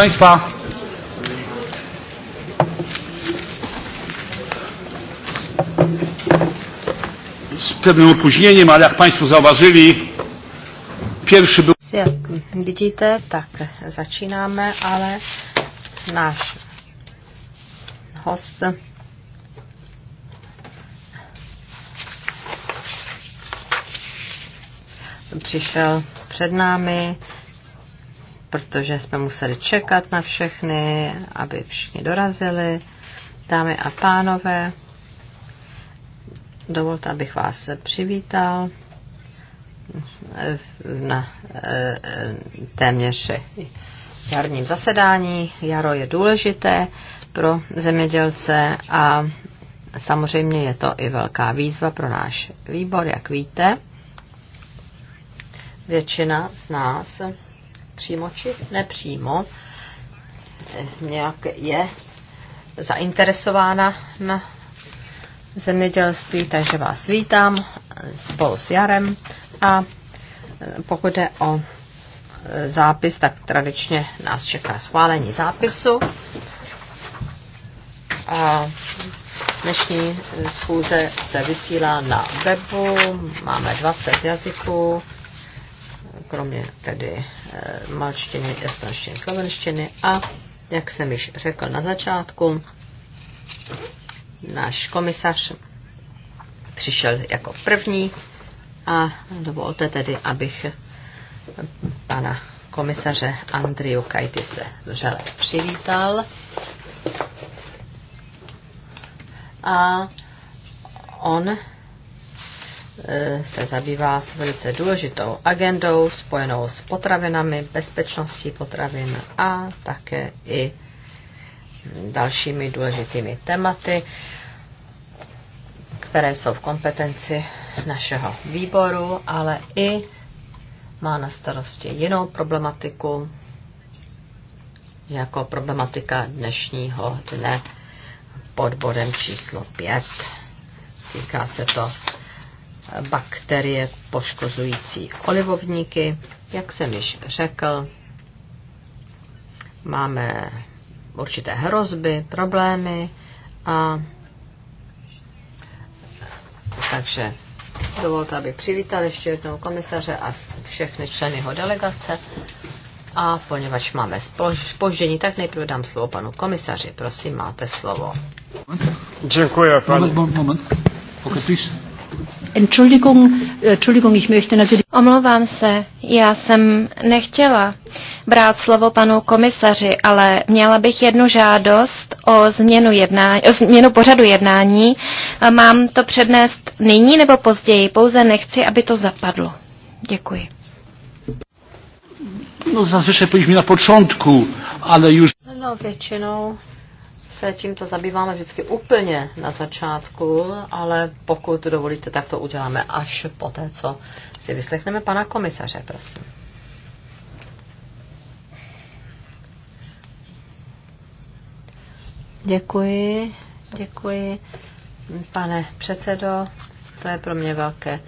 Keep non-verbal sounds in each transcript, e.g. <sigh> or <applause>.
Państwa, z pewnym opóźnieniem, ale jak Państwo zauważyli, pierwszy był... Jak widzicie, tak zaczynamy, ale nasz host přišel před námi, protože jsme museli čekat na všechny, aby všichni dorazili. Dámy a pánové, dovolte, abych vás přivítal na eh, téměř jarním zasedání. Jaro je důležité pro zemědělce a samozřejmě je to i velká výzva pro náš výbor, jak víte. Většina z nás přímo či nepřímo, eh, nějak je zainteresována na zemědělství, takže vás vítám spolu s Jarem a eh, pokud je o eh, zápis, tak tradičně nás čeká schválení zápisu. A dnešní schůze se vysílá na webu, máme 20 jazyků kromě tedy eh, malštiny, estonštiny, slovenštiny a, jak jsem již řekl na začátku, náš komisař přišel jako první a dovolte tedy, abych pana komisaře Andriu Kajtise vřele přivítal. A on E, se zabývá velice důležitou agendou spojenou s potravinami, bezpečností potravin a také i dalšími důležitými tématy, které jsou v kompetenci našeho výboru, ale i má na starosti jinou problematiku, jako problematika dnešního dne pod bodem číslo 5. Týká se to bakterie poškozující olivovníky. Jak jsem již řekl, máme určité hrozby, problémy a takže dovolte, aby přivítal ještě jednou komisaře a všechny členy jeho delegace. A poněvadž máme spoždění, tak nejprve dám slovo panu komisaři. Prosím, máte slovo. Děkuji, pane. Moment, moment. Okay, Entschuldigung, Entschuldigung, ich möchte natürlich... Omlouvám se, já jsem nechtěla brát slovo panu komisaři, ale měla bych jednu žádost o změnu, jednání, o změnu pořadu jednání. Mám to přednést nyní nebo později, pouze nechci, aby to zapadlo. Děkuji. No zazwyczaj powinniśmy na počátku, ale už. No, no většinou se tímto zabýváme vždycky úplně na začátku, ale pokud dovolíte, tak to uděláme až po té, co si vyslechneme pana komisaře, prosím. Děkuji, děkuji, pane předsedo. To je pro mě velké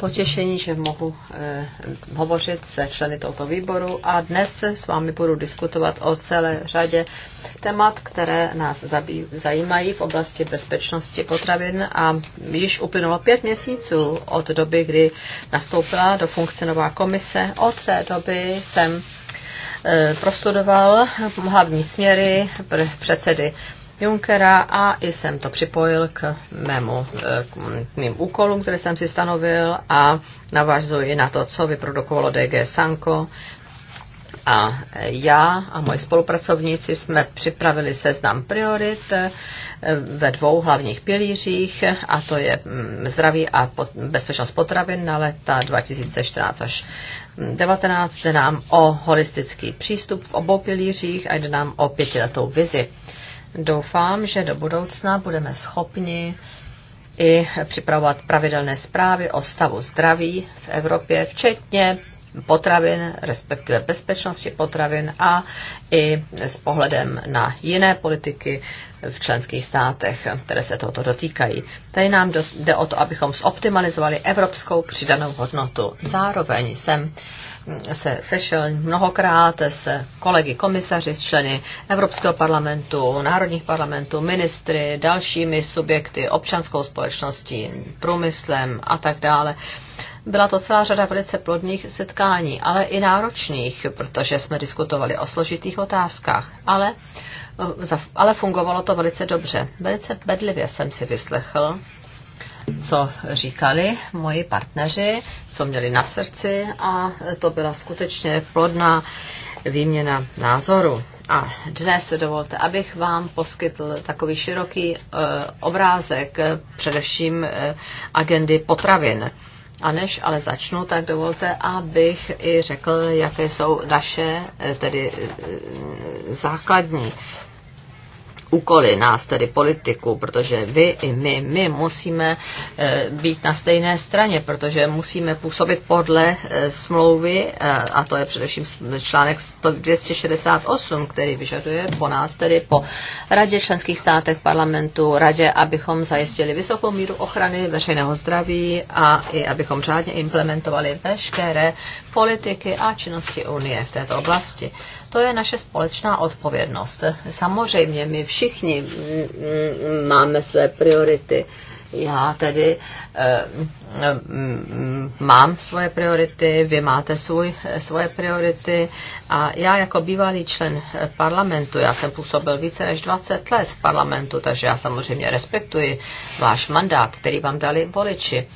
potěšení, že mohu eh, hovořit se členy tohoto výboru a dnes s vámi budu diskutovat o celé řadě témat, které nás zabí, zajímají v oblasti bezpečnosti potravin a již uplynulo pět měsíců od doby, kdy nastoupila do funkce nová komise. Od té doby jsem eh, prostudoval hlavní směry pr- předsedy Junckera a i jsem to připojil k, mému, e, k mým úkolům, které jsem si stanovil a navazuji na to, co vyprodukovalo DG Sanko. A já a moji spolupracovníci jsme připravili seznam priorit e, ve dvou hlavních pilířích, a to je mm, zdraví a bezpečnost potravin na leta 2014 až 2019. Mm, jde nám o holistický přístup v obou pilířích a jde nám o pětiletou vizi doufám, že do budoucna budeme schopni i připravovat pravidelné zprávy o stavu zdraví v Evropě, včetně potravin, respektive bezpečnosti potravin a i s pohledem na jiné politiky v členských státech, které se tohoto dotýkají. Tady nám jde o to, abychom zoptimalizovali evropskou přidanou hodnotu. Zároveň jsem se sešel mnohokrát s kolegy komisaři, s členy Evropského parlamentu, národních parlamentů, ministry, dalšími subjekty, občanskou společností, průmyslem a tak dále. Byla to celá řada velice plodných setkání, ale i náročných, protože jsme diskutovali o složitých otázkách. Ale, eh, ale fungovalo to velice dobře. Velice bedlivě jsem si vyslechl co říkali moji partneři, co měli na srdci a to byla skutečně plodná výměna názoru. A dnes dovolte, abych vám poskytl takový široký e, obrázek především e, agendy potravin. A než ale začnu, tak dovolte, abych i řekl, jaké jsou naše eh, tedy základní úkoly nás, tedy politiků, protože vy i my, my musíme eh, být na stejné straně, protože musíme působit podle eh, smlouvy, eh, a to je především článek 268, který vyžaduje po nás, tedy po Radě členských státech parlamentu, Radě, abychom zajistili vysokou míru ochrany veřejného zdraví a i abychom řádně implementovali veškeré politiky a činnosti Unie v této oblasti. To je naše společná odpovědnost. Samozřejmě my všichni mm, mm, mm, máme své priority. Já tedy eh, mám svoje priority, vy máte svůj, svoje priority a já jako bývalý člen parlamentu, já jsem působil více než 20 let v parlamentu, takže já samozřejmě respektuji váš mandát, který vám dali voliči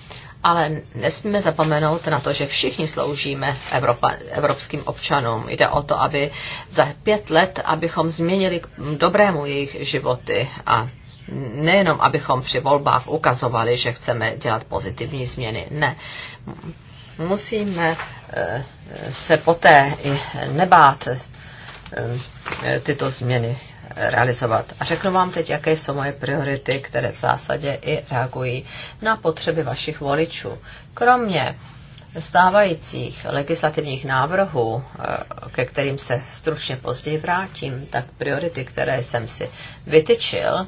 ale nesmíme zapomenout na to, že všichni sloužíme Evropa, evropským občanům. Jde o to, aby za pět let, abychom změnili k dobrému jejich životy a nejenom, abychom při volbách ukazovali, že chceme dělat pozitivní změny. Ne. Musíme eh, se poté i nebát eh, tyto změny realizovat. A řeknu vám teď, jaké jsou moje priority, které v zásadě i reagují na potřeby vašich voličů. Kromě stávajících legislativních návrhů, eh, ke kterým se stručně později vrátím, tak priority, které jsem si vytyčil,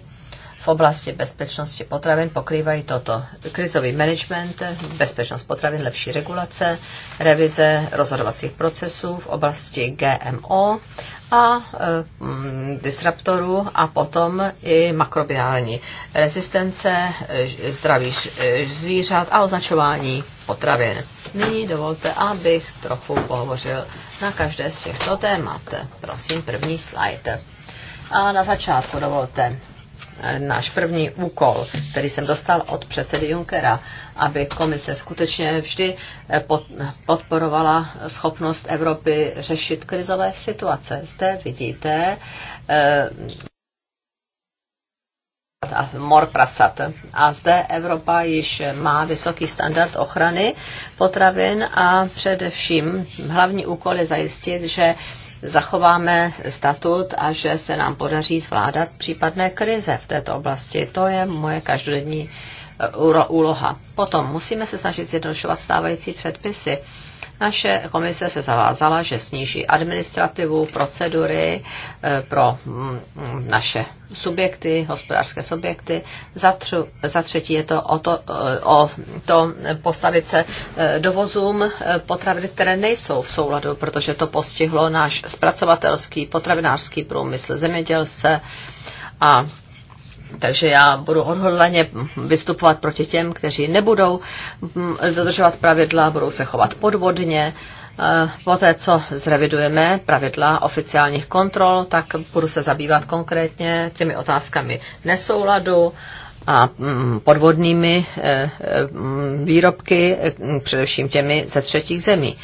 v oblasti bezpečnosti potravin pokrývají toto. Krizový management, bezpečnost potravin, lepší regulace, revize rozhodovacích procesů v oblasti GMO a e, disruptorů a potom i makrobiální rezistence, e, zdraví e, zvířat a označování potravin. Nyní dovolte, abych trochu pohovořil na každé z těchto témat. Prosím, první slide. A na začátku dovolte náš první úkol, který jsem dostal od předsedy Junckera, aby komise skutečně vždy eh, podporovala schopnost Evropy řešit krizové situace. Zde vidíte eh, a mor prasat. A zde Evropa již má vysoký standard ochrany potravin a především hlavní úkol je zajistit, že zachováme statut a že se nám podaří zvládat případné krize v této oblasti. To je moje každodenní eh, úloha. Potom musíme se snažit zjednodušovat stávající předpisy naše komise se zavázala, že sníží administrativu, procedury eh, pro mm, mm, naše subjekty, hospodářské subjekty. Za, třu, za třetí je to o, to eh, o to postavit se eh, dovozům potravin, které nejsou v souladu, protože to postihlo náš zpracovatelský, potravinářský průmysl, zemědělce a takže já budu odhodlaně vystupovat proti těm, kteří nebudou mm, dodržovat pravidla, budou se chovat podvodně. Eh, té, co zrevidujeme pravidla oficiálních kontrol, tak budu se zabývat konkrétně těmi otázkami nesouladu a mm, podvodnými eh, eh, mm, výrobky, především těmi ze třetích zemí.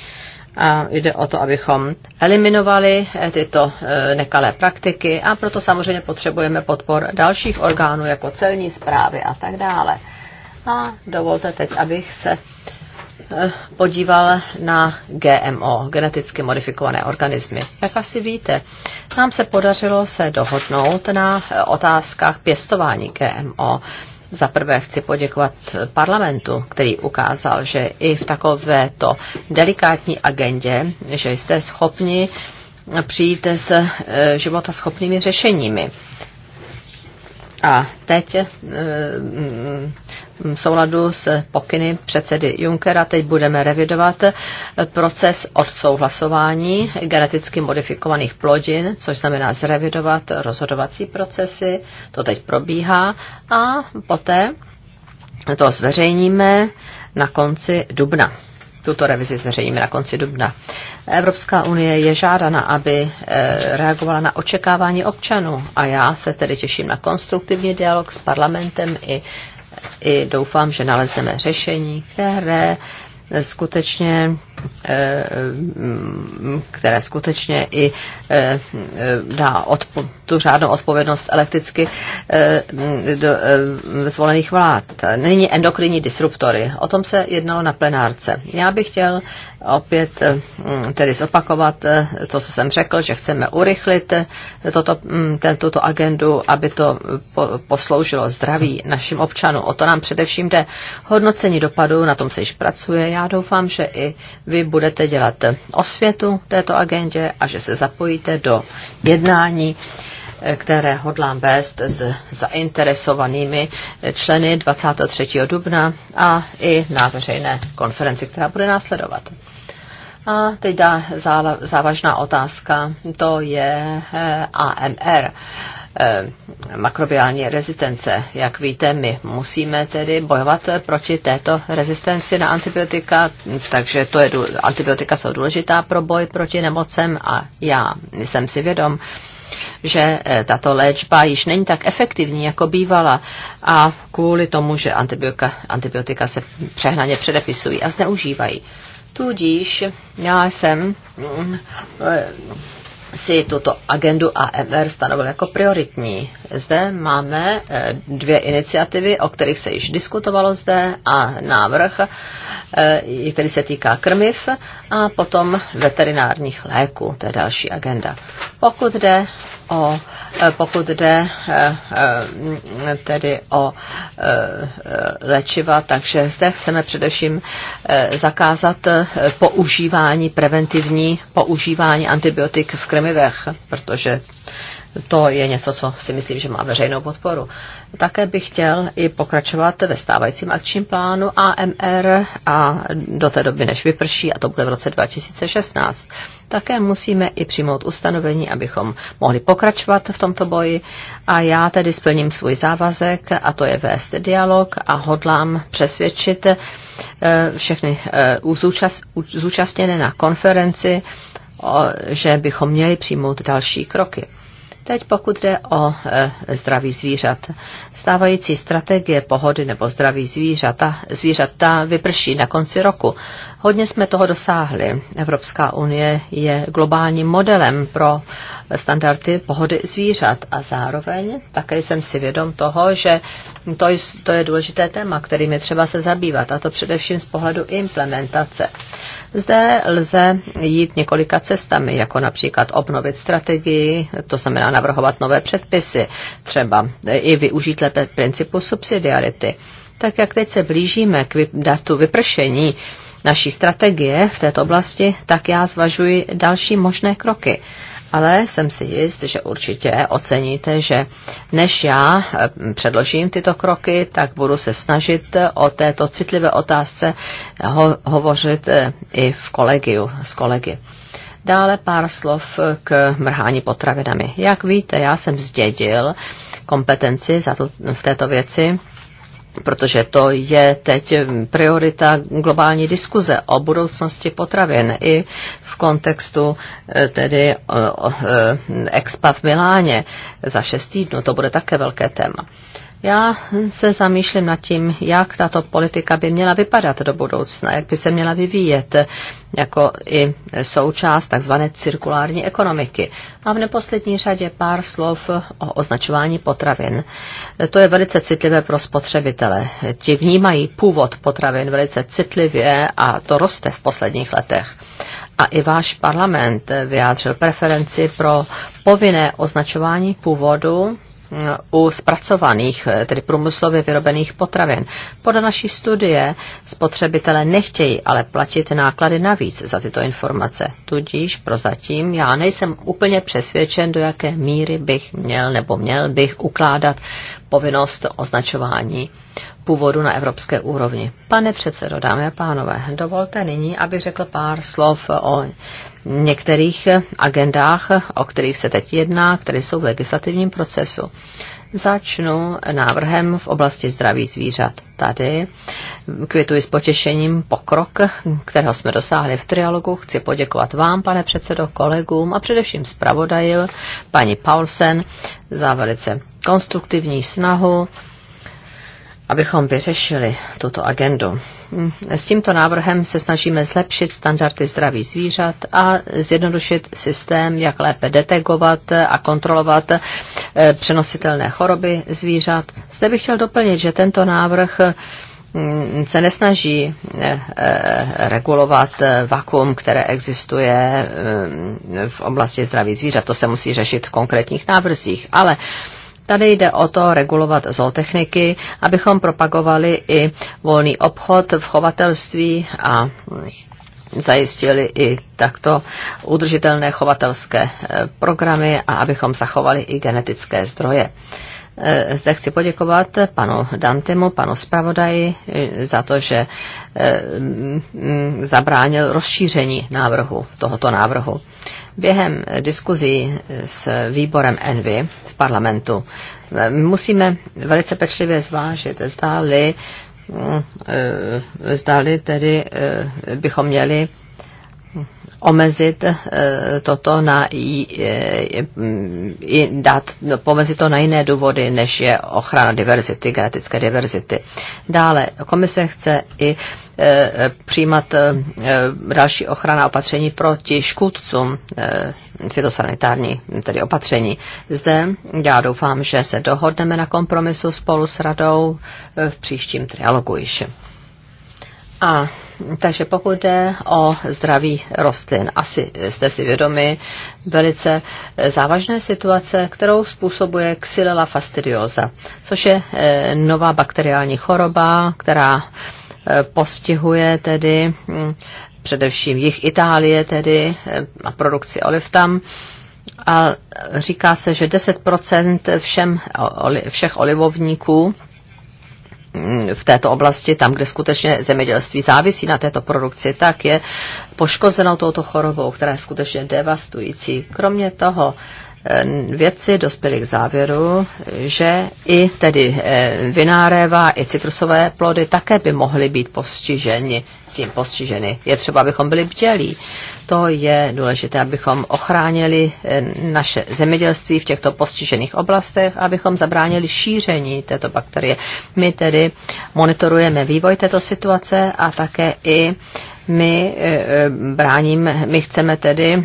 A jde o to, abychom eliminovali eh, tyto eh, nekalé praktiky a proto samozřejmě potřebujeme podpor dalších orgánů, jako celní zprávy a tak dále. A dovolte teď, abych se eh, podíval na GMO, geneticky modifikované organismy. Jak asi víte, nám se podařilo se dohodnout na otázkách pěstování GMO. Za prvé chci poděkovat parlamentu, který ukázal, že i v takovéto delikátní agendě, že jste schopni přijít s eh, životaschopnými řešeními. A teď eh, mm, v souladu s pokyny předsedy Junckera teď budeme revidovat proces odsouhlasování geneticky modifikovaných plodin, což znamená zrevidovat rozhodovací procesy, to teď probíhá a poté to zveřejníme na konci dubna tuto revizi zveřejníme na konci dubna. Evropská unie je žádana, aby eh, reagovala na očekávání občanů a já se tedy těším na konstruktivní dialog s parlamentem i, i doufám, že nalezneme řešení, které eh, skutečně Eh, které skutečně i eh, dá odpo- tu řádnou odpovědnost elektricky eh, do zvolených vlád. Nyní endokrinní disruptory. O tom se jednalo na plenárce. Já bych chtěl opět tedy zopakovat to, co jsem řekl, že chceme urychlit toto, mm, ten, tuto agendu, aby to posloužilo zdraví našim občanům. O to nám především jde hodnocení dopadu, na tom se již pracuje. Já doufám, že i vy budete dělat osvětu této agendě a že se zapojíte do jednání, které hodlám vést s zainteresovanými členy 23. dubna a i na veřejné konferenci, která bude následovat. A teď dá závažná otázka, to je eh, AMR Eh, makrobiální rezistence. Jak víte, my musíme tedy bojovat proti této rezistenci na antibiotika, takže to je, antibiotika jsou důležitá pro boj proti nemocem a já jsem si vědom, že eh, tato léčba již není tak efektivní, jako bývala a kvůli tomu, že antibiotika, antibiotika se přehnaně předepisují a zneužívají. Tudíž já jsem mm, eh, si tuto agendu AMR stanovil jako prioritní. Zde máme eh, dvě iniciativy, o kterých se již diskutovalo zde a návrh, eh, který se týká krmiv a potom veterinárních léků, to je další agenda. Pokud jde o, e, pokud jde e, e, tedy o léčiva, takže zde chceme především zakázat používání, preventivní používání antibiotik v krmivech, protože to je něco, co si myslím, že má veřejnou podporu. Také bych chtěl i pokračovat ve stávajícím akčním plánu AMR a do té doby, než vyprší, a to bude v roce 2016. Také musíme i přijmout ustanovení, abychom mohli pokračovat v tomto boji a já tedy splním svůj závazek a to je vést dialog a hodlám přesvědčit eh, všechny eh, zúčastněné na konferenci, že bychom měli přijmout další kroky. Teď pokud jde o e, zdraví zvířat. Stávající strategie pohody nebo zdraví zvířata, zvířata vyprší na konci roku Hodně jsme toho dosáhli. Evropská unie je globálním modelem pro standardy pohody zvířat a zároveň také jsem si vědom toho, že to je, to je důležité téma, kterým je třeba se zabývat, a to především z pohledu implementace. Zde lze jít několika cestami, jako například obnovit strategii, to znamená navrhovat nové předpisy, třeba i využít lépe principu subsidiarity. Tak jak teď se blížíme k datu vypršení, naší strategie v této oblasti, tak já zvažuji další možné kroky. Ale jsem si jist, že určitě oceníte, že než já eh, předložím tyto kroky, tak budu se snažit o této citlivé otázce ho- hovořit eh, i v kolegiu, s kolegy. Dále pár slov k mrhání potravinami. Jak víte, já jsem zdědil kompetenci za tu, v této věci protože to je teď priorita globální diskuze o budoucnosti potravin i v kontextu eh, tedy eh, eh, expa v Miláně za šest týdnů. To bude také velké téma. Já se zamýšlím nad tím, jak tato politika by měla vypadat do budoucna, jak by se měla vyvíjet jako i součást tzv. cirkulární ekonomiky. A v neposlední řadě pár slov o označování potravin. To je velice citlivé pro spotřebitele. Ti vnímají původ potravin velice citlivě a to roste v posledních letech a i váš parlament vyjádřil preferenci pro povinné označování původu u zpracovaných, eh, tedy průmyslově vyrobených potravin. Podle naší studie spotřebitele nechtějí ale platit náklady navíc za tyto informace. Tudíž prozatím já nejsem úplně přesvědčen, do jaké míry bych měl nebo měl bych ukládat povinnost označování původu na evropské úrovni. Pane předsedo, dámy a pánové, dovolte nyní, abych řekl pár slov o některých agendách, o kterých se teď jedná, které jsou v legislativním procesu. Začnu návrhem v oblasti zdraví zvířat. Tady kvituji s potěšením pokrok, kterého jsme dosáhli v trialogu. Chci poděkovat vám, pane předsedo, kolegům a především zpravodaji, paní Paulsen, za velice konstruktivní snahu, abychom vyřešili tuto agendu. Mm, s tímto návrhem se snažíme zlepšit standardy zdraví zvířat a zjednodušit systém, jak lépe detekovat a kontrolovat eh, přenositelné choroby zvířat. Zde bych chtěl doplnit, že tento návrh mm, se nesnaží eh, eh, regulovat vakuum, které existuje mm, v oblasti zdraví zvířat. To se musí řešit v konkrétních návrzích, ale Tady jde o to regulovat zootechniky, abychom propagovali i volný obchod v chovatelství a zajistili i takto udržitelné chovatelské eh, programy a abychom zachovali i genetické zdroje. Eh, zde chci poděkovat panu Dantemu, panu zpravodaji eh, za to, že mm, zabránil rozšíření návrhu, tohoto návrhu. Během diskuzí s výborem Envy parlamentu. Musíme velice pečlivě zvážit, zdáli, mm, e, zdáli tedy e, bychom měli omezit eh, toto na, eh, dát, no, pomezit to na jiné důvody, než je ochrana diverzity, genetické diverzity. Dále, komise chce i eh, přijímat další ochrana opatření proti škůdcům fitosanitární, tedy opatření. Zde já doufám, že se dohodneme na kompromisu spolu s radou v příštím trialogu již. A takže pokud jde o zdraví rostlin, asi jste si vědomi velice závažné situace, kterou způsobuje Xylella fastidiosa, což je eh, nová bakteriální choroba, která eh, postihuje tedy hm, především jich Itálie tedy eh, a produkci oliv tam. A říká se, že 10% všem, všech olivovníků Mm, v této oblasti, tam, kde skutečně zemědělství závisí na této produkci, tak je poškozeno touto chorobou, která je skutečně devastující. Kromě toho, Eh, vědci dospěli k závěru, že i tedy eh, vináréva, i citrusové plody také by mohly být postiženi, tím postiženy. Je třeba, abychom byli bdělí. To je důležité, abychom ochránili eh, naše zemědělství v těchto postižených oblastech, abychom zabránili šíření této bakterie. My tedy monitorujeme vývoj této situace a také i my e, e, bráním, my chceme tedy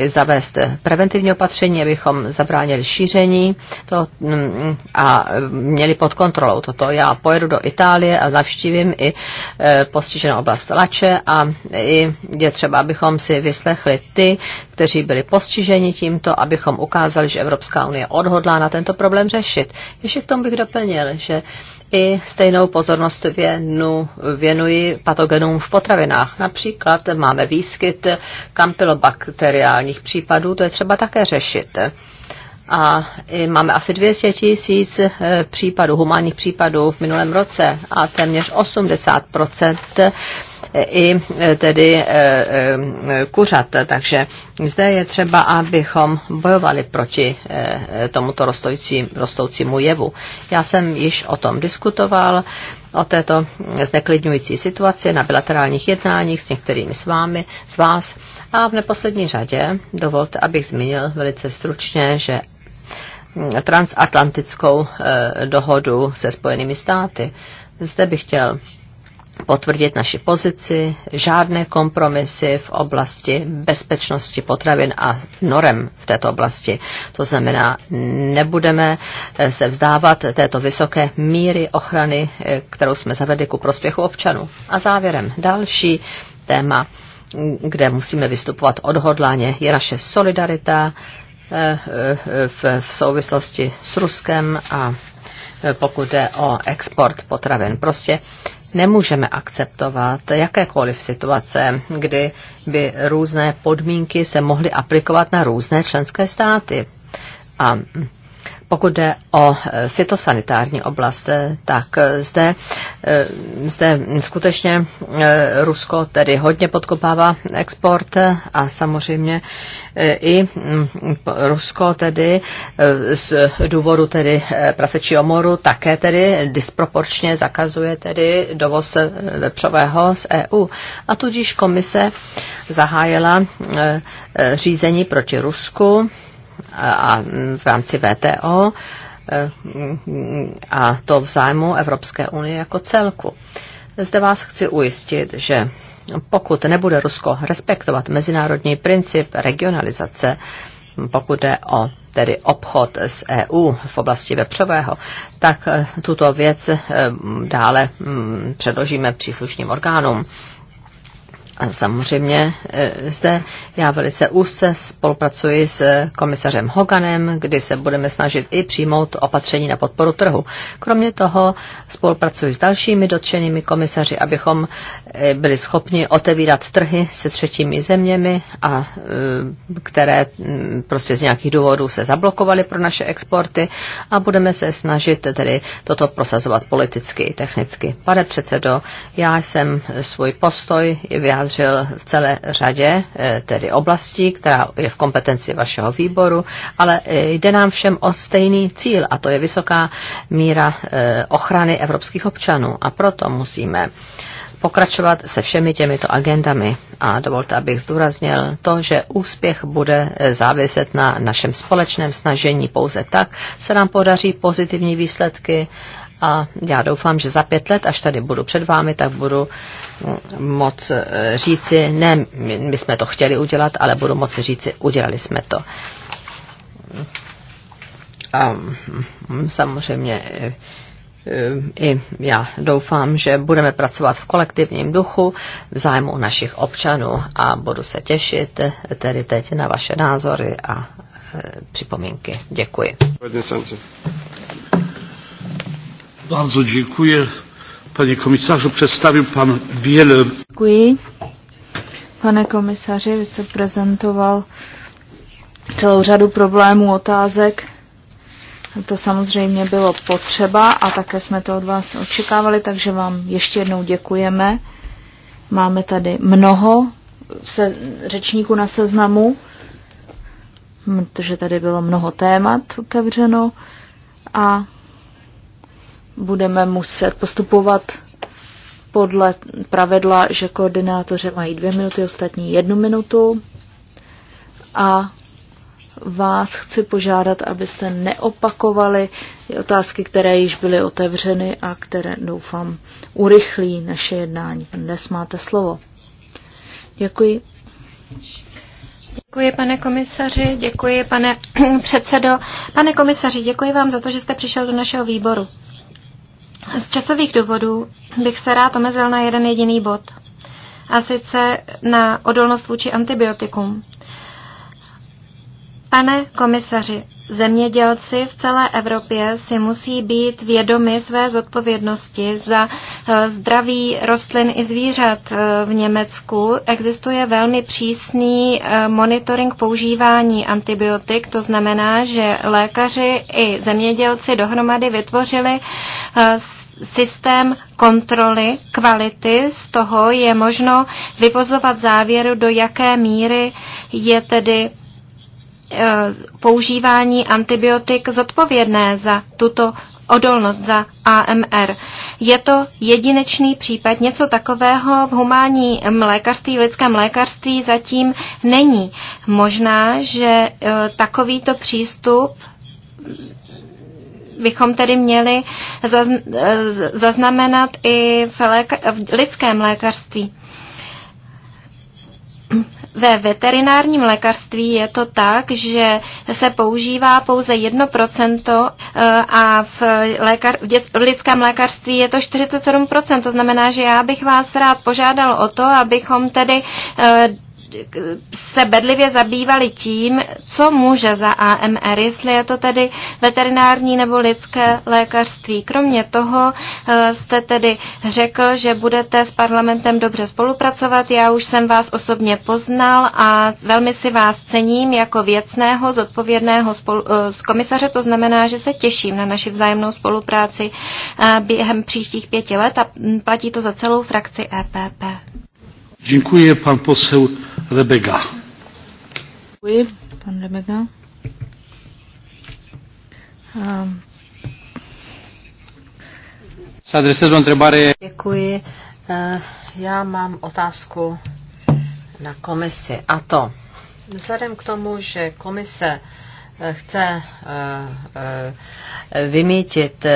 e, zavést preventivní opatření, abychom zabránili šíření to, mm, a měli pod kontrolou toto. Já pojedu do Itálie a navštívím i postiženou oblast Lače a i je třeba, abychom si vyslechli ty, kteří byli postiženi tímto, abychom ukázali, že Evropská unie odhodlá na tento problém řešit. Ještě k tomu bych doplnil, že i stejnou pozornost věnu, věnuji patogenům v potravě potravinách. Například máme výskyt kampylobakteriálních případů, to je třeba také řešit. A máme asi 200 tisíc e, případů, humánních případů v minulém roce a téměř 80 e, i e, tedy kuřat. Takže zde je třeba, abychom bojovali proti tomuto rostoucímu jevu. Já jsem již o tom diskutoval o této zneklidňující situaci na bilaterálních jednáních s některými s vámi, s vás. A v neposlední řadě dovolte, abych zmínil velice stručně, že transatlantickou eh, dohodu se Spojenými státy. Zde bych chtěl potvrdit naši pozici, žádné kompromisy v oblasti bezpečnosti potravin a norem v této oblasti. To znamená, nebudeme eh, se vzdávat této vysoké míry ochrany, eh, kterou jsme zavedli ku prospěchu občanů. A závěrem další téma, kde musíme vystupovat odhodláně, je naše solidarita eh, v souvislosti s Ruskem a pokud jde o export potravin. Prostě nemůžeme akceptovat jakékoliv situace, kdy by různé podmínky se mohly aplikovat na různé členské státy. A pokud jde o e, fitosanitární oblast, e, tak e, zde, zde skutečně Rusko tedy hodně podkopává export a samozřejmě i Rusko tedy z důvodu tedy prasečího moru také tedy disproporčně zakazuje tedy dovoz vepřového z EU. A tudíž komise zahájila řízení proti Rusku a v rámci VTO eh, a to v zájmu Evropské unie jako celku. Zde vás chci ujistit, že pokud nebude Rusko respektovat mezinárodní princip regionalizace, pokud jde o tedy obchod s EU v oblasti vepřového, tak eh, tuto věc eh, dále mm, předložíme příslušným orgánům a samozřejmě e, zde já velice úzce spolupracuji s e, komisařem Hoganem, kdy se budeme snažit i přijmout opatření na podporu trhu. Kromě toho spolupracuji s dalšími dotčenými komisaři, abychom e, byli schopni otevírat trhy se třetími zeměmi, a které prostě z nějakých důvodů se zablokovaly pro naše exporty a budeme se snažit tedy toto prosazovat politicky i technicky. Pane předsedo, já jsem svůj postoj vyjádřil vyjádřil v celé řadě eh, tedy oblastí, která je v kompetenci vašeho výboru, ale eh, jde nám všem o stejný cíl a to je vysoká míra eh, ochrany evropských občanů a proto musíme pokračovat se všemi těmito agendami. A dovolte, abych zdůraznil to, že úspěch bude záviset na našem společném snažení. Pouze tak se nám podaří pozitivní výsledky a já doufám, že za pět let, až tady budu před vámi, tak budu mm, moc eh, říci, ne, my jsme to chtěli udělat, ale budu moci říci, udělali jsme to. A mm, samozřejmě eh, eh, i já doufám, že budeme pracovat v kolektivním duchu, v zájmu našich občanů a budu se těšit tedy teď na vaše názory a připomínky. Děkuji. Bardzo dziękuję. Panie komisarzu, představil pan wiele... Děkuji. Pane komisaři, vy jste prezentoval celou řadu problémů, otázek. To samozřejmě bylo potřeba a také jsme to od vás očekávali, takže vám ještě jednou děkujeme. Máme tady mnoho se, řečníků na seznamu, protože tady bylo mnoho témat otevřeno a budeme muset postupovat podle pravidla, že koordinátoři mají dvě minuty, ostatní jednu minutu. A vás chci požádat, abyste neopakovali otázky, které již byly otevřeny a které, doufám, urychlí naše jednání. Dnes máte slovo. Děkuji. Děkuji, pane komisaři, děkuji, pane <clears throat> předsedo. Pane komisaři, děkuji vám za to, že jste přišel do našeho výboru. Z časových důvodů bych se rád omezil na jeden jediný bod, a sice na odolnost vůči antibiotikům. Pane komisaři, zemědělci v celé Evropě si musí být vědomi své zodpovědnosti za eh, zdraví rostlin i zvířat eh, v Německu. Existuje velmi přísný eh, monitoring používání antibiotik, to znamená, že lékaři i zemědělci dohromady vytvořili systém kontroly kvality, z toho je možno vyvozovat závěru, do jaké míry je tedy Eh, používání antibiotik zodpovědné za tuto odolnost, za AMR. Je to jedinečný případ, něco takového v humání lékařství, v lidském lékařství zatím není. Možná, že eh, takovýto přístup bychom tedy měli eh, zaznamenat i v, léka- v lidském lékařství. Ve veterinárním lékařství je to tak, že se používá pouze 1% eh, a v, lékař, v, dět, v lidském lékařství je to 47%. To znamená, že já bych vás rád požádal o to, abychom tedy eh, se bedlivě zabývali tím, co může za AMR, jestli je to tedy veterinární nebo lidské lékařství. Kromě toho eh, jste tedy řekl, že budete s parlamentem dobře spolupracovat. Já už jsem vás osobně poznal a velmi si vás cením jako věcného, zodpovědného spolu, eh, z komisaře. To znamená, že se těším na naši vzájemnou spolupráci eh, během příštích pěti let a platí to za celou frakci EPP. Děkuji, pan poseł. Rebega. Děkuji, pan Rebega. Um. Se adresează o întrebare. Děkuji. Eh, já mám otázku na komisi. A to, vzhledem k tomu, že komise eh, chce eh, vymítit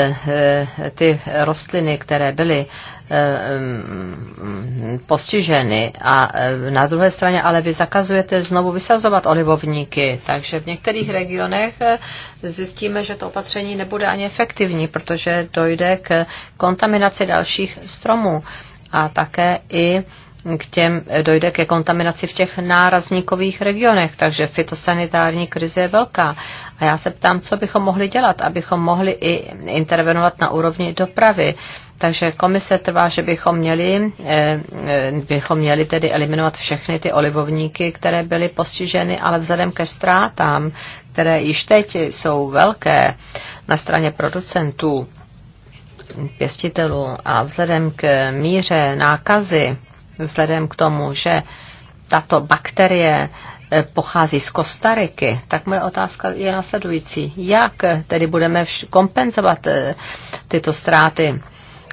ty rostliny, které byly Eh, mm, postiženy. A eh, na druhé straně ale vy zakazujete znovu vysazovat olivovníky, takže v některých regionech eh, zjistíme, že to opatření nebude ani efektivní, protože dojde k kontaminaci dalších stromů a také i k těm dojde ke kontaminaci v těch nárazníkových regionech, takže fitosanitární krize je velká. A já se ptám, co bychom mohli dělat, abychom mohli i intervenovat na úrovni dopravy. Uh, takže komise trvá, že bychom měli, eh, eh, bychom měli tedy eliminovat všechny ty olivovníky, které byly postiženy, ale vzhledem ke ztrátám, které již teď jsou velké na straně producentů, pěstitelů a vzhledem k míře nákazy, vzhledem k tomu, že tato bakterie eh, pochází z Kostariky, tak moje otázka je následující. Jak tedy budeme kompenzovat tyto ztráty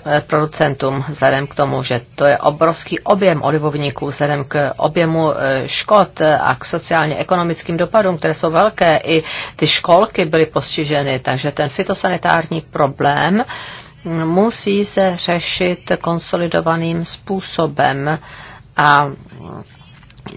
Eh, producentům, vzhledem k tomu, že to je obrovský objem olivovníků, vzhledem k objemu eh, škod a k sociálně-ekonomickým dopadům, které jsou velké. I ty školky byly postiženy, takže ten fitosanitární problém mm, musí se řešit konsolidovaným způsobem. A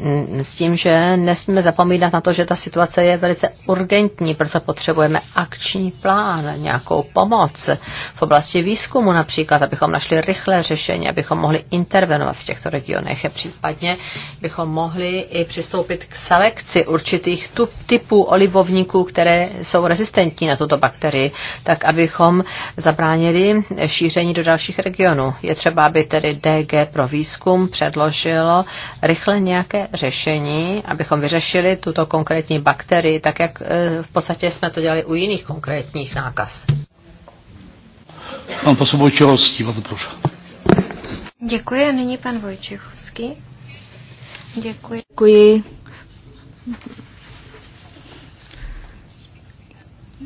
Mm, s tím, že nesmíme zapomínat na to, že ta situace je velice urgentní, proto potřebujeme akční plán, nějakou pomoc v oblasti výzkumu například, abychom našli rychlé řešení, abychom mohli intervenovat v těchto regionech, případně bychom mohli i přistoupit k selekci určitých typů olivovníků, které jsou rezistentní na tuto bakterii, tak abychom zabránili šíření do dalších regionů. Je třeba, aby tedy DG pro výzkum předložilo rychle nějaké nějaké řešení, abychom vyřešili tuto konkrétní bakterii, tak jak e, v podstatě jsme to dělali u jiných konkrétních nákaz. Pan posl Vojčehovský, vás prosím. Děkuji a nyní pan Vojčechovský. Děkuji. Děkuji.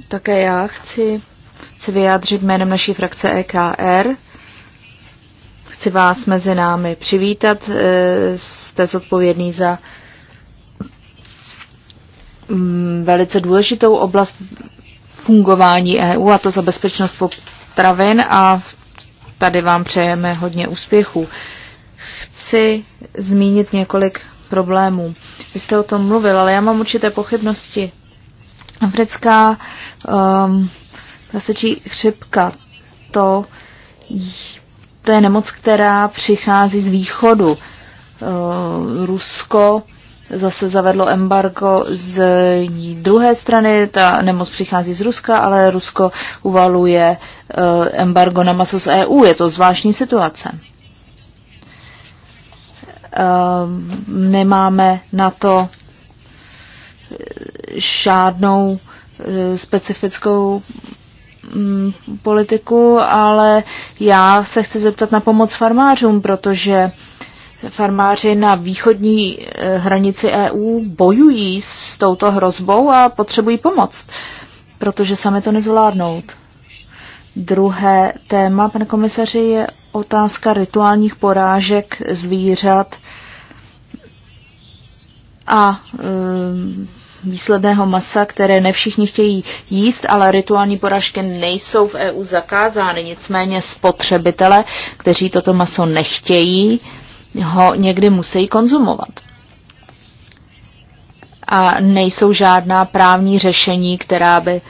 Také já chci se vyjádřit jménem naší frakce EKR Chci vás mezi námi přivítat. Eh, jste zodpovědný za mm, velice důležitou oblast fungování EU, a to za bezpečnost potravin a tady vám přejeme hodně úspěchů. Chci zmínit několik problémů. Vy jste o tom mluvil, ale já mám určité pochybnosti. Africká um, prasečí chřipka, to to je nemoc, která přichází z východu. Eh, Rusko zase zavedlo embargo z druhé strany, ta nemoc přichází z Ruska, ale Rusko uvaluje eh, embargo na maso z EU. Je to zvláštní situace. Nemáme eh, na to žádnou specifickou Mm, politiku, ale já se chci zeptat na pomoc farmářům, protože farmáři na východní eh, hranici EU bojují s touto hrozbou a potřebují pomoc, protože sami to nezvládnou. Druhé téma, pane komisaři, je otázka rituálních porážek zvířat a eh, výsledného masa, které ne všichni chtějí jíst, ale rituální porážky nejsou v EU zakázány. Nicméně spotřebitele, kteří toto maso nechtějí, ho někdy musí konzumovat. A nejsou žádná právní řešení, která by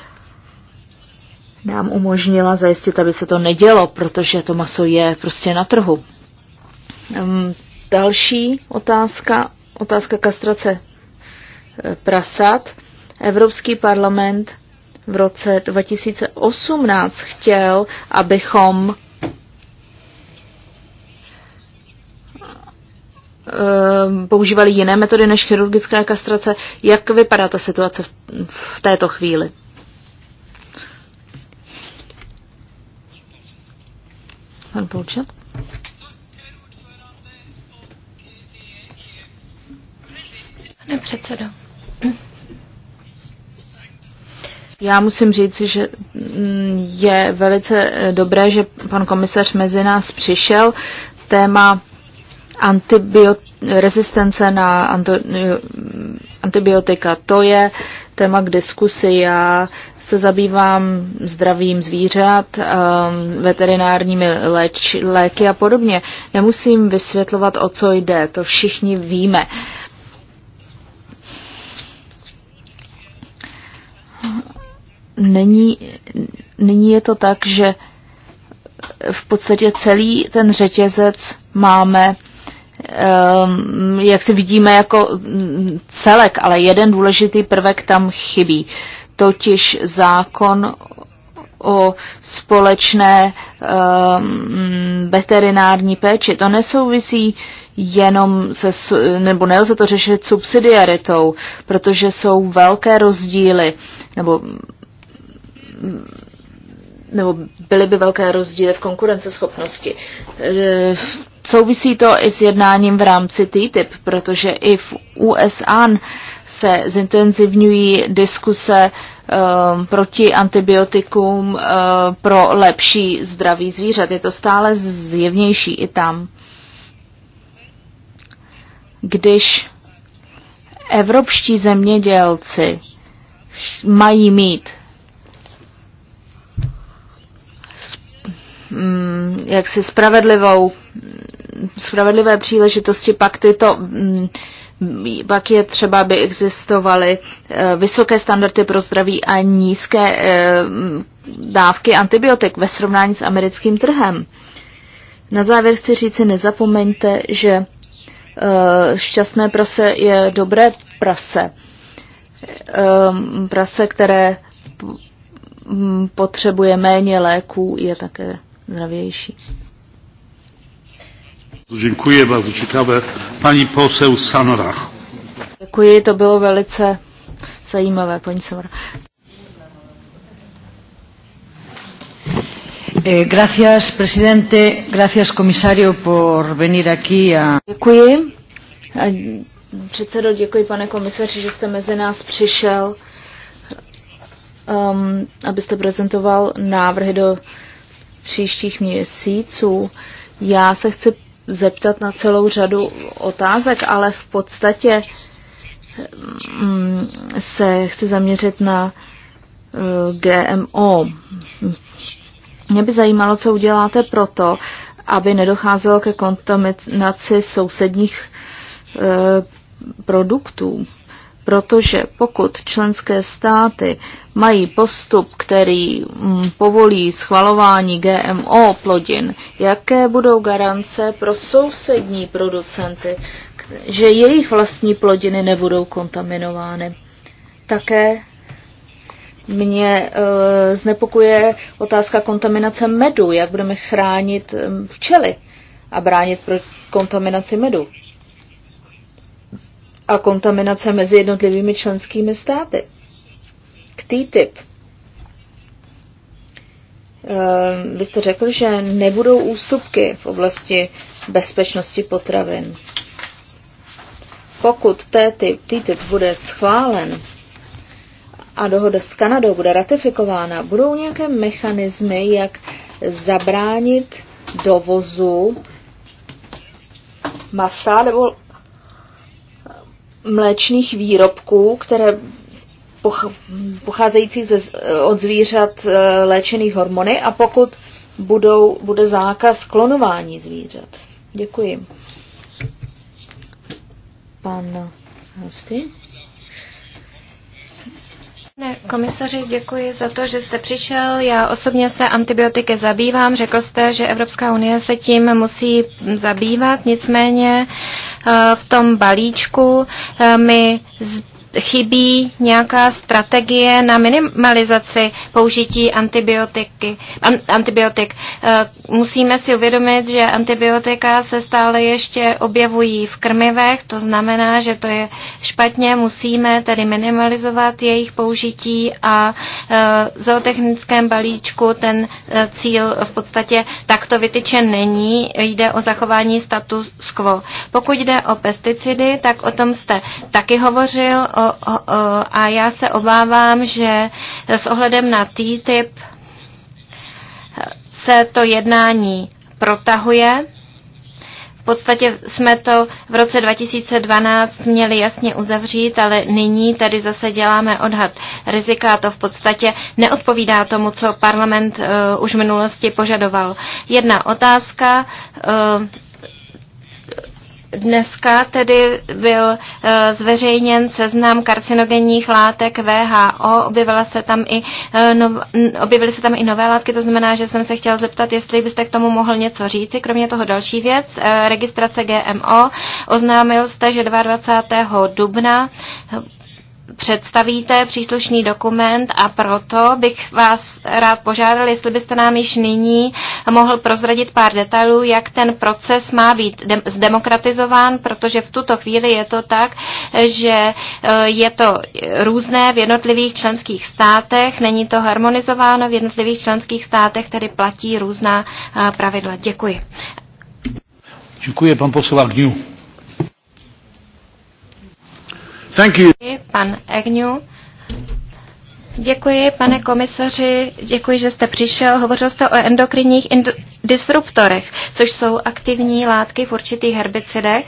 nám umožnila zajistit, aby se to nedělo, protože to maso je prostě na trhu. Um, další otázka, otázka kastrace Eh, prasat. Evropský parlament v roce 2018 chtěl, abychom eh, používali jiné metody než chirurgická kastrace. Jak vypadá ta situace v této chvíli? Pan Poučel? Pane předsedo, Já musím říct, že mm, je velice eh, dobré, že pan komisař mezi nás přišel. Téma antibiot, rezistence na anto, eh, antibiotika, to je téma k diskusi. Já se zabývám zdravím zvířat, ehm, veterinárními léč, léky a podobně. Nemusím vysvětlovat, o co jde, to všichni víme. není, nyní je to tak, že v podstatě celý ten řetězec máme, ehm, jak si vidíme jako celek, ale jeden důležitý prvek tam chybí. Totiž zákon o společné ehm, veterinární péči. To nesouvisí jenom se, nebo nelze to řešit subsidiaritou, protože jsou velké rozdíly, nebo nebo byly by velké rozdíly v konkurenceschopnosti. E, souvisí to i s jednáním v rámci TTIP, protože i v USA se zintenzivňují diskuse um, proti antibiotikům um, pro lepší zdraví zvířat. Je to stále zjevnější i tam. Když evropští zemědělci mají mít Mm, jaksi spravedlivou, spravedlivé příležitosti, pak tyto mm, pak je třeba, aby existovaly eh, vysoké standardy pro zdraví a nízké eh, dávky antibiotik ve srovnání s americkým trhem. Na závěr chci říci, nezapomeňte, že eh, šťastné prase je dobré prase. Prase, které potřebuje méně léků, je také zdravější. Děkuji, bardzo ciekawe. Pani poseł Sanora. Děkuji, to bylo velice zajímavé, paní Sanora. Eh, gracias, presidente. Gracias, comisario, por venir aquí a... Děkuji. předsedo, děkuji, pane komisaři, že jste mezi nás přišel, um, abyste prezentoval návrhy do příštích měsíců. Já se chci zeptat na celou řadu otázek, ale v podstatě mm, se chci zaměřit na eh, GMO. Mě by zajímalo, co uděláte proto, aby nedocházelo ke kontaminaci sousedních eh, produktů protože pokud členské státy mají postup, který mm, povolí schvalování GMO plodin, jaké budou garance pro sousední producenty, že jejich vlastní plodiny nebudou kontaminovány? Také mě e, znepokuje otázka kontaminace medu, jak budeme chránit e, včely a bránit pro kontaminaci medu a kontaminace mezi jednotlivými členskými státy. K TTIP. Ehm, vy jste řekl, že nebudou ústupky v oblasti bezpečnosti potravin. Pokud TTIP, TTIP bude schválen a dohoda s Kanadou bude ratifikována, budou nějaké mechanismy, jak zabránit dovozu masa nebo mléčných výrobků, které pocházející ze, eh, od zvířat eh, léčených hormony a pokud budou, bude zákaz klonování zvířat. Děkuji. Pan Hosty. Pane komisaři, děkuji za to, že jste přišel. Já osobně se antibiotiky zabývám. Řekl jste, že Evropská unie se tím musí zabývat. Nicméně eh, v tom balíčku eh, my chybí nějaká strategie na minimalizaci použití antibiotiky, an, antibiotik. Eh, musíme si uvědomit, že antibiotika se stále ještě objevují v krmivech, to znamená, že to je špatně, musíme tedy minimalizovat jejich použití a eh, v zootechnickém balíčku ten eh, cíl v podstatě takto vytyčen není, jde o zachování status quo. Pokud jde o pesticidy, tak o tom jste taky hovořil, o a já se obávám, že s ohledem na TTIP se to jednání protahuje. V podstatě jsme to v roce 2012 měli jasně uzavřít, ale nyní tady zase děláme odhad rizika a to v podstatě neodpovídá tomu, co parlament uh, už v minulosti požadoval. Jedna otázka. Uh, Dneska tedy byl eh, zveřejněn seznam karcinogenních látek VHO, objevila se tam i, no, objevily se tam i nové látky, to znamená, že jsem se chtěl zeptat, jestli byste k tomu mohl něco říci. Kromě toho další věc, eh, registrace GMO. Oznámil jste, že 22. dubna představíte příslušný dokument a proto bych vás rád požádal, jestli byste nám již nyní mohl prozradit pár detailů, jak ten proces má být zdemokratizován, protože v tuto chvíli je to tak, že e, je to různé v jednotlivých členských státech, není to harmonizováno v jednotlivých členských státech, tedy platí různá e, pravidla. Děkuji. Děkuji, pan poslanec New. Thank you. Pan Agnew. Děkuji, pane komisaři, děkuji, že jste přišel. Hovořil jste o endokrinních disruptorech, což jsou aktivní látky v určitých herbicidech.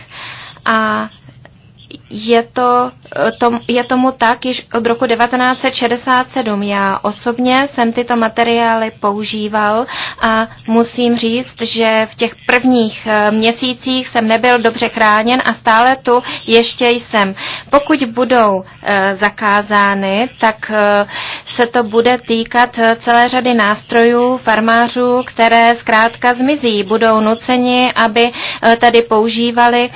A je, to, eh, tom, je tomu tak již od roku 1967. Já osobně jsem tyto materiály používal a musím říct, že v těch prvních eh, měsících jsem nebyl dobře chráněn a stále tu ještě jsem. Pokud budou eh, zakázány, tak se to bude týkat celé řady nástrojů farmářů, které zkrátka zmizí. Budou nuceni, aby tady používali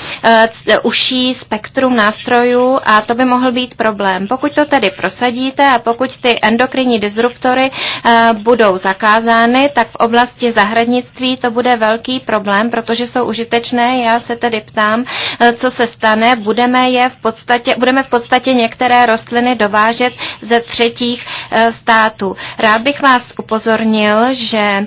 uší spektrum spektrum nástrojů a to by mohl být problém. Pokud to tedy prosadíte a pokud ty endokrinní disruptory eh, budou zakázány, tak v oblasti zahradnictví to bude velký problém, protože jsou užitečné. Já se tedy ptám, eh, co se stane. Budeme, je v podstatě, budeme v podstatě některé rostliny dovážet ze třetích eh, států. Rád bych vás upozornil, že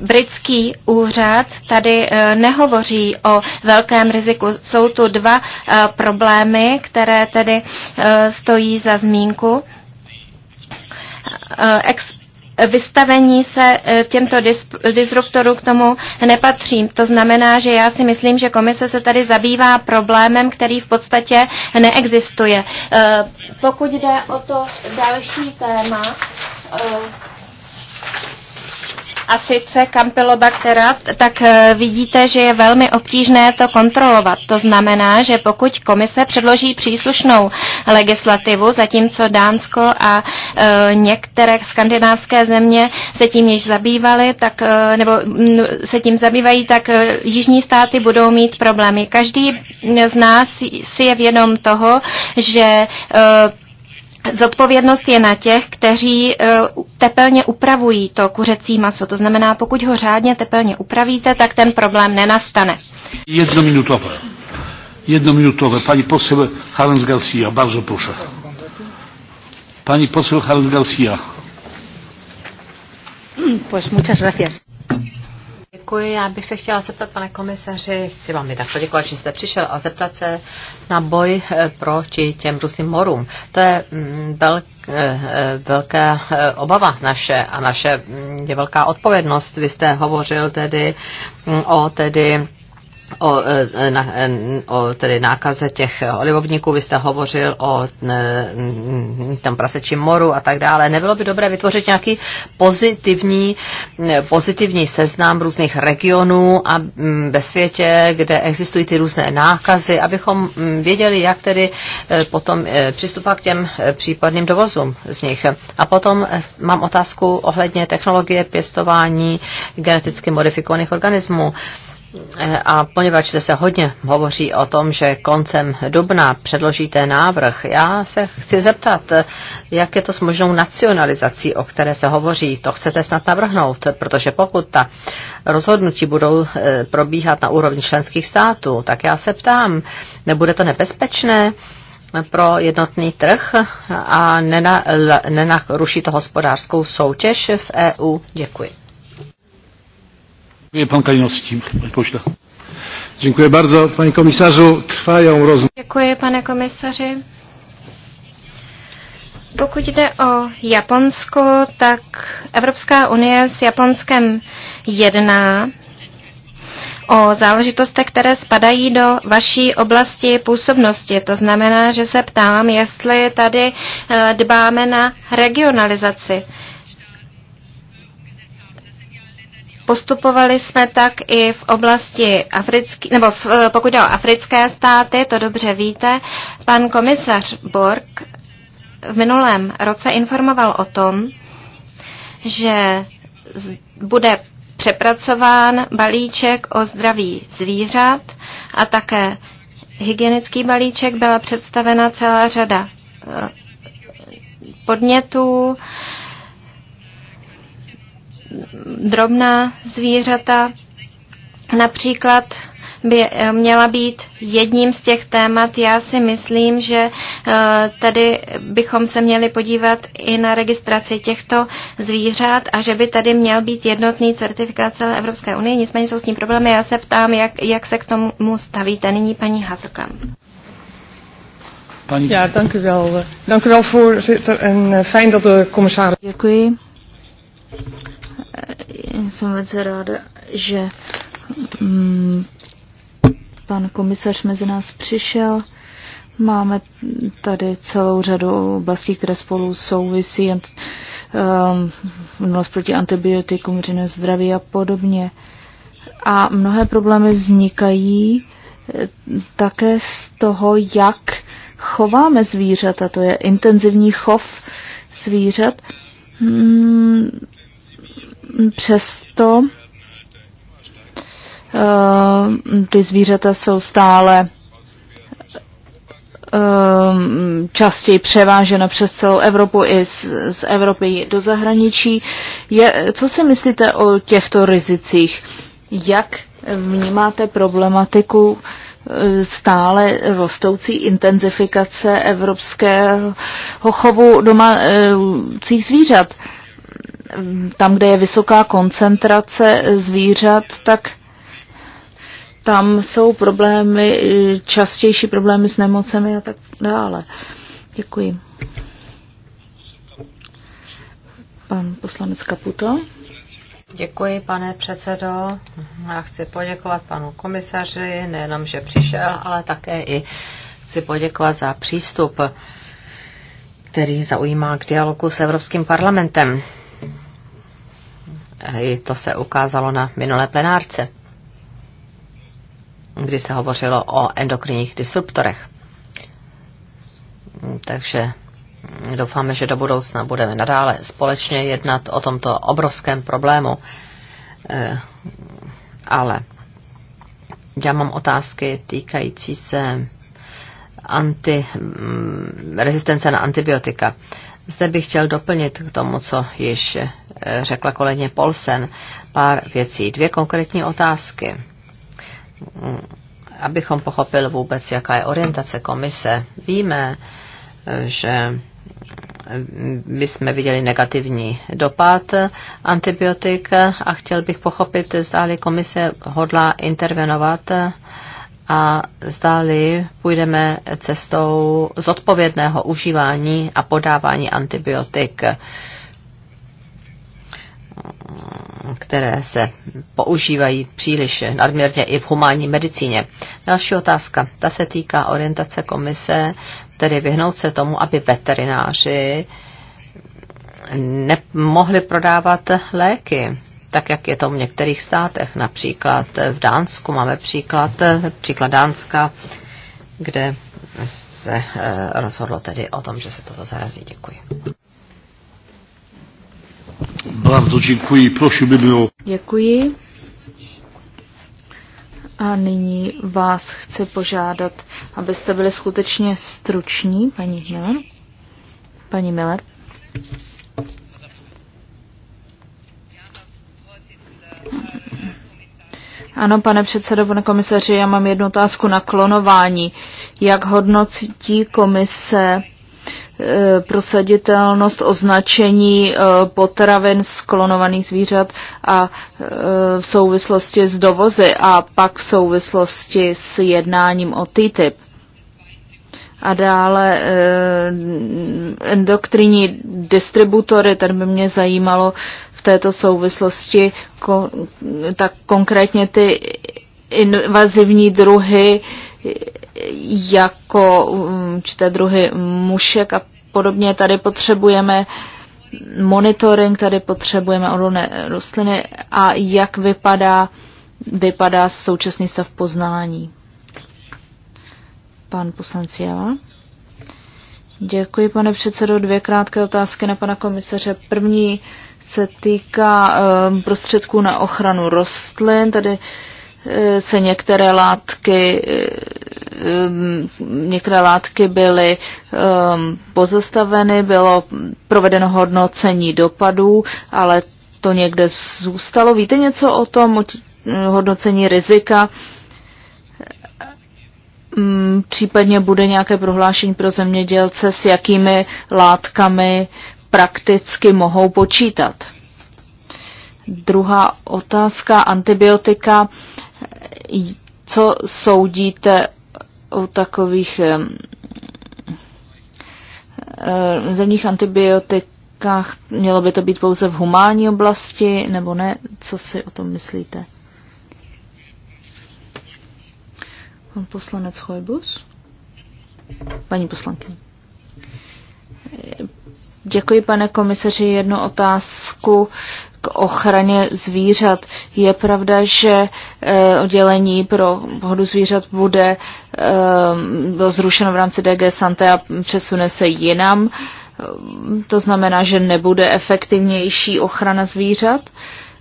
britský úřad tady eh, nehovoří o velkém riziku. Jsou tu dva eh, problémy, které tedy eh, stojí za zmínku. Ex vystavení se těmto disruptorům k tomu nepatří. To znamená, že já si myslím, že komise se tady zabývá problémem, který v podstatě neexistuje. Pokud jde o to další téma, a sice Campylobactera, tak eh, vidíte, že je velmi obtížné to kontrolovat. To znamená, že pokud komise předloží příslušnou legislativu, zatímco Dánsko a e, některé skandinávské země se tím již zabývaly, tak, e, nebo m, mm, se tím zabývají, tak e, jižní státy budou mít problémy. Každý z nás si je vědom toho, že e, Zodpovědnost je na těch, kteří eh, tepelně upravují to kuřecí maso. To znamená, pokud ho řádně tepelně upravíte, tak ten problém nenastane. Jednominutové. Jednominutové. Pani posel Harens Garcia, bardzo proszę. Pani posel Harens Garcia. Pues muchas gracias. Děkuji, já bych se chtěla zeptat, pane komisaři, chci vám i tak poděkovat, že jste přišel a zeptat se na boj eh, proti těm různým morům. To je mm, eh, velká eh, obava naše a naše mm, je velká odpovědnost. Vy jste hovořil tedy mm, o tedy o, e, e, na, e, o tedy nákaze těch olivovníků, vy jste hovořil o tam prasečím moru a tak dále. Nebylo by dobré vytvořit nějaký pozitivní, pozitivní seznam různých regionů a ve světě, kde existují ty různé nákazy, abychom věděli, jak tedy potom přistupovat k těm případným dovozům z nich. A potom mám otázku ohledně technologie pěstování geneticky modifikovaných organismů. A poněvadž se hodně hovoří o tom, že koncem dubna předložíte návrh, já se chci zeptat, jak je to s možnou nacionalizací, o které se hovoří. To chcete snad navrhnout, protože pokud ta rozhodnutí budou eh, probíhat na úrovni členských států, tak já se ptám, nebude to nebezpečné? pro jednotný trh a nenaruší to hospodářskou soutěž v EU? Děkuji. Děkuji, pane pošta. Děkuji bardzo, pane komisařu, trvají rozmowy. Děkuji, pane komisaři. Pokud jde o Japonsko, tak Evropská unie s Japonskem jedná o záležitostech, které spadají do vaší oblasti působnosti. To znamená, že se ptám, jestli tady eh, dbáme na regionalizaci. Postupovali jsme tak i v oblasti africký, nebo v, eh, pokud jde o africké státy, to dobře víte. Pan komisař Borg v minulém roce informoval o tom, že bude přepracován balíček o zdraví zvířat a také hygienický balíček byla představena celá řada eh, podnětů drobná zvířata například by eh, měla být jedním z těch témat. Já si myslím, že eh, tady bychom se měli podívat i na registraci těchto zvířat a že by tady měl být jednotný certifikát celé Evropské unie. Nicméně jsou s tím problémy. Já se ptám, jak, jak se k tomu stavíte. Nyní paní Hazelkamp. Paní... Ja, dank u wel. Dank u wel, voorzitter. En eh, fijn dat de commissaris... Děkuji jsem velice ráda, že mm, pan komisař mezi nás přišel. Máme tady celou řadu oblastí, které spolu souvisí, um, proti antibiotikům, veřejné zdraví a podobně. A mnohé problémy vznikají eh, také z toho, jak chováme zvířata, to je intenzivní chov zvířat. Hmm, Přesto eh, ty zvířata jsou stále eh, častěji převážena přes celou Evropu i z, z Evropy do zahraničí. Je, co si myslíte o těchto rizicích? Jak vnímáte problematiku eh, stále rostoucí intenzifikace evropského chovu domácích zvířat? tam, kde je vysoká koncentrace zvířat, tak tam jsou problémy, častější problémy s nemocemi a tak dále. Děkuji. Pan poslanec Kaputo. Děkuji, pane předsedo. Já chci poděkovat panu komisaři, nejenom, že přišel, ale také i chci poděkovat za přístup, který zaujímá k dialogu s Evropským parlamentem. I to se ukázalo na minulé plenárce, kdy se hovořilo o endokrinních disruptorech. Takže doufáme, že do budoucna budeme nadále společně jednat o tomto obrovském problému. Eh, ale já mám otázky týkající se anti, mm, rezistence na antibiotika. Zde bych chtěl doplnit k tomu, co již eh, řekla kolegyně Polsen, pár věcí. Dvě konkrétní otázky. Mm, abychom pochopili vůbec, jaká je orientace komise, víme, eh, že my jsme viděli negativní dopad antibiotik a chtěl bych pochopit, zdáli komise hodlá intervenovat a zdáli půjdeme cestou zodpovědného užívání a podávání antibiotik, které se používají příliš nadměrně i v humánní medicíně. Další otázka, ta se týká orientace komise, tedy vyhnout se tomu, aby veterináři nemohli prodávat léky tak jak je to v některých státech. Například v Dánsku máme příklad, příklad Dánska, kde se eh, rozhodlo tedy o tom, že se toto zarazí. Děkuji. Bardzo děkuji. Prosím, by bylo... Děkuji. A nyní vás chci požádat, abyste byli skutečně struční, paní Miller. Paní Miller. Ano, pane předsedo, pane komisaři, já mám jednu otázku na klonování. Jak hodnotí komise e, prosaditelnost označení e, potravin z klonovaných zvířat a e, v souvislosti s dovozy a pak v souvislosti s jednáním o TTIP. A dále endokrinní distributory, tady by mě zajímalo, v této souvislosti, tak konkrétně ty invazivní druhy, jako určité mm, druhy mušek a podobně. Tady potřebujeme monitoring, tady potřebujeme odolné rostliny a jak vypadá, vypadá současný stav poznání. Pan poslanec Jela. Děkuji, pane předsedo. Dvě krátké otázky na pana komisaře. První, se týká ehm, prostředků na ochranu rostlin, tady eh, se některé látky ehm, některé látky byly ehm, pozastaveny, bylo provedeno hodnocení dopadů, ale to někde zůstalo. Víte něco o tom o eh, hodnocení rizika? Mm, případně bude nějaké prohlášení pro zemědělce, s jakými látkami prakticky mohou počítat. Druhá otázka, antibiotika. Co soudíte o takových zemních antibiotikách? Mělo by to být pouze v humánní oblasti nebo ne? Co si o tom myslíte? Pan poslanec Chojbus? Paní poslankyně Děkuji, pane komisaři. Jednu otázku k ochraně zvířat. Je pravda, že e, oddělení pro pohodu zvířat bude e, zrušeno v rámci DG Santé a přesune se jinam. Eh, to znamená, že nebude efektivnější ochrana zvířat.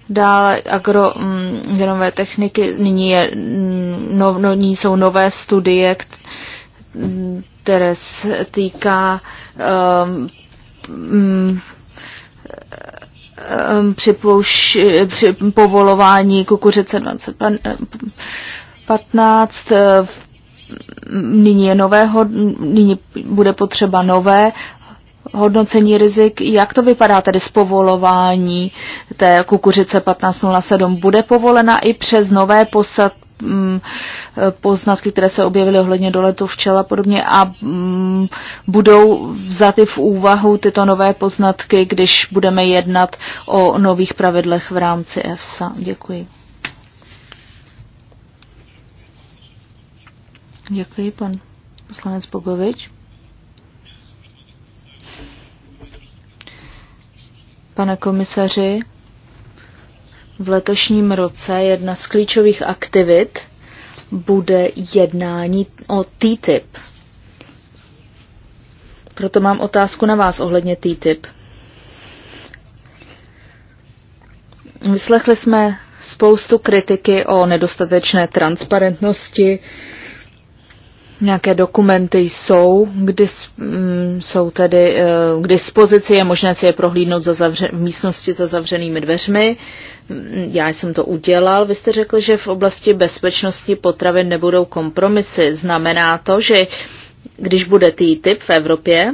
Dále agrogenové mm, techniky, nyní, je, mm, no, no, nyní jsou nové studie, které se týká um, Mm, mm, připouš, při povolování kukuřice 2015. Eh, nyní je nového, nyní bude potřeba nové hodnocení rizik. Jak to vypadá tedy z povolování té kukuřice 1507? Bude povolena i přes nové posad, Mm, poznatky, které se objevily ohledně doletu včel a podobně a mm, budou vzaty v úvahu tyto nové poznatky, když budeme jednat o nových pravidlech v rámci EFSA. Děkuji. Děkuji, pan poslanec Bogovič. Pane komisaři, v letošním roce jedna z klíčových aktivit bude jednání o TTIP. Proto mám otázku na vás ohledně TTIP. Vyslechli jsme spoustu kritiky o nedostatečné transparentnosti, Nějaké dokumenty jsou, kdy, mm, jsou tedy eh, k dispozici, je možné si je prohlídnout za zavře, v místnosti za zavřenými dveřmi. Mm, já jsem to udělal. Vy jste řekl, že v oblasti bezpečnosti potravin nebudou kompromisy. Znamená to, že když bude TTIP v Evropě,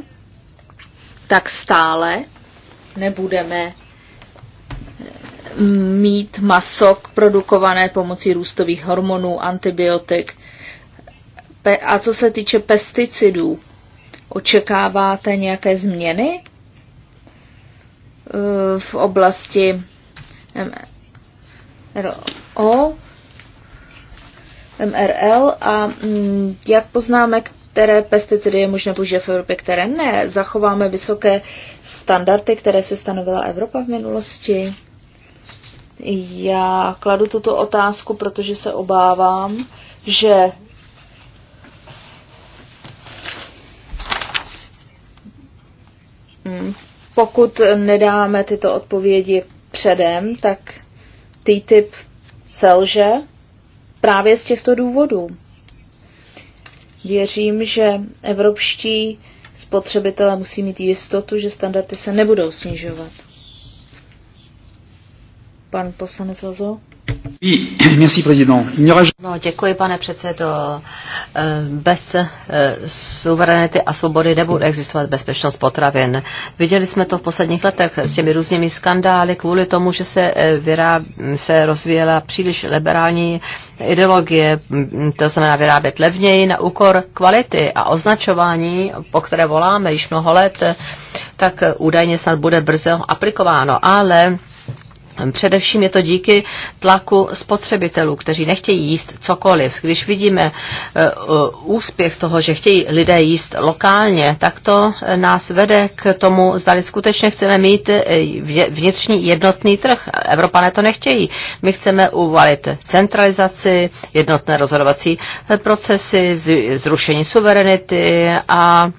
tak stále nebudeme eh, mít maso produkované pomocí růstových hormonů, antibiotik, a co se týče pesticidů, očekáváte nějaké změny e, v oblasti MRO, MRL a mm, jak poznáme, které pesticidy je možné použít v Evropě, které ne? Zachováme vysoké standardy, které se stanovila Evropa v minulosti? Já kladu tuto otázku, protože se obávám, že Mm, pokud nedáme tyto odpovědi předem, tak TTIP selže právě z těchto důvodů. Věřím, že evropští spotřebitelé musí mít jistotu, že standardy se nebudou snižovat. Pan poslanec Vazo? <clears throat> No, děkuji, pane předsedo. Eh, bez eh, suverenity a svobody nebude existovat bezpečnost potravin. Viděli jsme to v posledních letech s těmi různými skandály kvůli tomu, že se, eh, vyrá, se rozvíjela příliš liberální ideologie, hm, to znamená vyrábět levněji na úkor kvality a označování, po které voláme již mnoho let, tak údajně snad bude brzo aplikováno. Ale Především je to díky tlaku spotřebitelů, kteří nechtějí jíst cokoliv. Když vidíme e, e, úspěch toho, že chtějí lidé jíst lokálně, tak to e, nás vede k tomu, zda skutečně chceme mít vnitřní jednotný trh. Evropané to nechtějí. My chceme uvalit centralizaci, jednotné rozhodovací procesy, zrušení suverenity a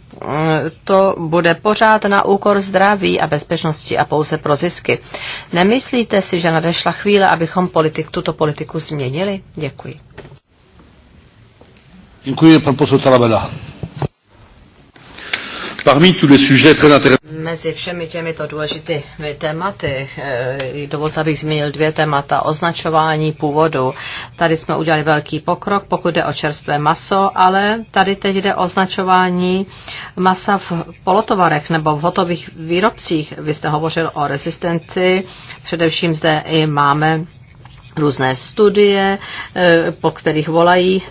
to bude pořád na úkor zdraví a bezpečnosti a pouze pro zisky. Nemyslíte si, že nadešla chvíle, abychom politik, tuto politiku změnili? Děkuji. Děkuji, pan poslanec Talabeda. Parmi tous les sujets très intéressants. Mezi všemi těmito důležitými tématy eh, dovolte, abych zmínil dvě témata. Označování původu. Tady jsme udělali velký pokrok, pokud jde o čerstvé maso, ale tady teď jde o označování masa v polotovarech nebo v hotových výrobcích. Vy jste hovořil o rezistenci, především zde i máme různé studie, eh, po kterých volají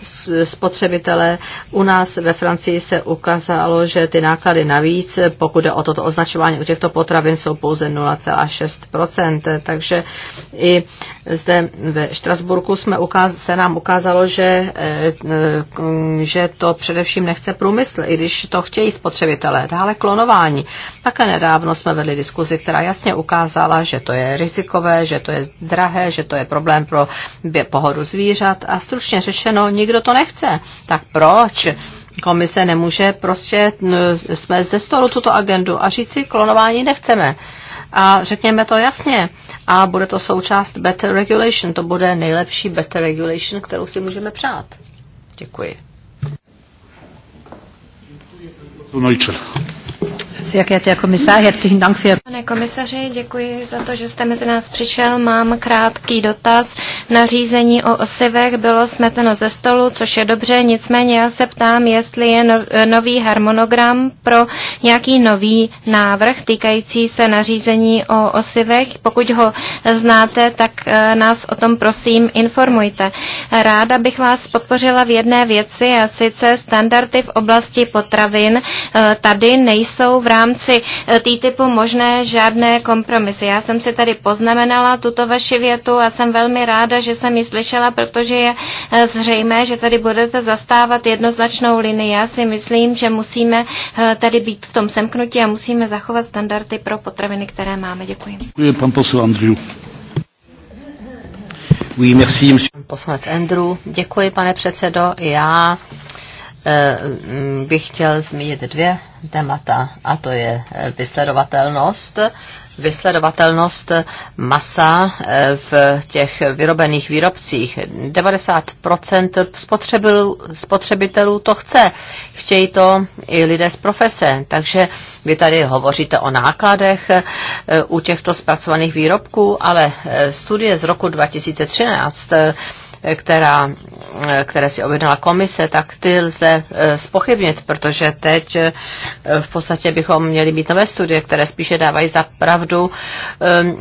spotřebitelé. U nás ve Francii se ukázalo, že ty náklady navíc, pokud jde o toto označování u těchto potravin, jsou pouze 0,6%. Takže i zde ve Štrasburku jsme ukáz- se nám ukázalo, že, eh, že to především nechce průmysl, i když to chtějí spotřebitelé. Dále klonování. Také nedávno jsme vedli diskuzi, která jasně ukázala, že to je rizikové, že to je drahé, že to je problém problém pro pohodu zvířat a stručně řešeno, nikdo to nechce. Tak proč? Komise nemůže prostě jsme ze stolu tuto agendu a říci, klonování nechceme. A řekněme to jasně. A bude to součást better regulation. To bude nejlepší better regulation, kterou si můžeme přát. Děkuji. Neuchel. Pane komisaři, děkuji za to, že jste mezi nás přišel. Mám krátký dotaz. Nařízení o osivech bylo smeteno ze stolu, což je dobře, nicméně já se ptám, jestli je no, nový harmonogram pro nějaký nový návrh týkající se nařízení o osivech. Pokud ho znáte, tak eh, nás o tom prosím informujte. Ráda bych vás podpořila v jedné věci, a sice standardy v oblasti potravin eh, tady nejsou v rámci rámci eh, TTIPu možné žádné kompromisy. Já jsem si tady poznamenala tuto vaši větu a jsem velmi ráda, že jsem ji slyšela, protože je eh, zřejmé, že tady budete zastávat jednoznačnou linii. Já si myslím, že musíme eh, tady být v tom semknutí a musíme zachovat standardy pro potraviny, které máme. Děkuji. Děkuji, pan posel Andriu. Oui, merci, Poslanec Andrew, děkuji, pane předsedo. Já Eh, bych chtěl zmínit dvě témata, a to je eh, vysledovatelnost. Vysledovatelnost masa eh, v těch vyrobených výrobcích. 90% spotřebitelů to chce. Chtějí to i lidé z profese. Takže vy tady hovoříte o nákladech u těchto zpracovaných výrobků, ale studie z roku 2013 která, které si objednala komise, tak ty lze eh, spochybnit, protože teď eh, v podstatě bychom měli mít nové studie, které spíše dávají za pravdu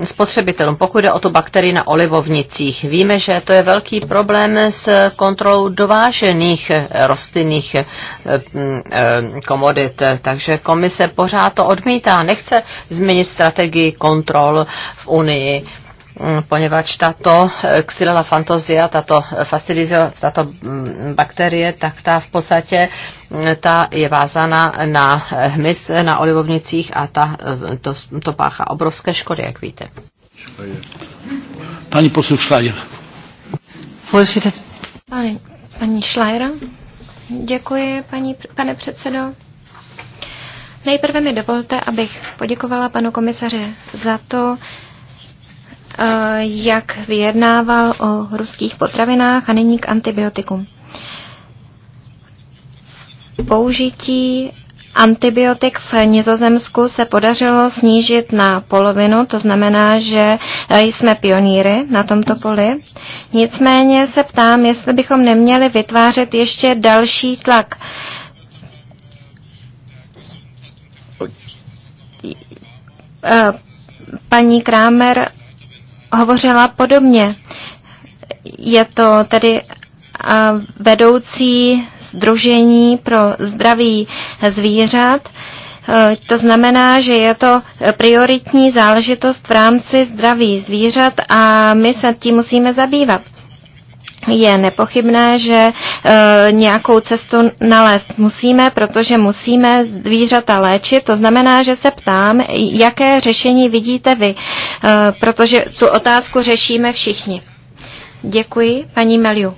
eh, spotřebitelům. Pokud jde o tu bakterii na olivovnicích, víme, že to je velký problém s kontrolou dovážených rostlinných mm, komodit, takže komise pořád to odmítá, nechce změnit strategii kontrol v Unii Mm, poněvadž tato eh, Xylella fantozia, tato eh, fastidizio, tato mm, bakterie, tak ta v podstatě mm, ta je vázána na eh, hmyz na olivovnicích a ta, to, to páchá obrovské škody, jak víte. Pani posluch Schleier. Pani, paní Schleier, děkuji, paní, pane předsedo. Nejprve mi dovolte, abych poděkovala panu komisaři za to, Eh, jak vyjednával o ruských potravinách a nyní k antibiotikum. Použití Antibiotik v Nizozemsku se podařilo snížit na polovinu, to znamená, že eh, jsme pionýry na tomto poli. Nicméně se ptám, jestli bychom neměli vytvářet ještě další tlak. Eh, paní Kramer hovořila podobně. Je to tedy vedoucí Združení pro zdraví zvířat. E, to znamená, že je to prioritní záležitost v rámci zdraví zvířat a my se tím musíme zabývat je nepochybné, že e, nějakou cestu nalézt musíme, protože musíme zvířata léčit. To znamená, že se ptám, jaké řešení vidíte vy, e, protože tu otázku řešíme všichni. Děkuji, paní Meliu.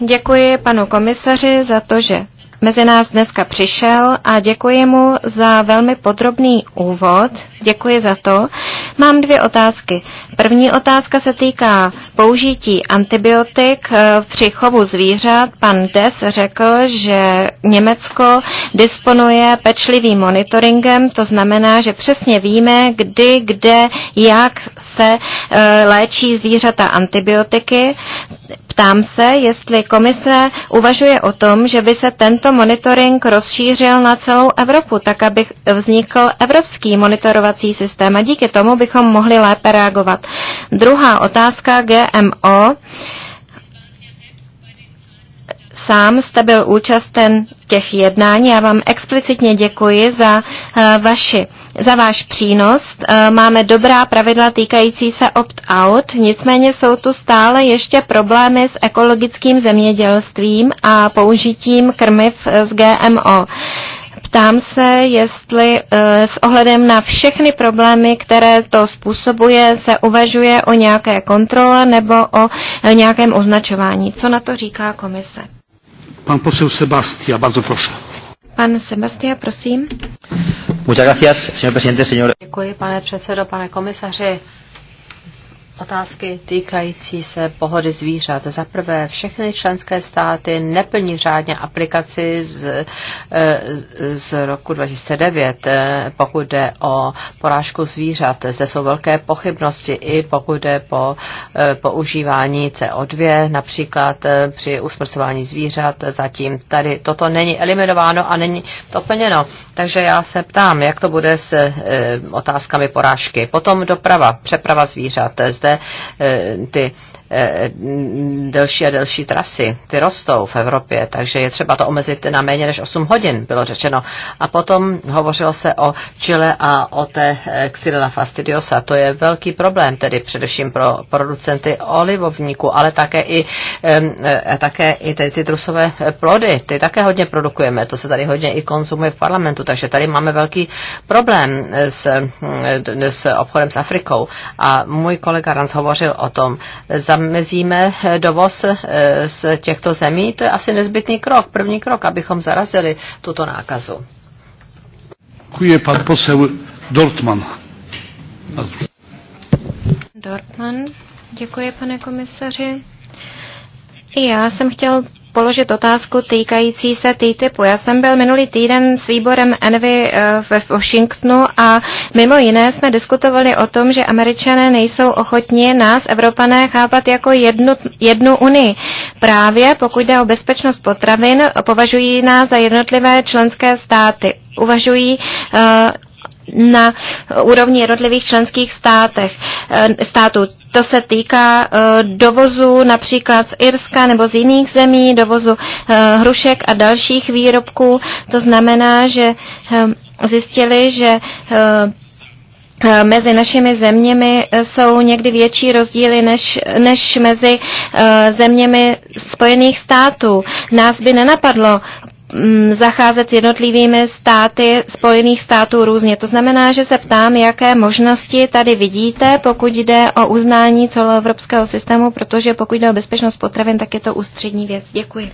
Děkuji panu komisaři za to, že mezi nás dneska přišel a děkuji mu za velmi podrobný úvod. Děkuji za to. Mám dvě otázky. První otázka se týká použití antibiotik eh, při chovu zvířat. Pan Des řekl, že Německo disponuje pečlivým monitoringem, to znamená, že přesně víme, kdy, kde, jak se eh, léčí zvířata antibiotiky. Ptám se, jestli komise uvažuje o tom, že by se tento tento monitoring rozšířil na celou Evropu, tak aby vznikl evropský monitorovací systém a díky tomu bychom mohli lépe reagovat. Druhá otázka GMO. Sám jste byl účasten těch jednání. Já vám explicitně děkuji za uh, vaši za váš přínos. Eh, máme dobrá pravidla týkající se opt-out, nicméně jsou tu stále ještě problémy s ekologickým zemědělstvím a použitím krmiv eh, z GMO. Ptám se, jestli eh, s ohledem na všechny problémy, které to způsobuje, se uvažuje o nějaké kontrole nebo o nějakém označování. Co na to říká komise? Pan posel Sebastia, bardzo proszę. Pan Sebastia, prosím. Muchas gracias, señor presidente, señor... Děkuji, pane předsedo, pane komisaři otázky týkající se pohody zvířat. Za prvé, všechny členské státy neplní řádně aplikaci z, e, z roku 2009, e, pokud jde o porážku zvířat. Zde jsou velké pochybnosti i pokud jde po e, používání CO2, například při usmrcování zvířat. Zatím tady toto není eliminováno a není to plněno. Takže já se ptám, jak to bude s otázkami porážky. Potom doprava, přeprava zvířat. Zde Eh, ty Eh, delší a delší trasy. Ty rostou v Evropě, takže je třeba to omezit na méně než 8 hodin, bylo řečeno. A potom hovořilo se o Chile a o té eh, Xylella fastidiosa. To je velký problém, tedy především pro producenty olivovníku, ale také i, eh, také i ty citrusové plody. Ty také hodně produkujeme, to se tady hodně i konzumuje v parlamentu, takže tady máme velký problém s, s obchodem s Afrikou. A můj kolega Rans hovořil o tom, za zamezíme eh, dovoz eh, z těchto zemí, to je asi nezbytný krok, první krok, abychom zarazili tuto nákazu. Děkuji, pan posel Dortman. Dortman, děkuji, pane komisaři. Já jsem chtěl položit otázku týkající se TTIPu. Já jsem byl minulý týden s výborem Envy eh, ve Washingtonu a mimo jiné jsme diskutovali o tom, že američané nejsou ochotni nás, Evropané, chápat jako jednu, jednu unii. Právě pokud jde o bezpečnost potravin, považují nás za jednotlivé členské státy. Uvažují uh, na úrovni jednotlivých členských státech, eh, států. To se týká eh, dovozu například z Irska nebo z jiných zemí, dovozu eh, hrušek a dalších výrobků. To znamená, že zjistili, že mezi našimi zeměmi jsou někdy větší rozdíly než, než mezi zeměmi Spojených států. Nás by nenapadlo Mm, zacházet s jednotlivými státy Spojených států různě. To znamená, že se ptám, jaké možnosti tady vidíte, pokud jde o uznání celoevropského systému, protože pokud jde o bezpečnost potravin, tak je to ústřední věc. Děkuji.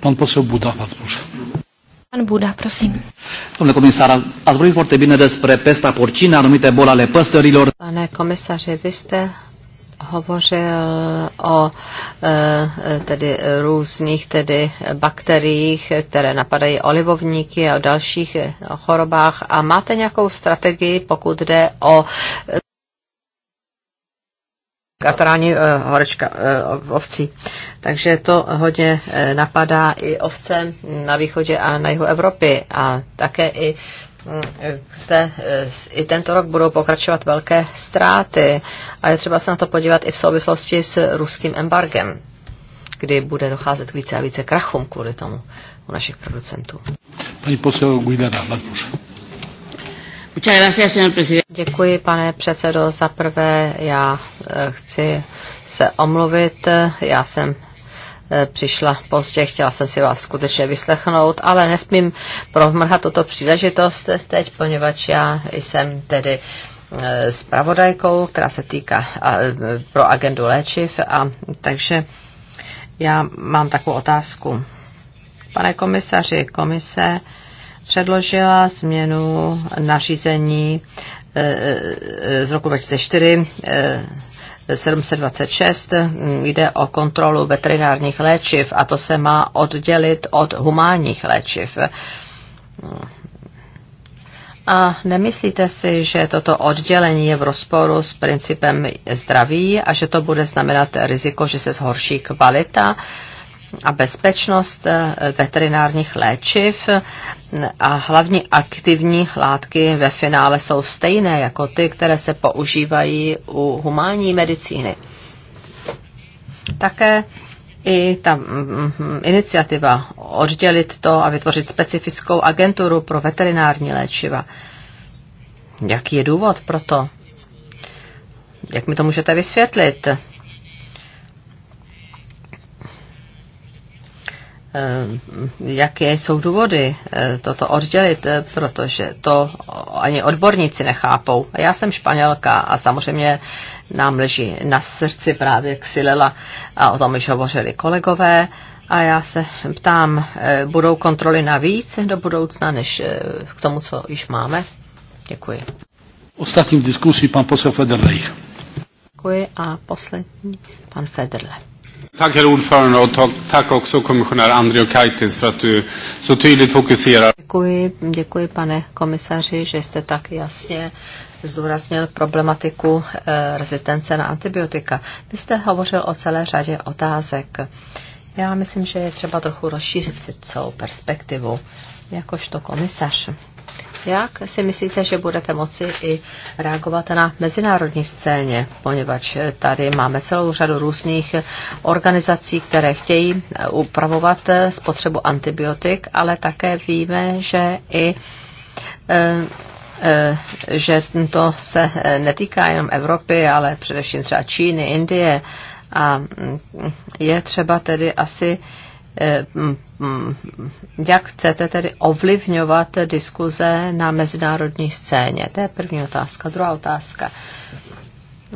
Pan posel Buda, Vatmuš. Pan Buda, prosím. Pane comisar, a vorbit foarte bine despre pesta porcina, anumite bolale ale Pane komisaři, vy jste hovořil o e, tedy různých tedy bakteriích, které napadají olivovníky a o dalších e, chorobách. A máte nějakou strategii, pokud jde o e, katarání horečka ovcí. Takže to hodně napadá i ovce na východě a na jihu Evropy a také i Eh, zde eh, i tento rok budou pokračovat velké ztráty a je třeba se na to podívat i v souvislosti s ruským embargem, kdy bude docházet k více a více krachům kvůli tomu u našich producentů. Pani posel Guidara, Děkuji, pane předsedo. Za prvé já eh, chci se omluvit. Já jsem Eh, přišla pozdě, chtěla jsem si vás skutečně vyslechnout, ale nesmím promrhat tuto příležitost teď, poněvadž já jsem tedy eh, pravodajkou, která se týká eh, pro agendu léčiv a takže já mám takovou otázku. Pane komisaři, komise předložila změnu nařízení z roku 2004 726 mm, jde o kontrolu veterinárních léčiv a to se má oddělit od humánních léčiv. Mm. A nemyslíte si, že toto oddělení je v rozporu s principem zdraví a že to bude znamenat riziko, že se zhorší kvalita? Uh, a bezpečnost eh, veterinárních léčiv a hlavní aktivní látky ve finále jsou stejné jako ty, které se používají u humánní medicíny. Také i ta mm, mm, iniciativa oddělit to a vytvořit specifickou agenturu pro veterinární léčiva. Jaký je důvod pro to? Jak mi to můžete vysvětlit? Eh, jaké jsou důvody eh, toto oddělit, eh, protože to ani odborníci nechápou. Já jsem španělka a samozřejmě nám leží na srdci právě ksilela a o tom již hovořili kolegové. A já se ptám, budou kontroly navíc do budoucna, než k tomu, co již máme? Děkuji. Ostatní v diskusi pan posel Federlej. Děkuji a poslední pan Federle. Tack herr ordförande och tack, tack också kommissionär Andrio Kaitis för att du så tydligt fokuserar. Děkuji, děkuji pane komisaři, že jste tak jasně zdůraznil problematiku e, rezistence na antibiotika. Vy jste hovořil o celé řadě otázek. Já myslím, že je třeba trochu rozšířit si celou perspektivu, jakožto komisař. Jak si myslíte, že budete moci i reagovat na mezinárodní scéně, poněvadž tady máme celou řadu různých organizací, které chtějí upravovat spotřebu antibiotik, ale také víme, že i eh, eh, že to se netýká jenom Evropy, ale především třeba Číny, Indie. A je třeba tedy asi Eh, jak chcete tedy ovlivňovat diskuze na mezinárodní scéně? To je první otázka. Druhá otázka.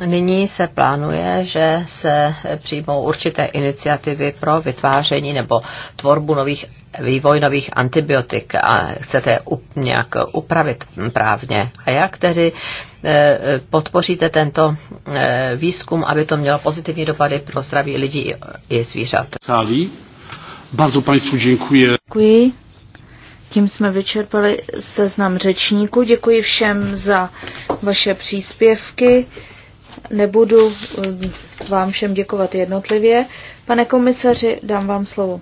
Nyní se plánuje, že se přijmou určité iniciativy pro vytváření nebo tvorbu nových vývoj nových antibiotik a chcete je nějak upravit právně. A jak tedy eh, podpoříte tento eh, výzkum, aby to mělo pozitivní dopady pro zdraví lidí i zvířat? Sálí. Bardzo Państwu dziękuję. Děkuji. Tím jsme vyčerpali seznam řečníků. Děkuji všem za vaše příspěvky. Nebudu eh, vám všem děkovat jednotlivě. Pane komisaři, dám vám slovo.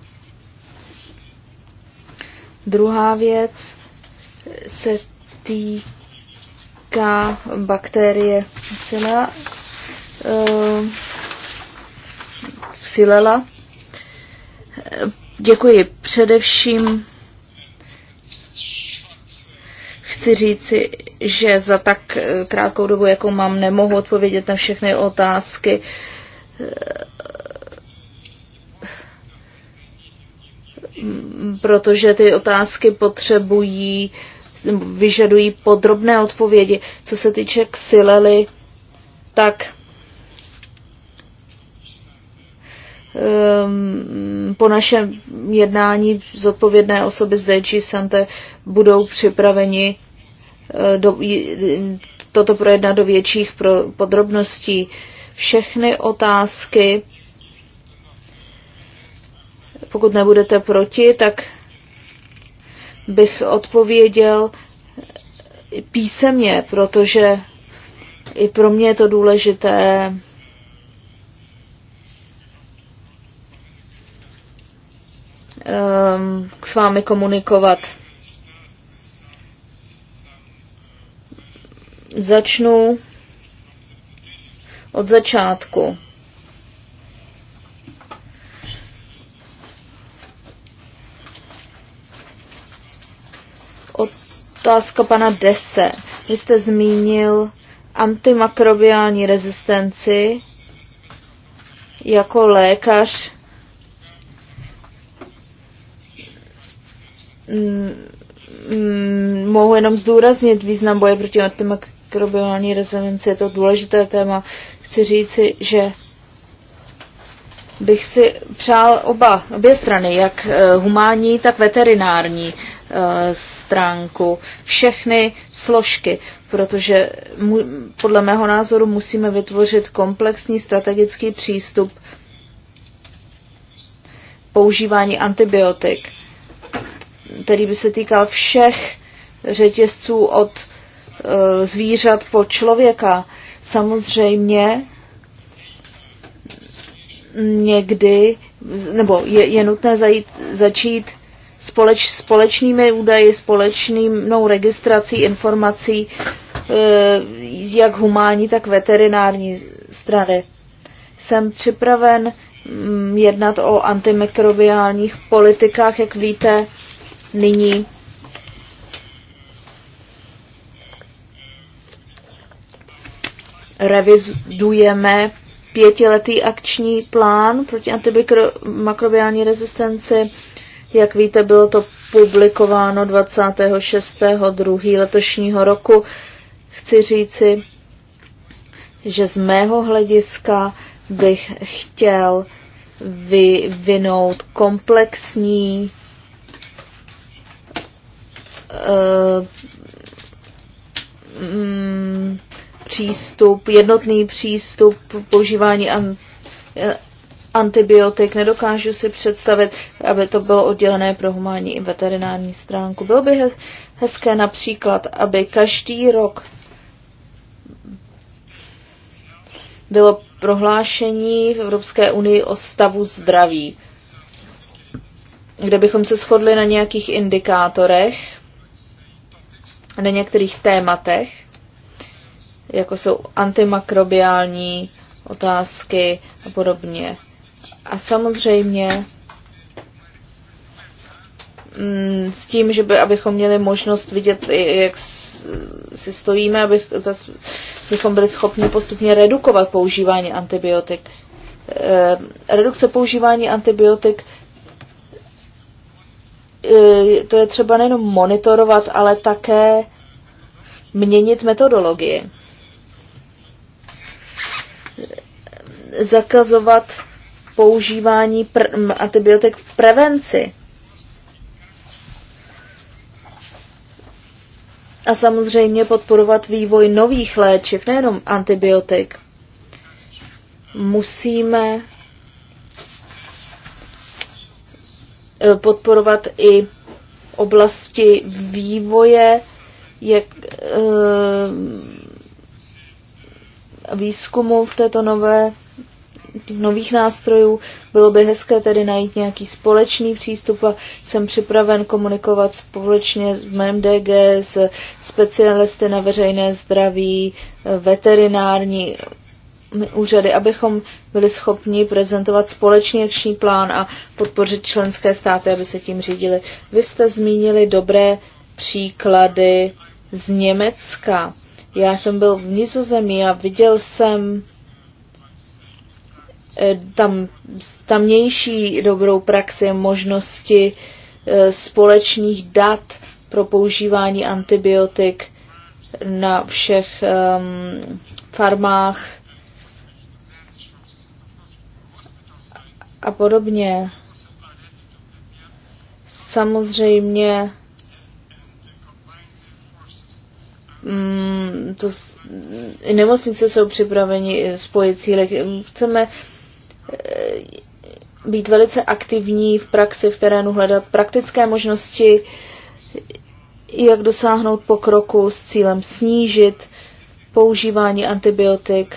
Druhá věc se týká bakterie Xylela. Děkuji. Především chci říci, že za tak krátkou dobu, jakou mám, nemohu odpovědět na všechny otázky. Protože ty otázky potřebují, vyžadují podrobné odpovědi. Co se týče Xilely, tak Ehm, po našem jednání zodpovědné osoby z DG Sante budou připraveni eh, do, toto projednat do větších pro, podrobností. Všechny otázky, pokud nebudete proti, tak bych odpověděl písemně, protože i pro mě je to důležité um, s vámi komunikovat. Začnu od začátku. Otázka pana Dese. Vy jste zmínil antimakrobiální rezistenci jako lékař Mm, mm, mohu jenom zdůraznit význam boje proti antimikrobiální rezonanci, Je to důležité téma. Chci říci, že bych si přál oba, obě strany, jak eh, humánní, tak veterinární eh, stránku, všechny složky, protože mu, podle mého názoru musíme vytvořit komplexní strategický přístup používání antibiotik který by se týkal všech řetězců od eh, zvířat po člověka. Samozřejmě někdy, nebo je, je nutné zajít, začít společ, společnými údaji, společnou registrací informací, eh, jak humánní, tak veterinární strany. Jsem připraven mm, jednat o antimikrobiálních politikách, jak víte, nyní revizujeme pětiletý akční plán proti antimikrobiální rezistenci. Jak víte, bylo to publikováno 26.2. letošního roku. Chci říci, že z mého hlediska bych chtěl vyvinout komplexní Eh, mm, přístup, jednotný přístup používání eh, antibiotik. Nedokážu si představit, aby to bylo oddělené pro humánní i veterinární stránku. Bylo by hezké například, aby každý rok bylo prohlášení v Evropské unii o stavu zdraví, kde bychom se shodli na nějakých indikátorech, na některých tématech, jako jsou antimakrobiální otázky a podobně. A samozřejmě mm, s tím, že by, abychom měli možnost vidět, jak si stojíme, abych, zas, byli schopni postupně redukovat používání antibiotik. Eh, redukce používání antibiotik Eh, to je třeba nejenom monitorovat, ale také měnit metodologii. Zakazovat používání antibiotik v prevenci. A samozřejmě podporovat vývoj nových léčiv, nejenom antibiotik. Musíme Eh, podporovat i oblasti vývoje, jak eh, výzkumu v této nové nových nástrojů. Bylo by hezké tedy najít nějaký společný přístup a jsem připraven komunikovat společně s mém DG, s specialisty na veřejné zdraví, eh, veterinární úřady, abychom byli schopni prezentovat společný akční plán a podpořit členské státy, aby se tím řídili. Vy jste zmínili dobré příklady z Německa. Já jsem byl v Nizozemí a viděl jsem eh, tam, tamnější dobrou praxi, možnosti eh, společných dat pro používání antibiotik na všech um, farmách a podobně. Samozřejmě mm, to, nemocnice jsou připraveni spojit cíle. Chceme eh, být velice aktivní v praxi, v terénu, hledat praktické možnosti, jak dosáhnout pokroku s cílem snížit používání antibiotik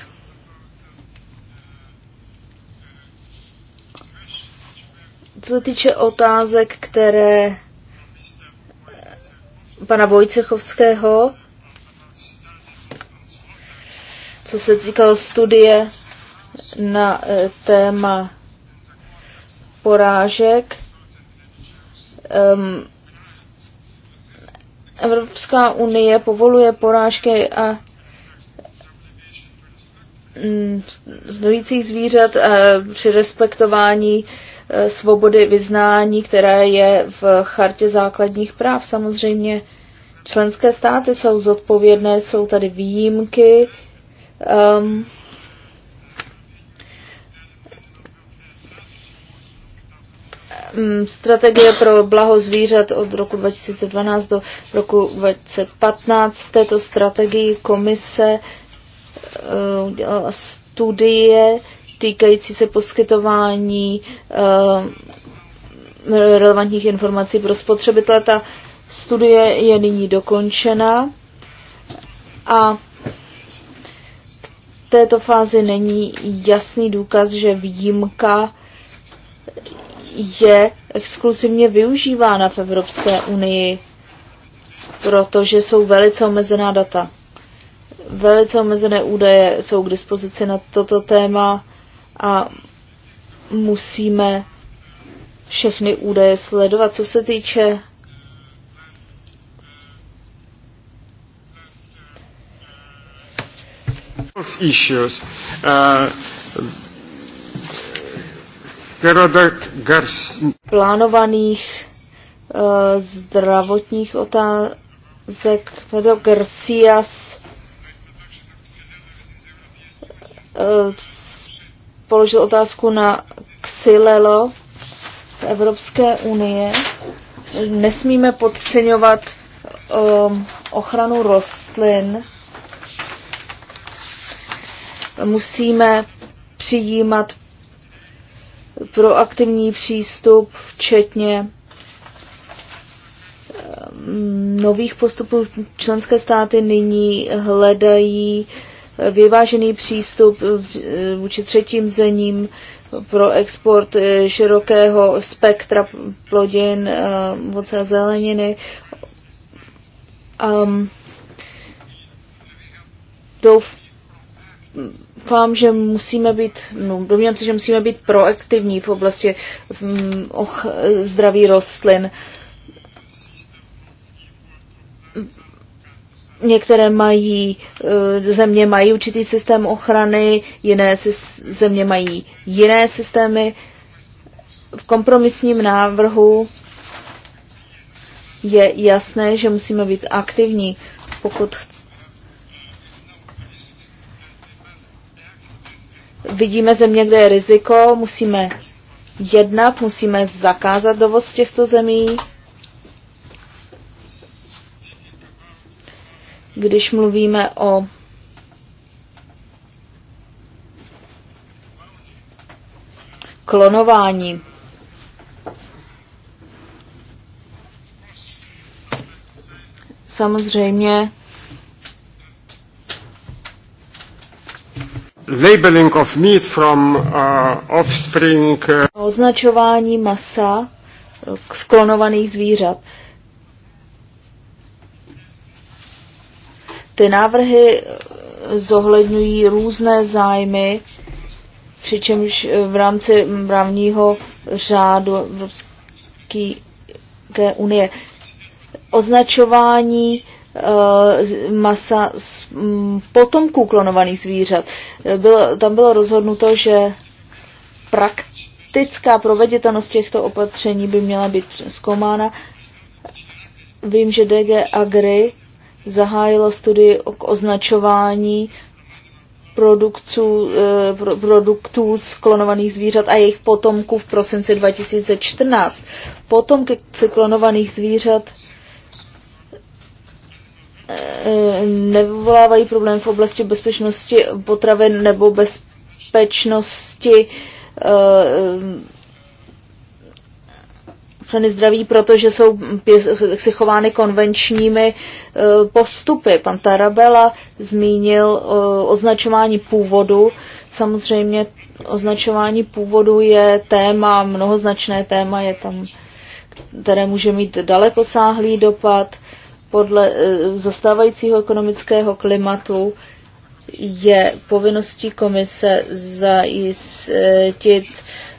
Co se týče otázek, které eh, pana Vojcechovského, co se týkalo studie na eh, téma porážek, um, Evropská unie povoluje porážky a zdojících mm, zvířat eh, při respektování Eh, svobody vyznání, které je v chartě základních práv. Samozřejmě členské státy jsou zodpovědné, jsou tady výjimky. Um, strategie pro blaho zvířat od roku 2012 do roku 2015. V této strategii komise eh, udělala studie týkající se poskytování eh, relevantních informací pro spotřebitele. Ta studie je nyní dokončena a v této fázi není jasný důkaz, že výjimka je exkluzivně využívána v Evropské unii, protože jsou velice omezená data. Velice omezené údaje jsou k dispozici na toto téma a musíme všechny údaje sledovat. Co se týče issues. Uh, plánovaných uh, zdravotních otázek Pedro Garcias uh, položil otázku na Xylelo Evropské unie. Nesmíme podceňovat um, ochranu rostlin. Musíme přijímat proaktivní přístup, včetně um, nových postupů členské státy nyní hledají vyvážený přístup eh, vůči třetím zením pro export eh, širokého spektra plodin, eh, ovoce a zeleniny. Um, doufám, že musíme být, no, domnívám se, že musíme být proaktivní v oblasti um, och, zdraví rostlin. Některé mají, eh, země mají určitý systém ochrany, jiné země mají jiné systémy. V kompromisním návrhu je jasné, že musíme být aktivní, pokud vidíme země, kde je riziko, musíme jednat, musíme zakázat dovoz těchto zemí. když mluvíme o klonování. Samozřejmě labeling of meat from uh, offspring. Uh, označování masa sklonovaných uh, zvířat. Ty návrhy eh, zohledňují různé zájmy, přičemž eh, v rámci právního řádu Evropské unie označování eh, masa z mm, potomků klonovaných zvířat. Bylo, tam bylo rozhodnuto, že praktická proveditelnost těchto opatření by měla být zkoumána. Vím, že DG Agri zahájila studii o označování produktů, eh, pro, produktů z klonovaných zvířat a jejich potomků v prosinci 2014. Potomky klonovaných zvířat eh, nevyvolávají problém v oblasti bezpečnosti potravin nebo bezpečnosti eh, ochrany zdraví, protože jsou si chovány konvenčními e, postupy. Pan Tarabela zmínil e, označování původu. Samozřejmě označování původu je téma, mnohoznačné téma, je tam, které může mít dalekosáhlý dopad podle e, zastávajícího ekonomického klimatu je povinností komise zajistit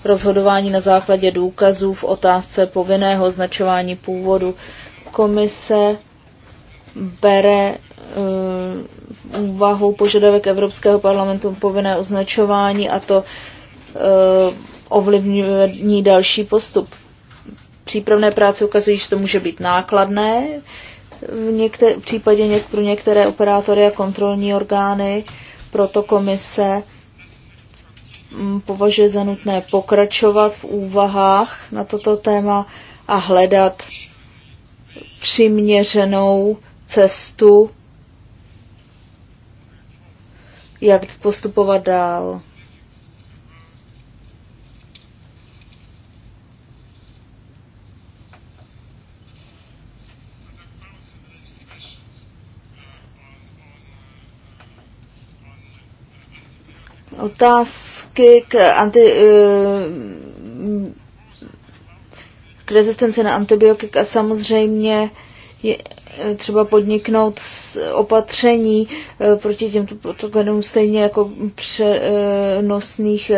rozhodování na základě důkazů v otázce povinného značování původu. Komise bere uh, úvahu požadavek Evropského parlamentu povinné označování a to uh, eh, ovlivňuje další postup. Přípravné práce ukazují, že to může být nákladné, v, některé, v případě něk, pro některé operátory a kontrolní orgány, proto komise Mm, považuje za nutné pokračovat v úvahách na toto téma a hledat přiměřenou cestu, jak postupovat dál. Otázka otázky k anti, eh, k rezistenci na antibiotik a samozřejmě je eh, třeba podniknout opatření eh, proti těmto patogénům stejně jako přenosných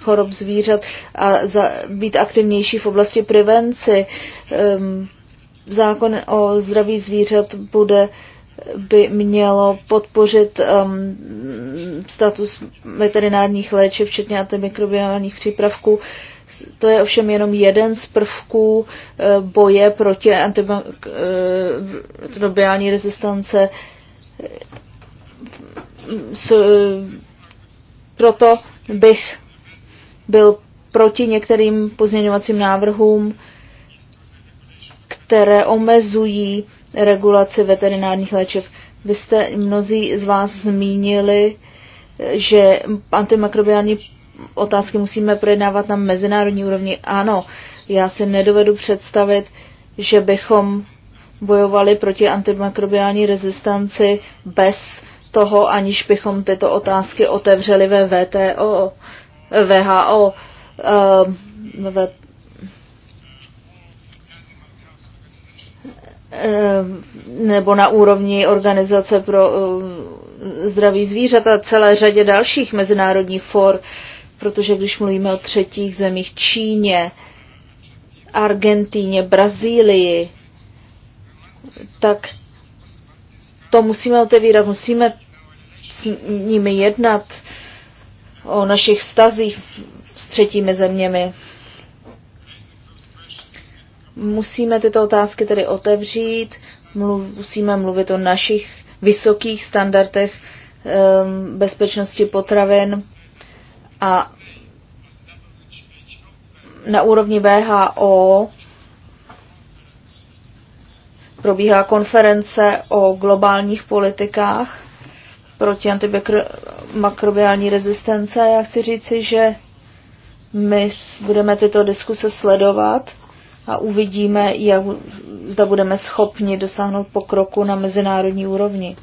chorob zvířat a za, být aktivnější v oblasti prevenci. Ehm, zákon o zdraví zvířat bude by mělo podpořit um, status veterinárních léčiv, včetně antimikrobiálních přípravků. To je ovšem jenom jeden z prvků uh, boje proti uh, antimikrobiální rezistance. S, uh, proto bych byl proti některým pozměňovacím návrhům, které omezují regulaci veterinárních léčiv. Vy jste mnozí z vás zmínili, že antimakrobiální otázky musíme projednávat na mezinárodní úrovni. Ano, já si nedovedu představit, že bychom bojovali proti antimikrobiální rezistanci bez toho, aniž bychom tyto otázky otevřeli ve VTO, VHO, eh, ve Eh, nebo na úrovni Organizace pro eh, zdraví zvířat a celé řadě dalších mezinárodních for, protože když mluvíme o třetích zemích Číně, Argentíně, Brazílii, tak to musíme otevírat, musíme s nimi jednat o našich vztazích s třetími zeměmi. Musíme tyto otázky tedy otevřít, mluv, musíme mluvit o našich vysokých standardech um, bezpečnosti potravin a na úrovni VHO probíhá konference o globálních politikách proti antimakrobiální rezistence. Já chci říci, že my budeme tyto diskuse sledovat a uvidíme, jak, zda budeme schopni dosáhnout pokroku na mezinárodní úrovni.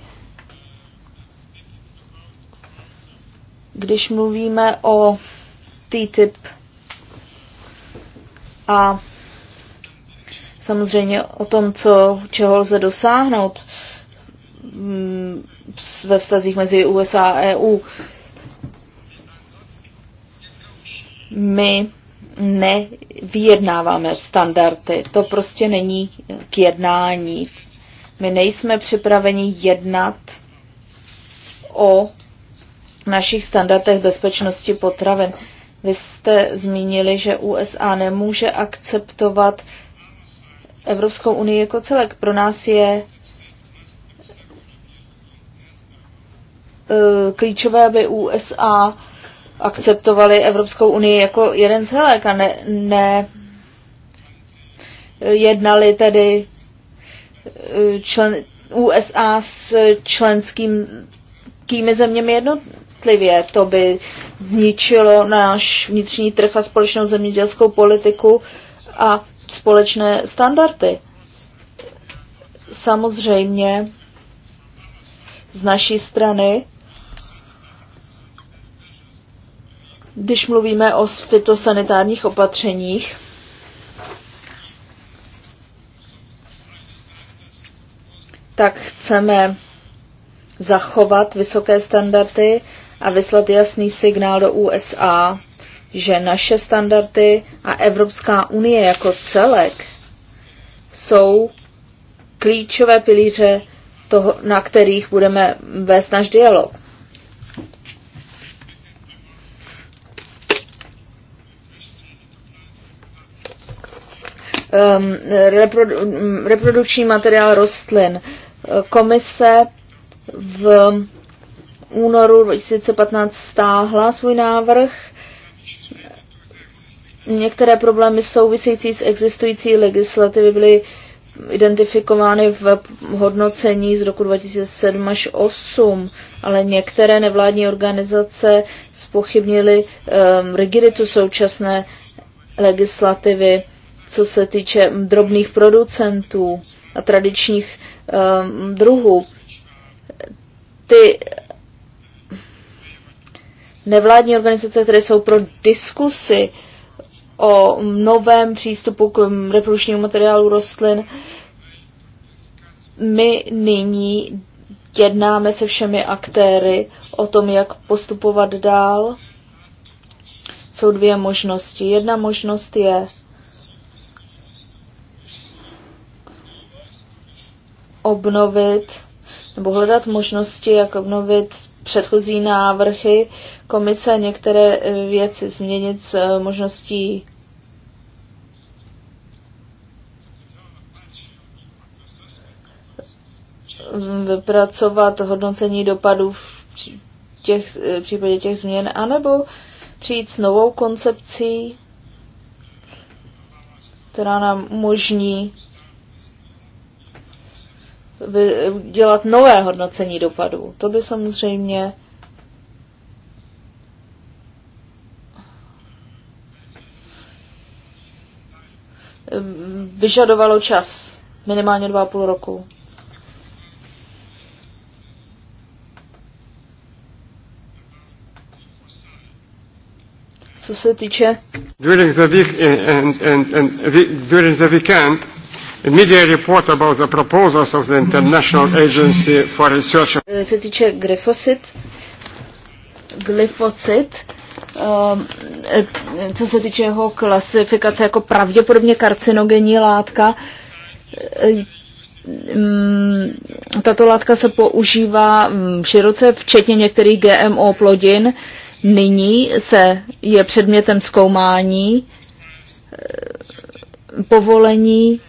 Když mluvíme o TTIP a samozřejmě o tom, co, čeho lze dosáhnout mm, ve vztazích mezi USA a EU, my nevyjednáváme standardy. To prostě není k jednání. My nejsme připraveni jednat o našich standardech bezpečnosti potravin. Vy jste zmínili, že USA nemůže akceptovat Evropskou unii jako celek. Pro nás je e, klíčové, aby USA akceptovali Evropskou unii jako jeden celek a ne, ne jednali tedy eh, člen, USA s členskými zeměmi jednotlivě. To by zničilo náš vnitřní trh a společnou zemědělskou politiku a společné standardy. Samozřejmě z naší strany Když mluvíme o fitosanitárních opatřeních, tak chceme zachovat vysoké standardy a vyslat jasný signál do USA, že naše standardy a Evropská unie jako celek jsou klíčové pilíře, toho, na kterých budeme vést náš dialog. um, reprodu, reprodukční materiál rostlin. Komise v únoru 2015 stáhla svůj návrh. Některé problémy související s existující legislativy byly identifikovány v hodnocení z roku 2007 až 2008, ale některé nevládní organizace spochybnily um, rigiditu současné legislativy co se týče drobných producentů a tradičních um, druhů. Ty nevládní organizace, které jsou pro diskusy o novém přístupu k reprodukčnímu materiálu rostlin, my nyní jednáme se všemi aktéry o tom, jak postupovat dál. Jsou dvě možnosti. Jedna možnost je obnovit nebo hledat možnosti, jak obnovit předchozí návrhy komise některé eh, věci změnit s eh, možností vypracovat hodnocení dopadů v těch, eh, v případě těch změn, anebo přijít s novou koncepcí, která nám umožní dělat nové hodnocení dopadů. To by samozřejmě vyžadovalo čas, minimálně dva a půl roku. Co se týče during the week eh, and, and, and, during the weekend Media report about the proposals of the International Agency for Research. Eh, se týče glyfosit, glyfosit, um, co se týče jeho klasifikace jako pravděpodobně karcinogenní látka, eh, mm, tato látka se používá mm, široce, včetně některých GMO plodin. Nyní se je předmětem zkoumání povolení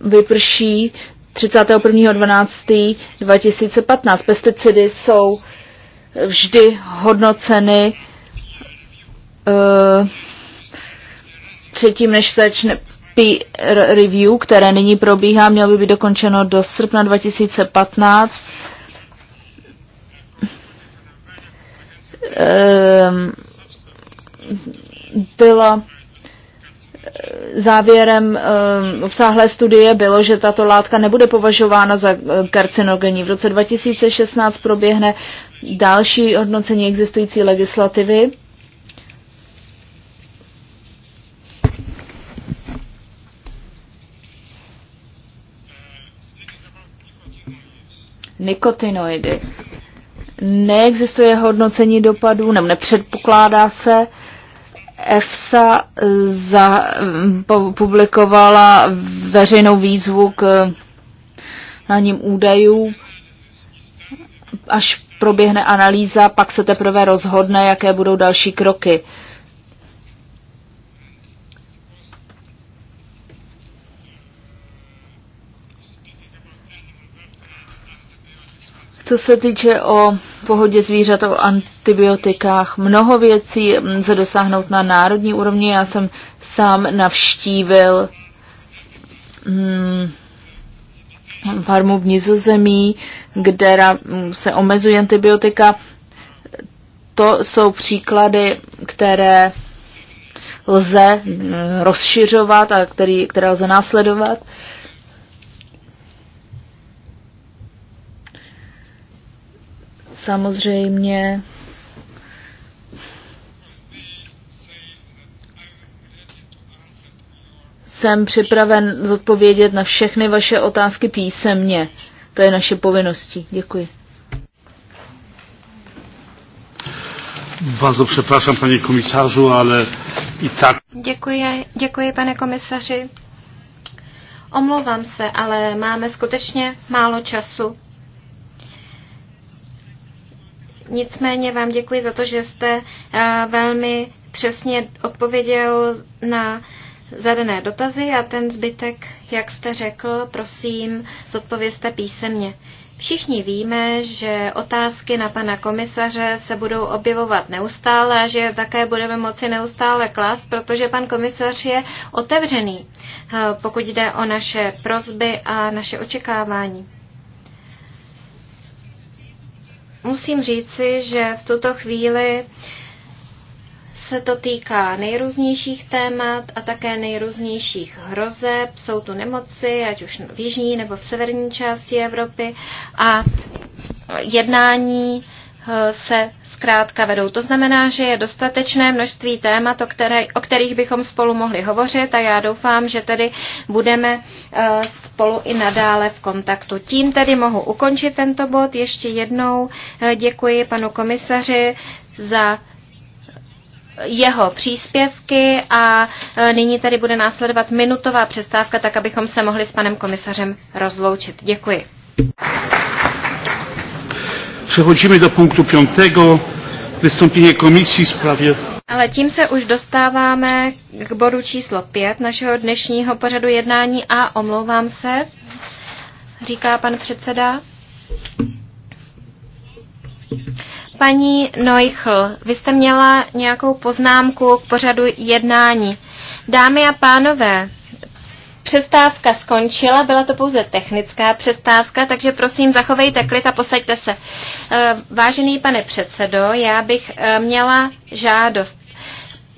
vyprší 31.12.2015. Pesticidy jsou vždy hodnoceny uh, předtím, než začne peer review, které nyní probíhá, mělo by být dokončeno do srpna 2015. Uh, ehm, byla závěrem eh, obsáhlé studie bylo, že tato látka nebude považována za eh, karcinogenní. V roce 2016 proběhne další hodnocení existující legislativy. Nikotinoidy. Neexistuje hodnocení dopadů, nebo nepředpokládá se, EFSA eh, za, mm, publikovala veřejnou výzvu k hraním údajů. Až proběhne analýza, pak se teprve rozhodne, jaké budou další kroky. Uh, Co se týče o pohodě zvířat, o antibiotikách, mnoho věcí se dosáhnout na národní úrovni. Já jsem sám navštívil hmm, farmu v Nizozemí, kde se omezují antibiotika. To jsou příklady, které lze rozšiřovat a který, které lze následovat. Samozřejmě jsem připraven zodpovědět na všechny vaše otázky písemně. To je naše povinnosti. Děkuji. Vás przepraszam, paní komisarzu, ale i tak... Děkuji, děkuji, pane komisaři. Omlouvám se, ale máme skutečně málo času. Nicméně vám děkuji za to, že jste eh, velmi přesně odpověděl na zadané dotazy a ten zbytek, jak jste řekl, prosím, zodpovězte písemně. Všichni víme, že otázky na pana komisaře se budou objevovat neustále a že také budeme moci neustále klást, protože pan komisař je otevřený, eh, pokud jde o naše prozby a naše očekávání. Musím říci, že v tuto chvíli se to týká nejrůznějších témat a také nejrůznějších hrozeb. Jsou tu nemoci, ať už v jižní nebo v severní části Evropy. A jednání se zkrátka vedou. To znamená, že je dostatečné množství témat, o, které, o kterých bychom spolu mohli hovořit a já doufám, že tedy budeme eh, spolu i nadále v kontaktu. Tím tedy mohu ukončit tento bod. Ještě jednou eh, děkuji panu komisaři za jeho příspěvky a eh, nyní tady bude následovat minutová přestávka, tak abychom se mohli s panem komisařem rozloučit. Děkuji. Přechodíme do punktu 5. Vystoupení komisí v Ale tím se už dostáváme k bodu číslo 5 našeho dnešního pořadu jednání a omlouvám se, říká pan předseda. Paní Neuchl, vy jste měla nějakou poznámku k pořadu jednání. Dámy a pánové, Přestávka skončila, byla to pouze technická přestávka, takže prosím zachovejte klid a posaďte se. Eh, vážený pane předsedo, já bych eh, měla žádost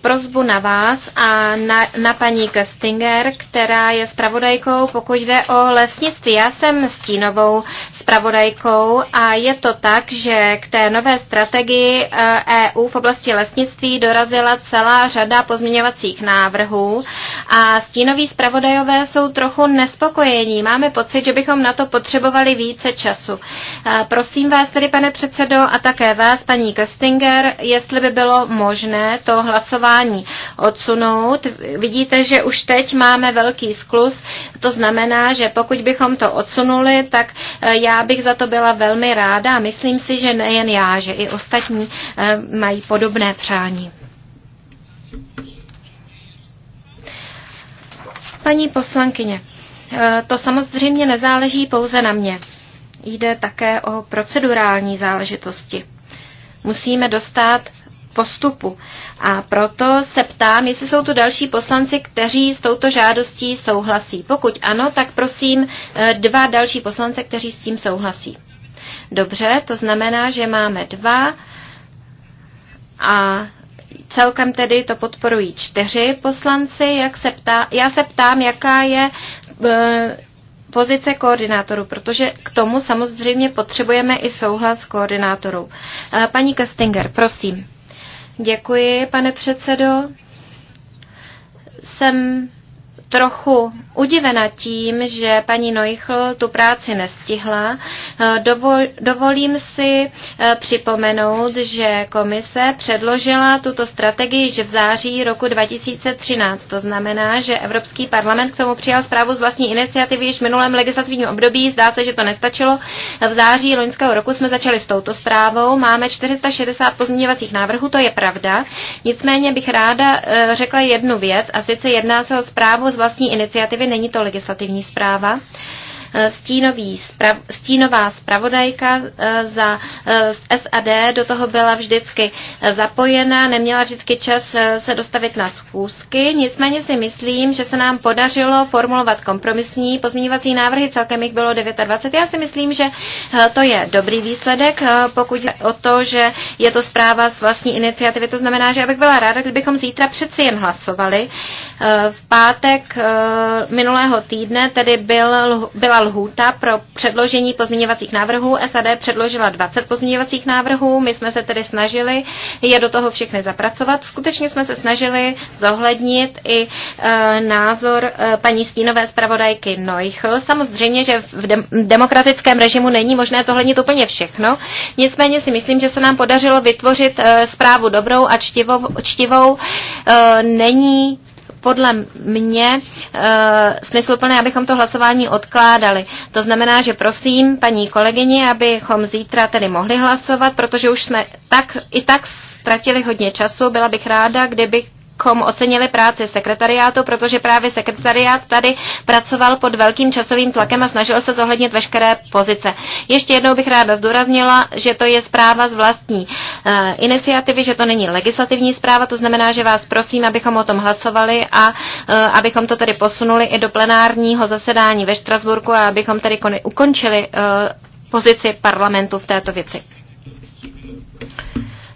prozbu na vás a na, na paní Kestinger, která je spravodajkou, pokud jde o lesnictví. Já jsem stínovou spravodajkou a je to tak, že k té nové strategii EU eh, e v oblasti lesnictví dorazila celá řada pozměňovacích návrhů a stínoví spravodajové jsou trochu nespokojení. Máme pocit, že bychom na to potřebovali více času. Eh, prosím vás tedy, pane předsedo, a také vás, paní Kestinger, jestli by bylo možné to hlasování hlasování odsunout. Vidíte, že už teď máme velký sklus, to znamená, že pokud bychom to odsunuli, tak eh, já bych za to byla velmi ráda a myslím si, že nejen já, že i ostatní eh, mají podobné přání. Paní poslankyně, eh, to samozřejmě nezáleží pouze na mě. Jde také o procedurální záležitosti. Musíme dostat postupu. A proto se ptám, jestli jsou tu další poslanci, kteří s touto žádostí souhlasí. Pokud ano, tak prosím eh, dva další poslance, kteří s tím souhlasí. Dobře, to znamená, že máme dva a celkem tedy to podporují čtyři poslanci. Jak se ptá, já se ptám, jaká je eh, pozice koordinátorů, protože k tomu samozřejmě potřebujeme i souhlas koordinátorů. Eh, paní Kastinger, prosím. Děkuji, pane předsedo. Jsem trochu udivena tím, že paní Neuchl tu práci nestihla. Eh, dovolím si eh, připomenout, že komise předložila tuto strategii, že v září roku 2013. To znamená, že Evropský parlament k tomu přijal zprávu z vlastní iniciativy již v minulém legislativním období. Zdá se, že to nestačilo. V září loňského roku jsme začali s touto zprávou. Máme 460 pozměňovacích návrhů, to je pravda. Nicméně bych ráda eh, řekla jednu věc, a sice jedná se o zprávu z vlastní iniciativy, není to legislativní zpráva. Eh, stínový, sprav, stínová zpravodajka eh, za eh, z SAD do toho byla vždycky zapojena, neměla vždycky čas se dostavit na schůzky, nicméně si myslím, že se nám podařilo formulovat kompromisní pozměňovací návrhy, celkem jich bylo 29. Já si myslím, že to je dobrý výsledek, pokud je o to, že je to zpráva z vlastní iniciativy, to znamená, že bych byla ráda, kdybychom zítra přeci jen hlasovali, v pátek eh, minulého týdne tedy byl, byla lhůta pro předložení pozměňovacích návrhů. SAD předložila 20 pozměňovacích návrhů. My jsme se tedy snažili je do toho všechny zapracovat. Skutečně jsme se snažili zohlednit i eh, názor eh, paní stínové zpravodajky Neuchl. Samozřejmě, že v demokratickém režimu není možné zohlednit úplně všechno. Nicméně si myslím, že se nám podařilo vytvořit zprávu dobrou a čtivou. čtivou. Není podle mě e, smysluplné, abychom to hlasování odkládali. To znamená, že prosím paní kolegyně, abychom zítra tedy mohli hlasovat, protože už jsme tak, i tak ztratili hodně času. Byla bych ráda, kdybych bychom ocenili práci sekretariátu, protože právě sekretariát tady pracoval pod velkým časovým tlakem a snažil se zohlednit veškeré pozice. Ještě jednou bych ráda zdůraznila, že to je zpráva z vlastní eh, iniciativy, že to není legislativní zpráva, to znamená, že vás prosím, abychom o tom hlasovali a eh, abychom to tedy posunuli i do plenárního zasedání ve Štrasburku a abychom tedy ukončili eh, pozici parlamentu v této věci.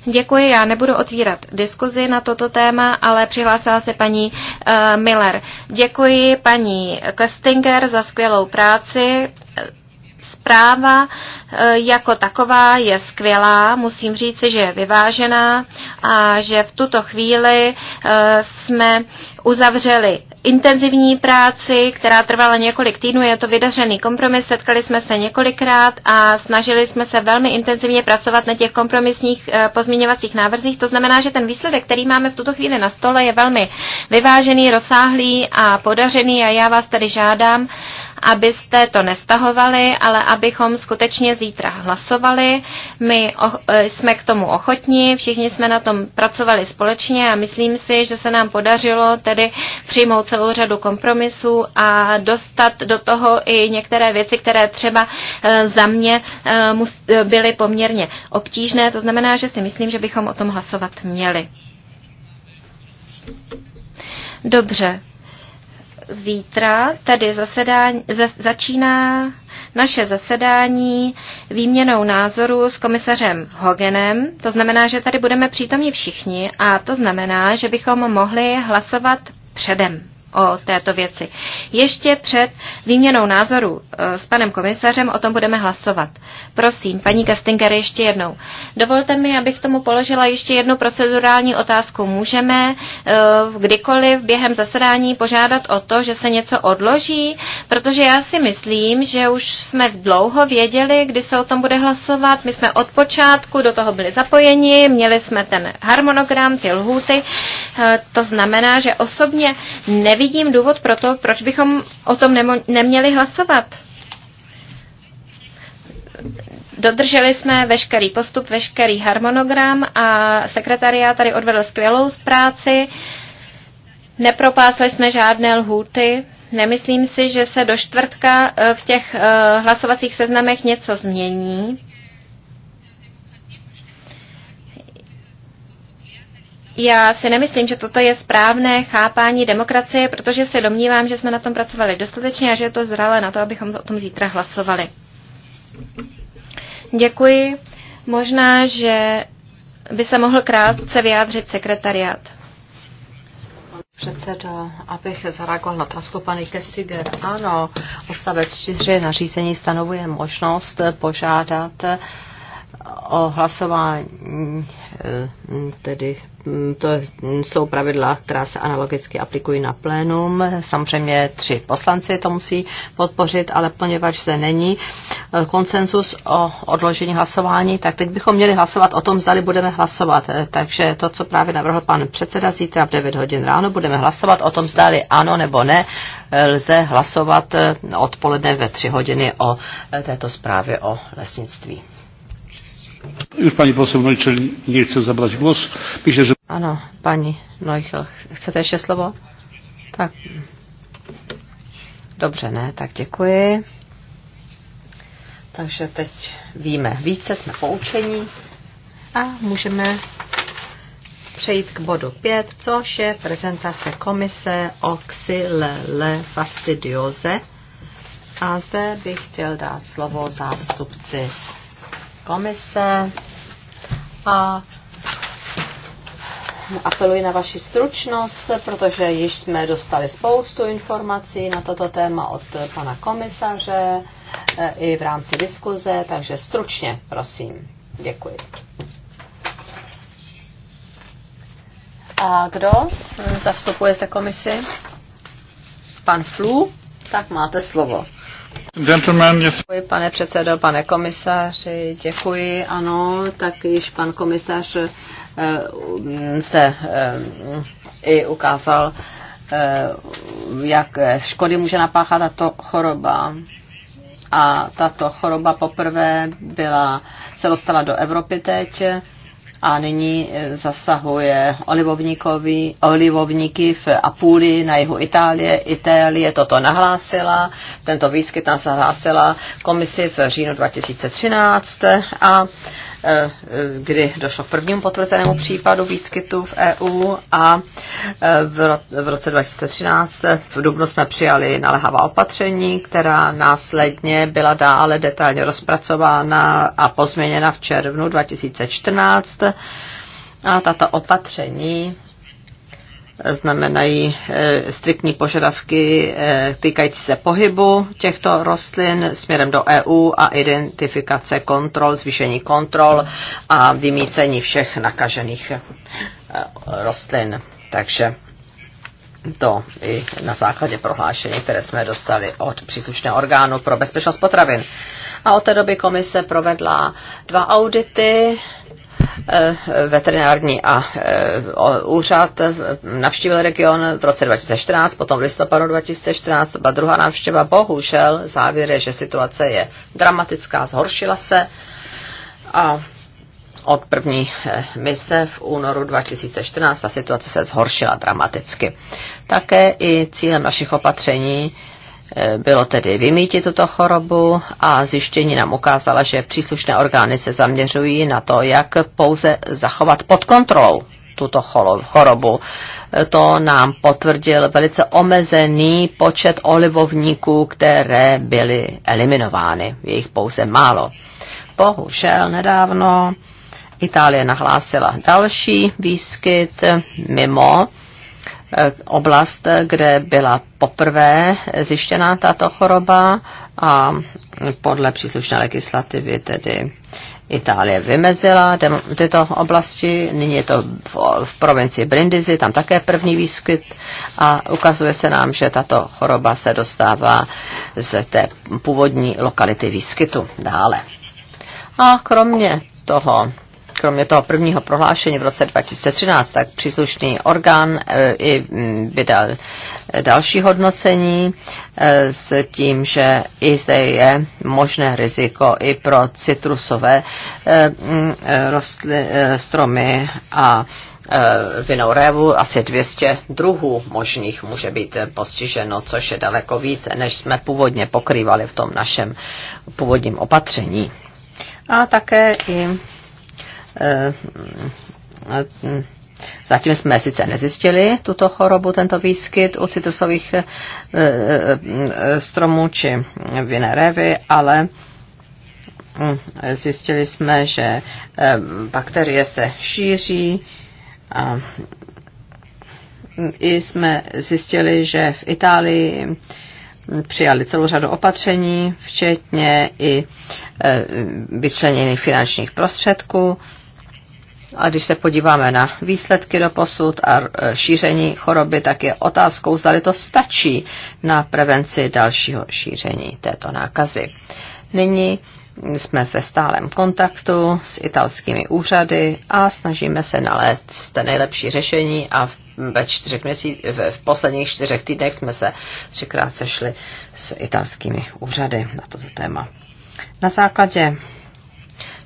Děkuji, já nebudu otvírat diskuzi na toto téma, ale přihlásila se paní uh, Miller. Děkuji paní Kestinger za skvělou práci zpráva e, jako taková je skvělá, musím říci, že je vyvážená a že v tuto chvíli e, jsme uzavřeli intenzivní práci, která trvala několik týdnů. Je to vydařený kompromis, setkali jsme se několikrát a snažili jsme se velmi intenzivně pracovat na těch kompromisních e, pozměňovacích návrzích. To znamená, že ten výsledek, který máme v tuto chvíli na stole, je velmi vyvážený, rozsáhlý a podařený a já vás tady žádám, abyste to nestahovali, ale abychom skutečně zítra hlasovali. My e, jsme k tomu ochotní, všichni jsme na tom pracovali společně a myslím si, že se nám podařilo tedy přijmout celou řadu kompromisů a dostat do toho i některé věci, které třeba e, za mě e, byly poměrně obtížné. To znamená, že si myslím, že bychom o tom hlasovat měli. Dobře, zítra tedy zasedání, za, začíná naše zasedání výměnou názoru s komisařem Hogenem. To znamená, že tady budeme přítomni všichni a to znamená, že bychom mohli hlasovat předem o této věci. Ještě před výměnou názoru eh, s panem komisařem o tom budeme hlasovat. Prosím, paní Kastinger, ještě jednou. Dovolte mi, abych tomu položila ještě jednu procedurální otázku. Můžeme eh, kdykoliv během zasedání požádat o to, že se něco odloží, protože já si myslím, že už jsme dlouho věděli, kdy se o tom bude hlasovat. My jsme od počátku do toho byli zapojeni, měli jsme ten harmonogram, ty lhůty. Eh, to znamená, že osobně nevím, nevidím důvod pro to, proč bychom o tom neměli hlasovat. Dodrželi jsme veškerý postup, veškerý harmonogram a sekretariát tady odvedl skvělou práci. Nepropásli jsme žádné lhůty. Nemyslím si, že se do čtvrtka eh, v těch eh, hlasovacích seznamech něco změní. Já si nemyslím, že toto je správné chápání demokracie, protože se domnívám, že jsme na tom pracovali dostatečně a že je to zralé na to, abychom o tom zítra hlasovali. Děkuji. Možná, že by se mohl krátce vyjádřit sekretariát. Předsedo, abych zareagoval na otázku paní Kestiger. Ano, odstavec 4 nařízení stanovuje možnost požádat uh, o hlasování, eh, tedy hm, to jsou pravidla, která se analogicky aplikují na plénum. Samozřejmě tři poslanci to musí podpořit, ale poněvadž se není eh, konsenzus o odložení hlasování, tak teď bychom měli hlasovat o tom, zdali budeme hlasovat. Eh, takže to, co právě navrhl pan předseda, zítra v 9 hodin ráno budeme hlasovat o tom, zdali ano nebo ne. Lze hlasovat odpoledne ve 3 hodiny o této zprávě o lesnictví. Už paní posel Neuchel nechce zabrat głos. Myslím, že... Ano, paní Neuchel, chcete ještě slovo? Tak. Dobře, ne, tak děkuji. Takže teď víme více, jsme poučení a můžeme přejít k bodu 5, což je prezentace komise o xylele fastidioze. A zde bych chtěl dát slovo zástupci komise a apeluji na vaši stručnost, protože již jsme dostali spoustu informací na toto téma od pana komisaře eh, i v rámci diskuze, takže stručně, prosím. Děkuji. A kdo zastupuje zde komisi? Pan Flu? Tak máte slovo. Děkuji, pane předsedo, pane komisaři, děkuji. Ano, tak již pan komisař jste eh, um, eh, i ukázal, eh, jak škody může napáchat tato choroba. A tato choroba poprvé byla, se dostala do Evropy teď a nyní e, zasahuje olivovníky v Apuli na jihu Itálie. Itálie toto nahlásila, tento výskyt nás nahlásila komisi v říjnu 2013 a Eh, kdy došlo k prvnímu potvrzenému případu výskytu v EU a eh, v roce 2013 eh, v Dubnu jsme přijali naléhavá opatření, která následně byla dále detailně rozpracována a pozměněna v červnu 2014. A tato opatření znamenají eh, striktní požadavky eh, týkající se pohybu těchto rostlin směrem do EU a identifikace kontrol, zvýšení kontrol a vymícení všech nakažených eh, rostlin. Takže to i na základě prohlášení, které jsme dostali od příslušného orgánu pro bezpečnost potravin. A od té doby komise provedla dva audity Eh, veterinární a eh, úřad navštívil region v roce 2014, potom v listopadu 2014 byla druhá návštěva. Bohužel závěr je, že situace je dramatická, zhoršila se a od první eh, mise v únoru 2014 ta situace se zhoršila dramaticky. Také i cílem našich opatření Eh, bylo tedy vymítit tuto chorobu a zjištění nám ukázala, že příslušné orgány se zaměřují na to, jak pouze zachovat pod kontrolou tuto chorobu. Eh, to nám potvrdil velice omezený počet olivovníků, které byly eliminovány. Je jich pouze málo. Bohužel nedávno Itálie nahlásila další výskyt mimo oblast, kde byla poprvé zjištěná tato choroba a podle příslušné legislativy tedy Itálie vymezila tyto oblasti, nyní je to v, v provincii Brindisi, tam také první výskyt a ukazuje se nám, že tato choroba se dostává z té původní lokality výskytu dále. A kromě toho kromě toho prvního prohlášení v roce 2013, tak příslušný orgán e, i vydal e, další hodnocení e, s tím, že i zde je možné riziko i pro citrusové rostly, stromy a vinou révu asi 200 druhů možných může být postiženo, což je daleko více, než jsme původně pokrývali v tom našem původním opatření. A také i Eh, mm, mm, zatím jsme sice nezjistili tuto chorobu, tento výskyt u citrusových eh, eh, stromů či vinné révy, ale mm, zjistili jsme, že bakterie se šíří a i jsme zjistili, že v Itálii přijali celou řadu opatření, včetně i vyčlenění finančních prostředků a když se podíváme na výsledky do posud a e, šíření choroby, tak je otázkou, zda to stačí na prevenci dalšího šíření této nákazy. Nyní jsme ve stálem kontaktu s italskými úřady a snažíme se nalézt nejlepší řešení a ve čtyřech měsíc, v, v posledních čtyřech týdnech jsme se třikrát sešli s italskými úřady na toto téma. Na základě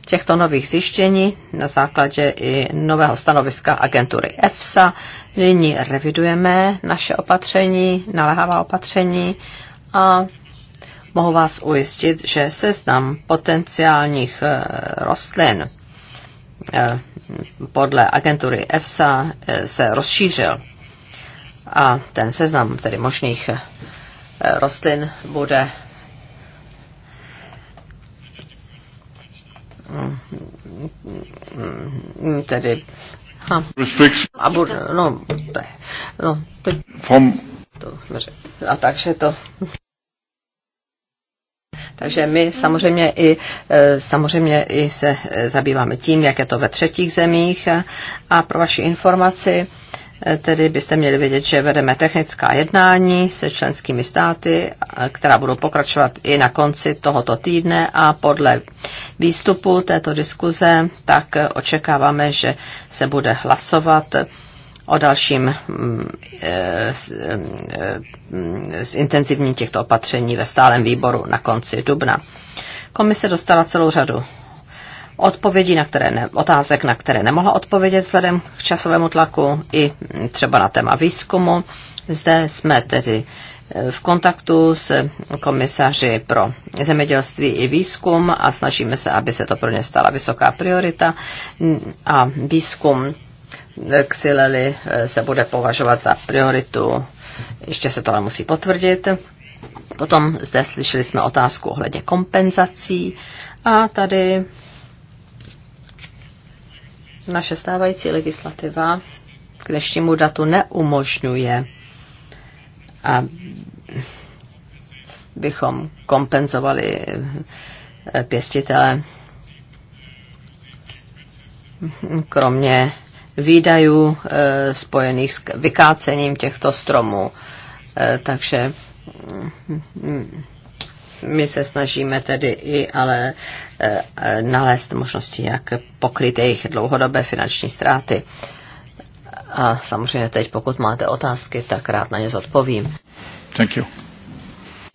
těchto nových zjištění na základě i nového stanoviska agentury EFSA. Nyní revidujeme naše opatření, naléhavá opatření a mohu vás ujistit, že seznam potenciálních eh, rostlin eh, podle agentury EFSA eh, se rozšířil. A ten seznam tedy možných rostlin bude tedy ha. a bude, no, to je, no, teď, to, a takže to takže my samozřejmě i, e, samozřejmě i se e, zabýváme tím, jak je to ve třetích zemích. A pro vaši informaci, Eh, tedy byste měli vědět, že vedeme technická jednání se členskými státy, eh, která budou pokračovat i na konci tohoto týdne a podle výstupu této diskuze tak eh, očekáváme, že se bude hlasovat o dalším zintenzivní mm, mm, těchto opatření ve stálem výboru na konci dubna. Komise dostala celou řadu odpovědí, na které ne, otázek, na které nemohla odpovědět vzhledem k časovému tlaku i třeba na téma výzkumu. Zde jsme tedy eh, v kontaktu s komisaři pro zemědělství i výzkum a snažíme se, aby se to pro ně stala vysoká priorita a výzkum eh, ksilely eh, se bude považovat za prioritu. Ještě se to ale musí potvrdit. Potom zde slyšeli jsme otázku ohledně kompenzací a tady naše stávající legislativa k dnešnímu datu neumožňuje, abychom kompenzovali eh, pěstitele kromě výdajů eh, spojených s vykácením těchto stromů. Eh, takže mm, mm, my se snažíme tedy i ale eh, eh, nalézt možnosti, jak pokryt jejich dlouhodobé finanční ztráty. A samozřejmě teď, pokud máte otázky, tak rád na ně zodpovím. Thank you.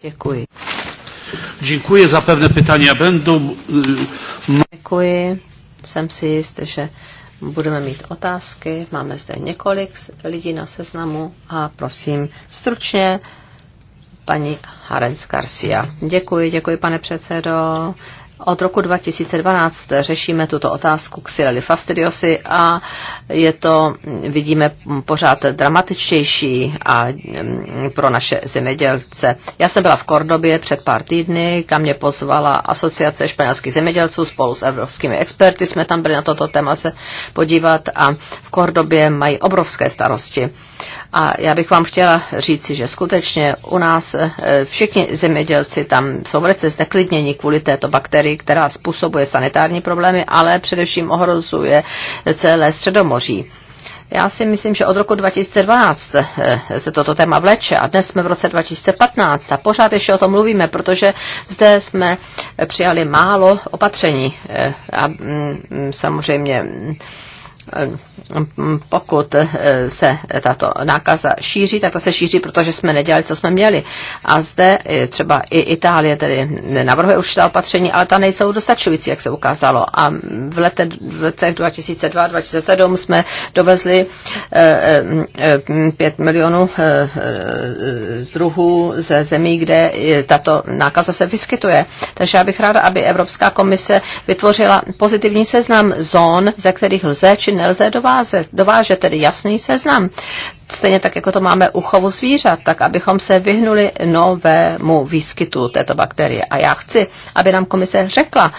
Děkuji. Děkuji, za pevné pytání. Będu... Děkuji, jsem si jist, že budeme mít otázky. Máme zde několik lidí na seznamu a prosím stručně paní Harens Garcia. Děkuji, děkuji, pane předsedo. Od roku 2012 řešíme tuto otázku Sireli fastidiosi a je to, vidíme, pořád dramatičtější a mm, pro naše zemědělce. Já jsem byla v Kordobě před pár týdny, kam mě pozvala asociace španělských zemědělců spolu s evropskými experty. Jsme tam byli na toto téma se podívat a v Kordobě mají obrovské starosti. A já bych vám chtěla říci, že skutečně u nás eh, všichni zemědělci tam jsou velice zneklidněni kvůli této bakterii, která způsobuje sanitární problémy, ale především ohrozuje celé Středomoří. Já si myslím, že od roku 2012 eh, se toto téma vleče a dnes jsme v roce 2015 a pořád ještě o tom mluvíme, protože zde jsme přijali málo opatření eh, a mm, samozřejmě Eh, pokud eh, se tato nákaza šíří, tak ta se šíří, protože jsme nedělali, co jsme měli. A zde eh, třeba i Itálie tedy navrhuje určitá opatření, ale ta nejsou dostačující, jak se ukázalo. A v, lete, v letech 2002-2007 jsme dovezli 5 milionů z druhů ze zemí, kde tato nákaza se vyskytuje. Takže já bych ráda, aby Evropská komise vytvořila pozitivní seznam zón, ze kterých lze či nelze dovázet, dovážet, tedy jasný seznam. Stejně tak, jako to máme u chovu zvířat, tak abychom se vyhnuli novému výskytu této bakterie. A já chci, aby nám komise řekla,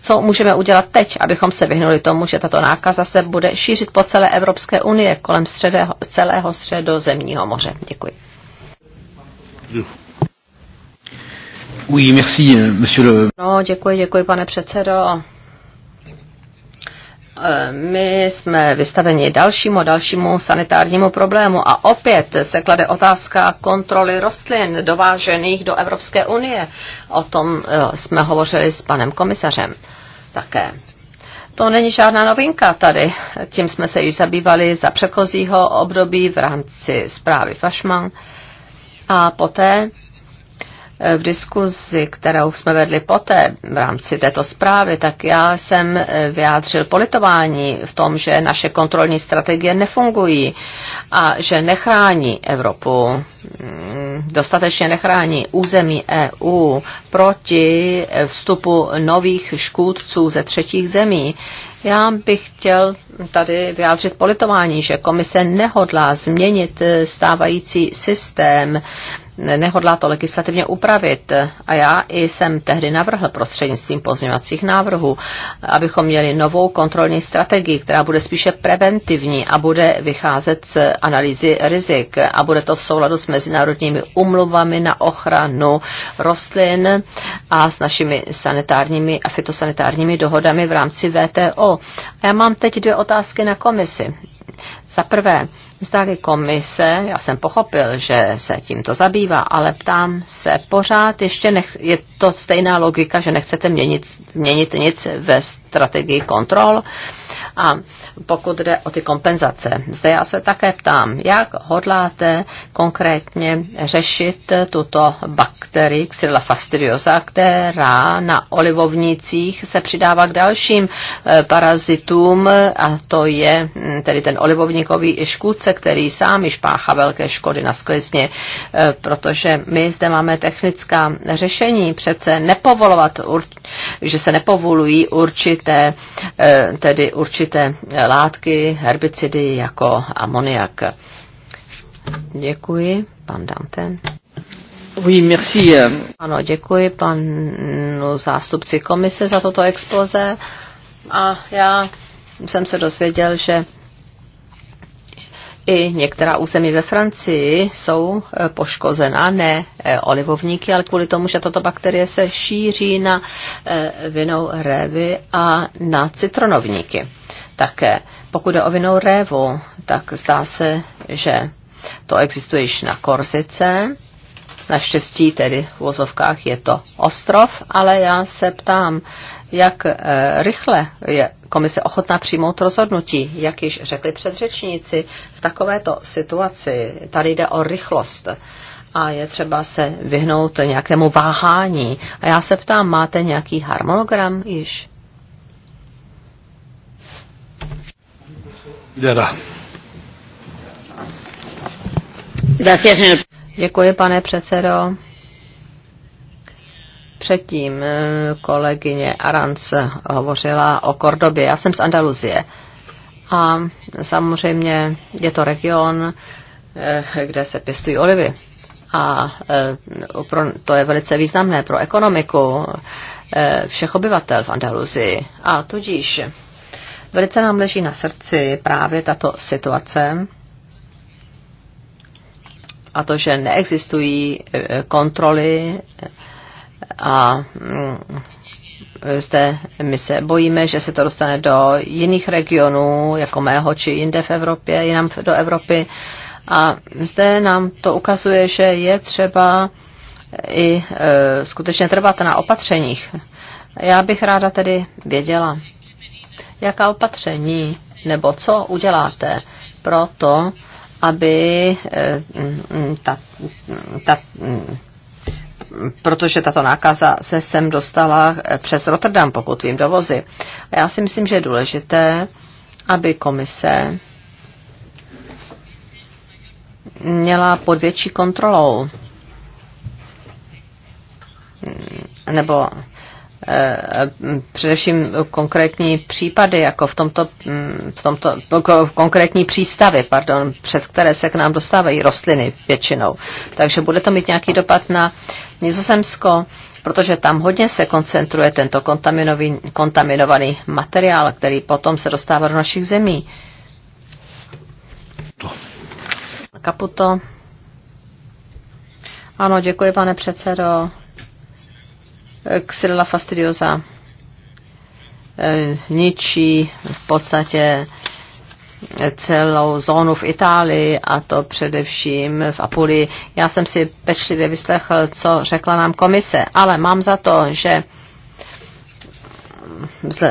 co můžeme udělat teď, abychom se vyhnuli tomu, že tato nákaza se bude šířit po celé Evropské unie kolem středého, celého středozemního moře. Děkuji. Oui, merci, euh, monsieur le... No, děkuji, děkuji, pane předsedo. Eh, my jsme vystaveni dalšímu dalšímu sanitárnímu problému a opět se klade otázka kontroly rostlin dovážených do Evropské unie. O tom eh, jsme hovořili s panem komisařem také. To není žádná novinka tady. Tím jsme se již zabývali za předchozího období v rámci zprávy Fašman. A poté v diskuzi, kterou jsme vedli poté v rámci této zprávy, tak já jsem eh, vyjádřil politování v tom, že naše kontrolní strategie nefungují a že nechrání Evropu Mm, dostatečně nechrání území EU proti vstupu nových škůdců ze třetích zemí. Já bych chtěl tady vyjádřit politování, že komise nehodlá změnit stávající systém, nehodlá to legislativně upravit. A já i jsem tehdy navrhl prostřednictvím pozměňovacích návrhů, abychom měli novou kontrolní strategii, která bude spíše preventivní a bude vycházet z analýzy rizik a bude to v souladu s mezinárodními umluvami na ochranu rostlin a s našimi sanitárními a fitosanitárními dohodami v rámci VTO. A já mám teď dvě otázky na komisi. Za prvé, zdali komise, já jsem pochopil, že se tímto zabývá, ale ptám se pořád, ještě nech, je to stejná logika, že nechcete měnit, měnit nic ve strategii kontrol a pokud jde o ty kompenzace, zde já se také ptám, jak hodláte konkrétně řešit tuto bakterii Xylla fastidiosa, která na olivovnicích se přidává k dalším eh, parazitům a to je hm, tedy ten olivovníkový škůdce, který sám již páchá velké škody na sklizně, eh, protože my zde máme technická řešení, přece nepovolovat, že se nepovolují určité, eh, tedy určité určité eh, látky, herbicidy jako amoniak. Děkuji, pan Dante. Oui, merci. Eh. Ano, děkuji panu zástupci komise za toto expoze. A já jsem se dozvěděl, že i některá území ve Francii jsou eh, poškozená, ne olivovníky, ale kvůli tomu, že tato bakterie se šíří na vinou révy a na citronovníky také. Pokud je o vinou révu, tak zdá se, že to existuje již na Korzice. Naštěstí tedy v vozovkách je to ostrov, ale já se ptám, jak eh, rychle je komise ochotná přijmout rozhodnutí. Jak již řekli předřečníci, v takovéto situaci tady jde o rychlost a je třeba se vyhnout nějakému váhání. A já se ptám, máte nějaký harmonogram již? Děkuji, pane předsedo. Předtím eh, kolegyně Aranc hovořila o Kordobě. Já jsem z Andaluzie. A samozřejmě je to region, eh, kde se pěstují olivy. A eh, to je velice významné pro ekonomiku všech obyvatel v Andaluzii. A tudíž Velice nám leží na srdci právě tato situace a to, že neexistují e, kontroly a mm, zde my se bojíme, že se to dostane do jiných regionů, jako mého, či jinde v Evropě, jinam do Evropy. A zde nám to ukazuje, že je třeba i e, skutečně trvat na opatřeních. Já bych ráda tedy věděla, jaká opatření nebo co uděláte pro to, aby eh, mm, mm, ta, mm, ta, protože tato nákaza se sem dostala eh, přes Rotterdam, pokud vím, dovozy. A já si myslím, že je důležité, aby komise měla pod větší kontrolou nebo Eh, především konkrétní případy, jako v tomto, mm, v tomto jako konkrétní přístavy, pardon, přes které se k nám dostávají rostliny většinou. Takže bude to mít nějaký dopad na Nizozemsko, protože tam hodně se koncentruje tento kontaminovaný materiál, který potom se dostává do našich zemí. Kaputo. Ano, děkuji, pane předsedo. Xylella fastidiosa eh, ničí v podstatě celou zónu v Itálii a to především v Apulii. Já jsem si pečlivě vyslechl, co řekla nám komise, ale mám za to, že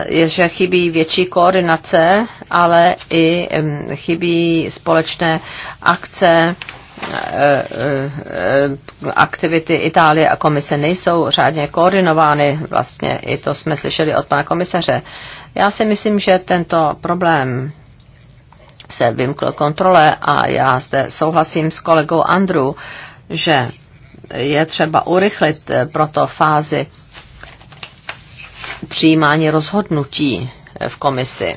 je, že chybí větší koordinace, ale i chybí společné akce Eh, eh, aktivity Itálie a komise nejsou řádně koordinovány. Vlastně i to jsme slyšeli od pana komisaře. Já si myslím, že tento problém se vymkl kontrole a já zde souhlasím s kolegou Andru, že je třeba urychlit eh, proto fázi přijímání rozhodnutí v komisi.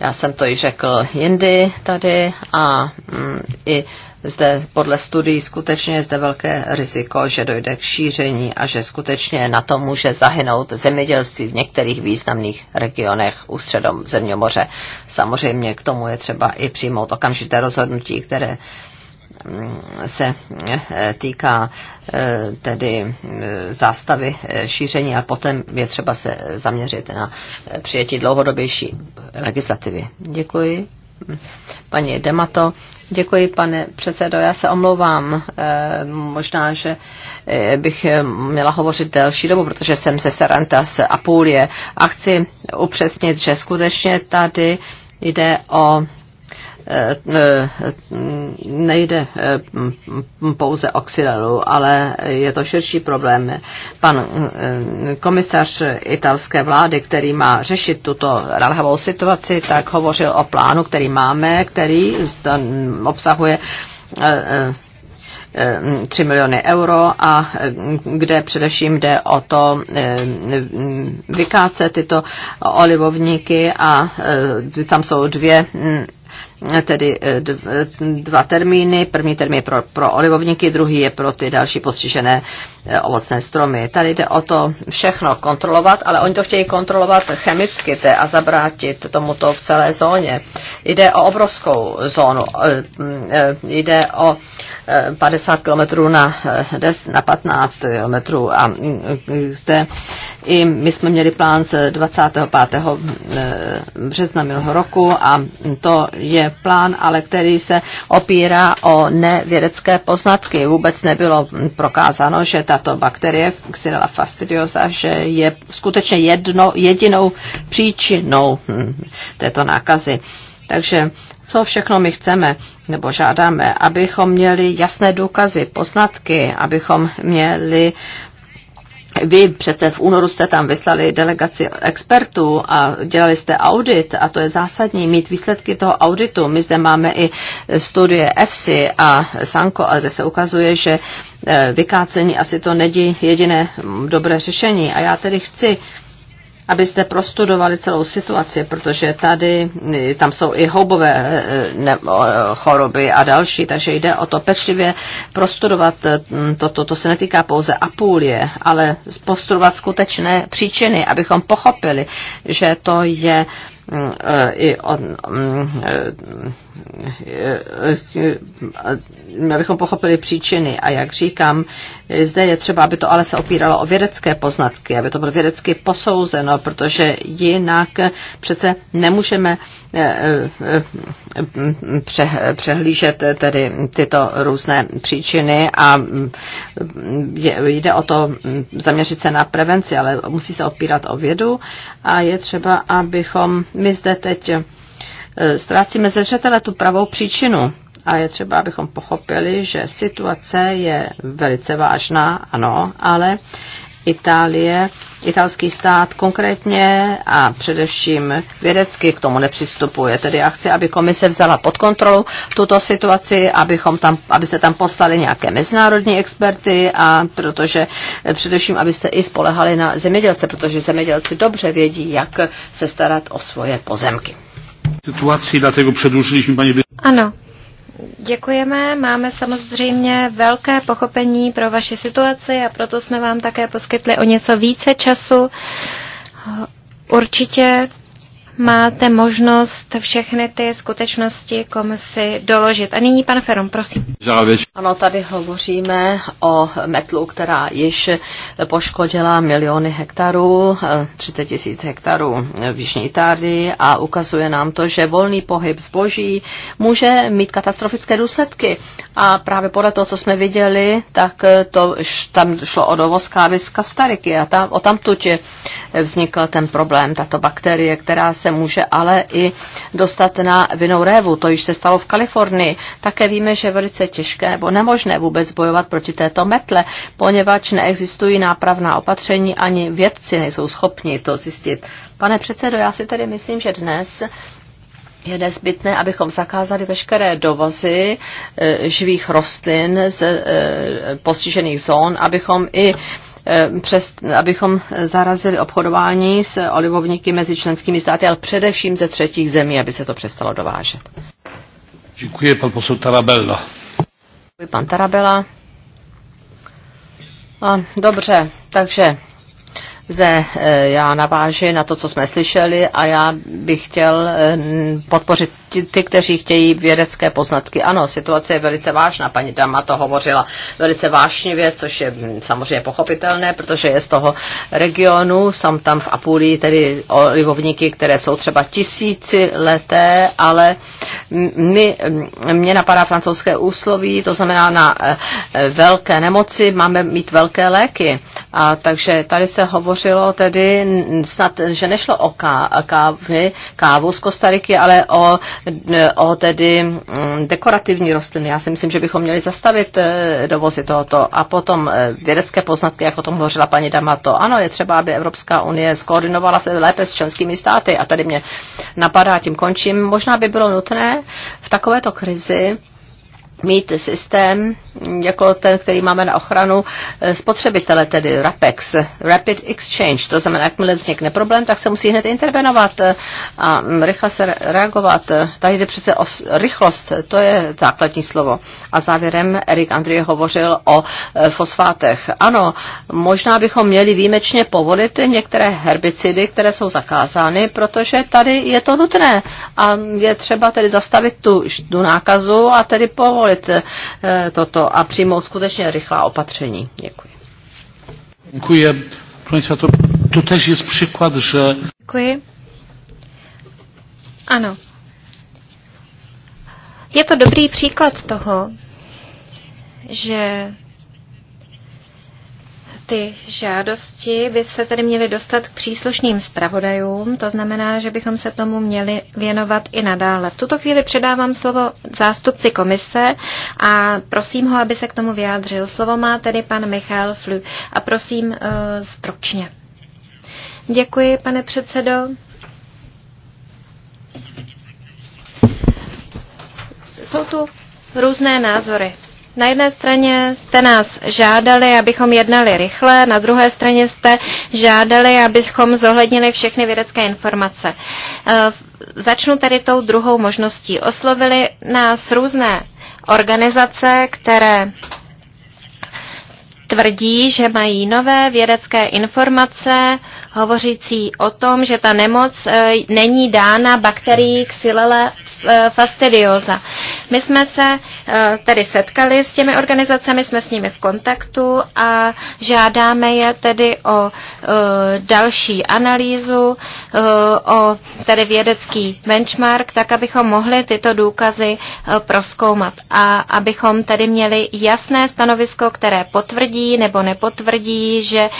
Já jsem to i řekl jindy tady a mm, i zde podle studií skutečně je zde velké riziko, že dojde k šíření a že skutečně na to může zahynout zemědělství v některých významných regionech ústředom Zeměmoře. Samozřejmě k tomu je třeba i přijmout okamžité rozhodnutí, které mm, se eh, týká eh, tedy eh, zástavy šíření a potom je třeba se zaměřit na přijetí dlouhodobější legislativy. Děkuji. Paní Demato, Děkuji, pane předsedo. Já se omlouvám. Eh, možná, že eh, bych eh, měla hovořit delší dobu, protože jsem ze Saranta z Apulie a chci upřesnit, že skutečně tady jde o nejde eh, pouze o xylelu, ale je to širší problém. Pan eh, komisař italské vlády, který má řešit tuto ralhavou situaci, tak hovořil o plánu, který máme, který mm, obsahuje 3 eh, miliony euro a kde především jde o to vykácet tyto olivovníky a tam jsou dvě mm, tedy eh, dva termíny. První termín je pro, pro olivovníky, druhý je pro ty další postižené eh, ovocné stromy. Tady jde o to všechno kontrolovat, ale oni to chtějí kontrolovat chemicky te, a zabrátit tomuto v celé zóně. Jde o obrovskou zónu, eh, mm, jde o 50 km na, 10, na 15 km a mm, zde i my jsme měli plán z 25. března minulého roku a to je plán, ale který se opírá o nevědecké poznatky. Vůbec nebylo prokázáno, že tato bakterie Xylella fastidiosa, že je skutečně jedno, jedinou příčinou hm, této nákazy. Takže co všechno my chceme nebo žádáme, abychom měli jasné důkazy, poznatky, abychom měli vy přece v únoru jste tam vyslali delegaci expertů a dělali jste audit a to je zásadní, mít výsledky toho auditu. My zde máme i studie EFSI a Sanko, kde se ukazuje, že eh, vykácení asi to není jediné dobré řešení. A já tedy chci abyste prostudovali celou situaci, protože tady, eh, tam jsou i houbové eh, ne, choroby a další, takže jde o to pečlivě prostudovat, eh, mm, to, to, to se netýká pouze Apulie, ale prostudovat skutečné příčiny, abychom pochopili, že to je i bychom mm, e, e, e, abychom pochopili příčiny. A jak říkám, zde je třeba, aby to ale se opíralo o vědecké poznatky, aby to bylo vědecky posouzeno, protože jinak přece nemůžeme přehlížet tedy tyto různé příčiny a mm, jde o to mm, zaměřit se na prevenci, ale musí se opírat o vědu a je třeba, abychom my zde teď eh, ztrácíme ze zřetele tu pravou příčinu. A je třeba, abychom pochopili, že situace je velice vážná, ano, ale Itálie, italský stát konkrétně a především vědecky k tomu nepřistupuje. Tedy já chci, aby komise vzala pod kontrolu tuto situaci, abychom tam, abyste tam poslali nějaké mezinárodní experty a protože eh, především, abyste i spolehali na zemědělce, protože zemědělci dobře vědí, jak se starat o svoje pozemky. Situaci, dlatego předlužili jsme paní... Ano, Děkujeme, máme samozřejmě velké pochopení pro vaši situaci a proto jsme vám také poskytli o něco více času. Určitě máte možnost všechny ty skutečnosti komisi doložit. A nyní pan Ferom, prosím. Ano, tady hovoříme o metlu, která již poškodila miliony hektarů, 30 tisíc hektarů v Jižní Itálii a ukazuje nám to, že volný pohyb zboží může mít katastrofické důsledky. A právě podle toho, co jsme viděli, tak to, tam šlo o dovoz kávy z Kavstariky a tam, o tamtutě vznikl ten problém, tato bakterie, která se může ale i dostat na vinou révu. To již se stalo v Kalifornii. Také víme, že je velice těžké nebo nemožné vůbec bojovat proti této metle, poněvadž neexistují nápravná opatření, ani vědci nejsou schopni to zjistit. Pane předsedo, já si tedy myslím, že dnes je nezbytné, abychom zakázali veškeré dovozy eh, živých rostlin z eh, postižených zón, abychom i Eh, přes, abychom zarazili obchodování s olivovníky mezi členskými státy, ale především ze třetích zemí, aby se to přestalo dovážet. Děkuji, pan posud Tarabella. Děkuji, pan Tarabella. A, dobře, takže zde eh, já naváži na to, co jsme slyšeli a já bych chtěl eh, podpořit ty, kteří chtějí vědecké poznatky. Ano, situace je velice vážná, paní Dama to hovořila velice vášnivě, což je hm, samozřejmě pochopitelné, protože je z toho regionu, jsou tam v Apulii tedy olivovníky, které jsou třeba tisíci leté, ale hm, my, hm, mě napadá francouzské úsloví, to znamená na eh, velké nemoci máme mít velké léky. A takže tady se hovoří hovořilo tedy snad, že nešlo o kávy, kávu z Kostariky, ale o, o tedy mm, dekorativní rostliny. Já si myslím, že bychom měli zastavit eh, dovozy tohoto. A potom eh, vědecké poznatky, jak o tom hovořila paní Damato. Ano, je třeba, aby Evropská unie skoordinovala se lépe s členskými státy. A tady mě napadá, tím končím. Možná by bylo nutné v takovéto krizi mít systém jako ten, který máme na ochranu eh, spotřebitele, tedy RAPEX, Rapid Exchange. To znamená, jakmile vznikne problém, tak se musí hned intervenovat eh, a mm, rychle se reagovat. Eh, tady jde přece o rychlost, to je základní slovo. A závěrem Erik Andrie hovořil o fosfátech. Ano, možná bychom měli výjimečně povolit některé herbicidy, které jsou zakázány, protože tady je to nutné a je třeba tedy zastavit tu, tu nákazu a tedy povolit dovolit eh, toto a přijmout skutečně rychlá opatření. Děkuji. Děkuji. to, to też je příklad, že. Děkuji. Ano. Je to dobrý příklad toho, že ty žádosti by se tedy měly dostat k příslušným zpravodajům, to znamená, že bychom se tomu měli věnovat i nadále. V tuto chvíli předávám slovo zástupci komise a prosím ho, aby se k tomu vyjádřil. Slovo má tedy pan Michal Flu a prosím uh, stručně. Děkuji, pane předsedo. Jsou tu různé názory na jedné straně jste nás žádali, abychom jednali rychle, na druhé straně jste žádali, abychom zohlednili všechny vědecké informace. E, začnu tedy tou druhou možností. Oslovili nás různé organizace, které tvrdí, že mají nové vědecké informace hovořící o tom, že ta nemoc e, není dána bakterií Xylella e, fastidiosa. My jsme se e, tedy setkali s těmi organizacemi, jsme s nimi v kontaktu a žádáme je tedy o další analýzu, o tedy vědecký benchmark, tak abychom mohli tyto důkazy proskoumat a abychom tedy měli jasné stanovisko, které potvrdí, nebo nepotvrdí, že e,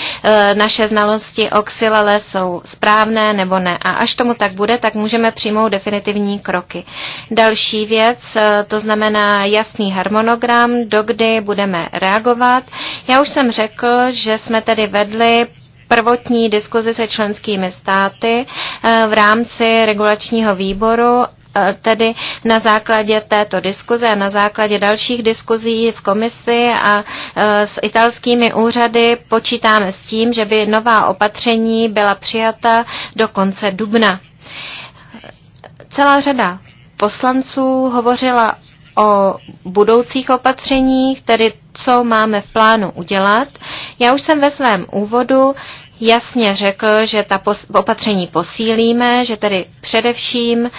naše znalosti o xylele jsou správné nebo ne. A až tomu tak bude, tak můžeme přijmout definitivní kroky. Další věc, e, to znamená jasný harmonogram, dokdy budeme reagovat. Já už jsem řekl, že jsme tedy vedli prvotní diskuzi se členskými státy e, v rámci regulačního výboru Eh, tedy na základě této diskuze a na základě dalších diskuzí v komisi a eh, s italskými úřady počítáme s tím, že by nová opatření byla přijata do konce dubna. Celá řada poslanců hovořila o budoucích opatřeních, tedy co máme v plánu udělat. Já už jsem ve svém úvodu jasně řekl, že ta opatření posílíme, že tedy především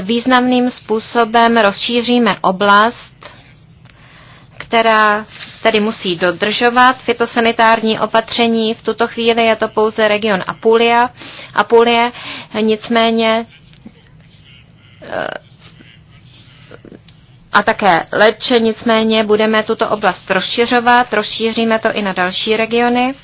významným způsobem rozšíříme oblast, která tedy musí dodržovat fitosanitární opatření. V tuto chvíli je to pouze region Apulia, Apulie, nicméně eh, a také Leče, nicméně budeme tuto oblast rozšiřovat, rozšíříme to i na další regiony.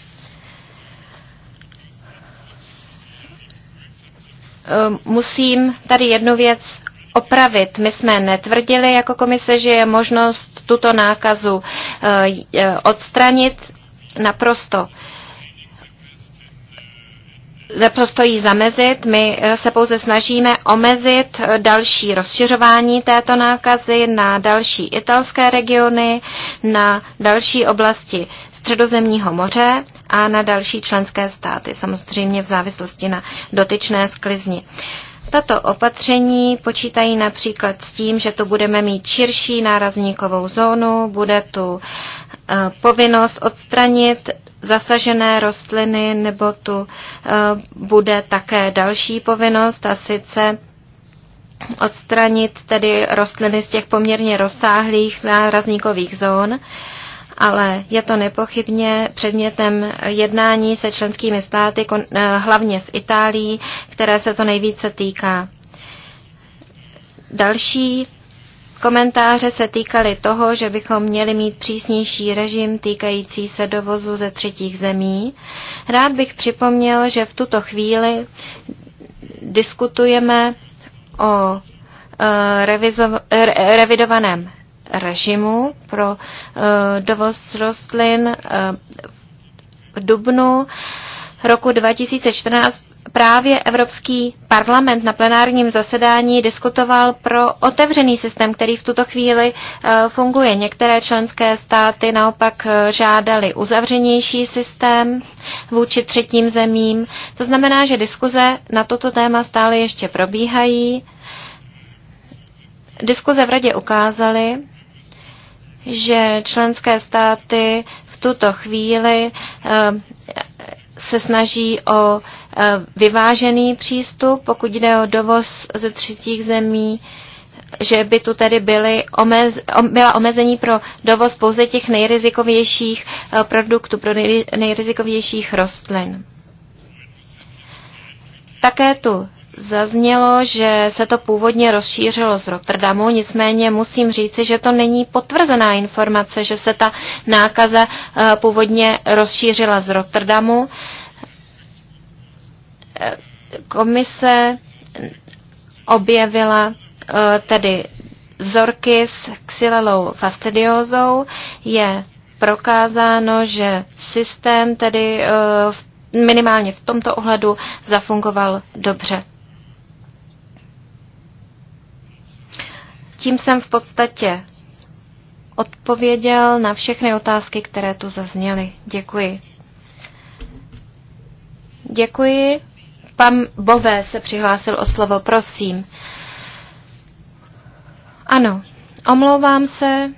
Ehm, musím tady jednu věc opravit. My jsme netvrdili jako komise, že je možnost tuto nákazu eh, eh, odstranit naprosto naprosto jí zamezit. My eh, se pouze snažíme omezit další rozšiřování této nákazy na další italské regiony, na další oblasti Středozemního moře a na další členské státy, samozřejmě v závislosti na dotyčné sklizni. Tato opatření počítají například s tím, že tu budeme mít širší nárazníkovou zónu, bude tu eh, povinnost odstranit zasažené rostliny, nebo tu eh, bude také další povinnost, a sice odstranit tedy rostliny z těch poměrně rozsáhlých nárazníkových zón ale je to nepochybně předmětem jednání se členskými státy, eh, hlavně s Itálií, které se to nejvíce týká. Další komentáře se týkaly toho, že bychom měli mít přísnější režim týkající se dovozu ze třetích zemí. Rád bych připomněl, že v tuto chvíli diskutujeme o eh, revidovaném režimu pro eh, dovoz rostlin eh, v dubnu roku 2014 právě Evropský parlament na plenárním zasedání diskutoval pro otevřený systém, který v tuto chvíli eh, funguje. Některé členské státy naopak žádali uzavřenější systém vůči třetím zemím. To znamená, že diskuze na toto téma stále ještě probíhají. Diskuze v radě ukázaly, že členské státy v tuto chvíli eh, se snaží o eh, vyvážený přístup, pokud jde o dovoz ze třetích zemí, že by tu tedy byly omez, byla omezení pro dovoz pouze těch nejrizikovějších eh, produktů, pro nejrizikovějších rostlin. Také tu Zaznělo, že se to původně rozšířilo z Rotterdamu, nicméně musím říci, že to není potvrzená informace, že se ta nákaza eh, původně rozšířila z Rotterdamu. Eh, komise objevila eh, tedy vzorky s xylelou fastidiozou. Je prokázáno, že systém tedy v minimálně v tomto ohledu zafungoval dobře. Tím jsem v podstatě odpověděl na všechny otázky, které tu zazněly. Děkuji. Děkuji. Pan Bové se přihlásil o slovo, prosím. Ano, omlouvám se.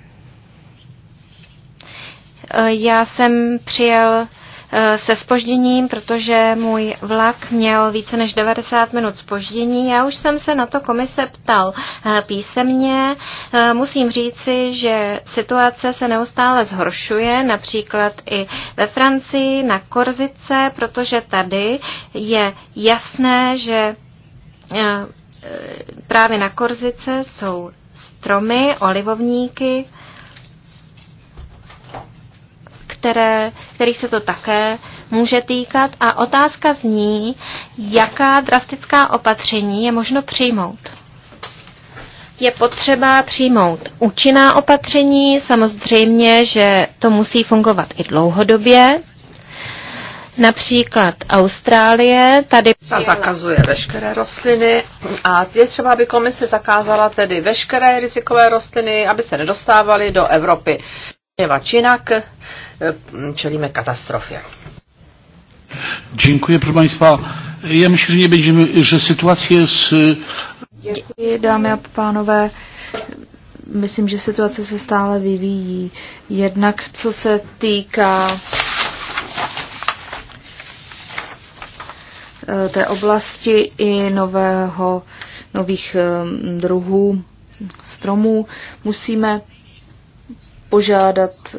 E, já jsem přijel Eh, se spožděním, protože můj vlak měl více než 90 minut spoždění. Já už jsem se na to komise ptal eh, písemně. Eh, musím říci, že situace se neustále zhoršuje, například i ve Francii, na Korzice, protože tady je jasné, že právě na Korzice jsou stromy, olivovníky, které, kterých se to také může týkat. A otázka zní, jaká drastická opatření je možno přijmout. Je potřeba přijmout účinná opatření, samozřejmě, že to musí fungovat i dlouhodobě. Například Austrálie, tady... Ta zakazuje veškeré rostliny a je třeba, aby komise zakázala tedy veškeré rizikové rostliny, aby se nedostávaly do Evropy. jinak Eh, čelíme katastrofě. Dziękuję, proszę Państwa. Ja myślę, że nie będziemy, że sytuacja jest... Děkuji, dámy a pánové. Myslím, že situace se stále vyvíjí. Jednak co se týká eh, té oblasti i nového, nových eh, druhů stromů, musíme požádat eh,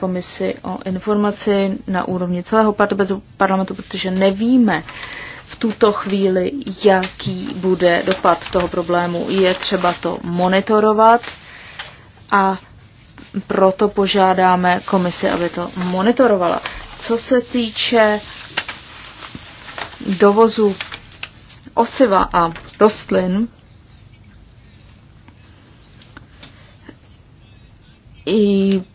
komisi o informaci na úrovni celého parlamentu, protože nevíme v tuto chvíli, jaký bude dopad toho problému. Je třeba to monitorovat a proto požádáme komisi, aby to monitorovala. Co se týče dovozu osiva a rostlin,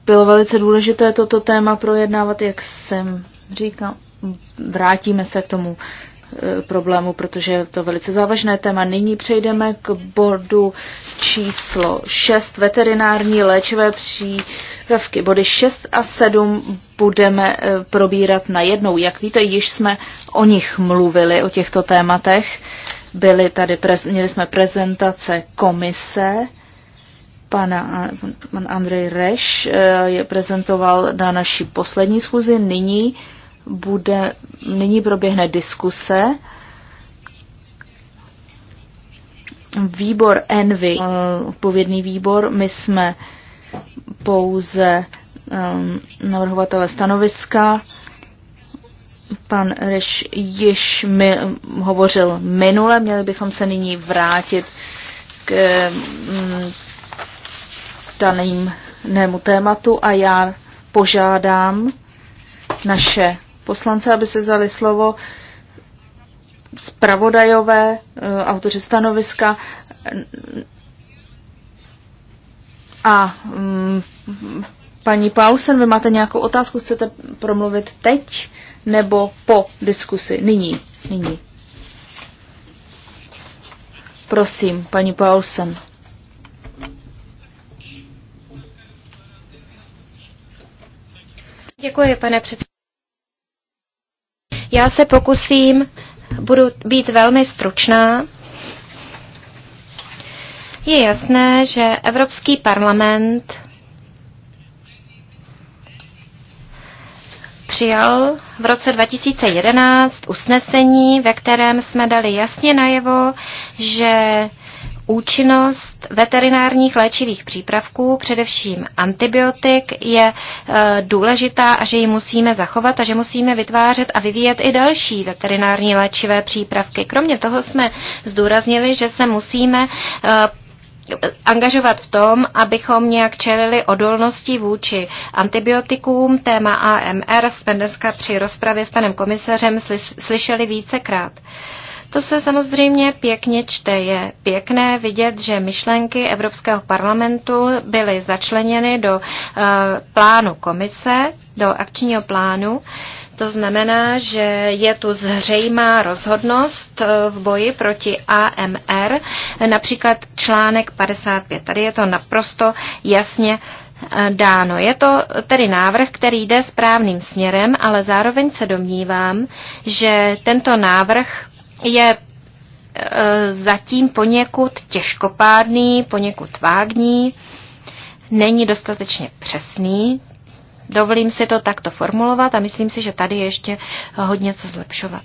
bylo velice důležité toto téma projednávat, jak jsem říkal. Vrátíme se k tomu e, problému, protože je to velice závažné téma. Nyní přejdeme k bodu číslo 6, veterinární léčivé přípravky. Body 6 a 7 budeme e, probírat na jednou. Jak víte, již jsme o nich mluvili, o těchto tématech. Byli tady, měli jsme prezentace komise, Pana, pan Andrej Reš eh, je prezentoval na naší poslední schůzi. Nyní, bude, nyní proběhne diskuse. Výbor Envy, eh, odpovědný výbor, my jsme pouze ehm, navrhovatele stanoviska. Pan Reš již mi, hovořil minule, měli bychom se nyní vrátit k ehm, daným nému tématu a já požádám naše poslance, aby se vzali slovo zpravodajové, eh, autoři stanoviska eh, a mm, paní Pausen, vy máte nějakou otázku, chcete promluvit teď nebo po diskusi? Nyní, nyní. Prosím, paní Paulsen. Děkuji, pane předsedající. Já se pokusím, budu být velmi stručná. Je jasné, že Evropský parlament přijal v roce 2011 usnesení, ve kterém jsme dali jasně najevo, že Účinnost veterinárních léčivých přípravků, především antibiotik, je e, důležitá a že ji musíme zachovat a že musíme vytvářet a vyvíjet i další veterinární léčivé přípravky. Kromě toho jsme zdůraznili, že se musíme e, angažovat v tom, abychom nějak čelili odolnosti vůči antibiotikům. Téma AMR jsme dneska při rozpravě s panem komisařem slyšeli vícekrát. E, to se samozřejmě pěkně čte. Je pěkné vidět, že myšlenky Evropského parlamentu byly začleněny do eh, plánu komise, do akčního plánu. To znamená, že je tu zřejmá rozhodnost eh, v boji proti AMR, například článek 55. Tady je to naprosto jasně eh, dáno. Je to tedy návrh, který jde správným směrem, ale zároveň se domnívám, že tento návrh je e, zatím poněkud těžkopádný, poněkud vágní, není dostatečně přesný. Dovolím si to takto formulovat a myslím si, že tady ještě hodně co zlepšovat.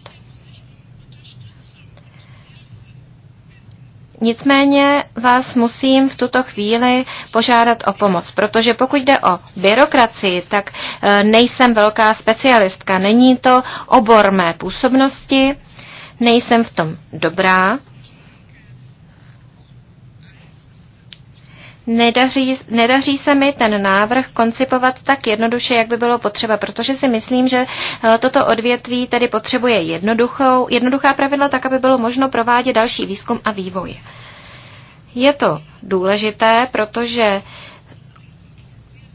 Nicméně vás musím v tuto chvíli požádat o pomoc, protože pokud jde o byrokracii, tak e, nejsem velká specialistka. Není to obor mé působnosti nejsem v tom dobrá. Nedaří, nedaří se mi ten návrh koncipovat tak jednoduše, jak by bylo potřeba, protože si myslím, že eh, toto odvětví tedy potřebuje jednoduchou, jednoduchá pravidla, tak aby bylo možno provádět další výzkum a vývoj. Je to důležité, protože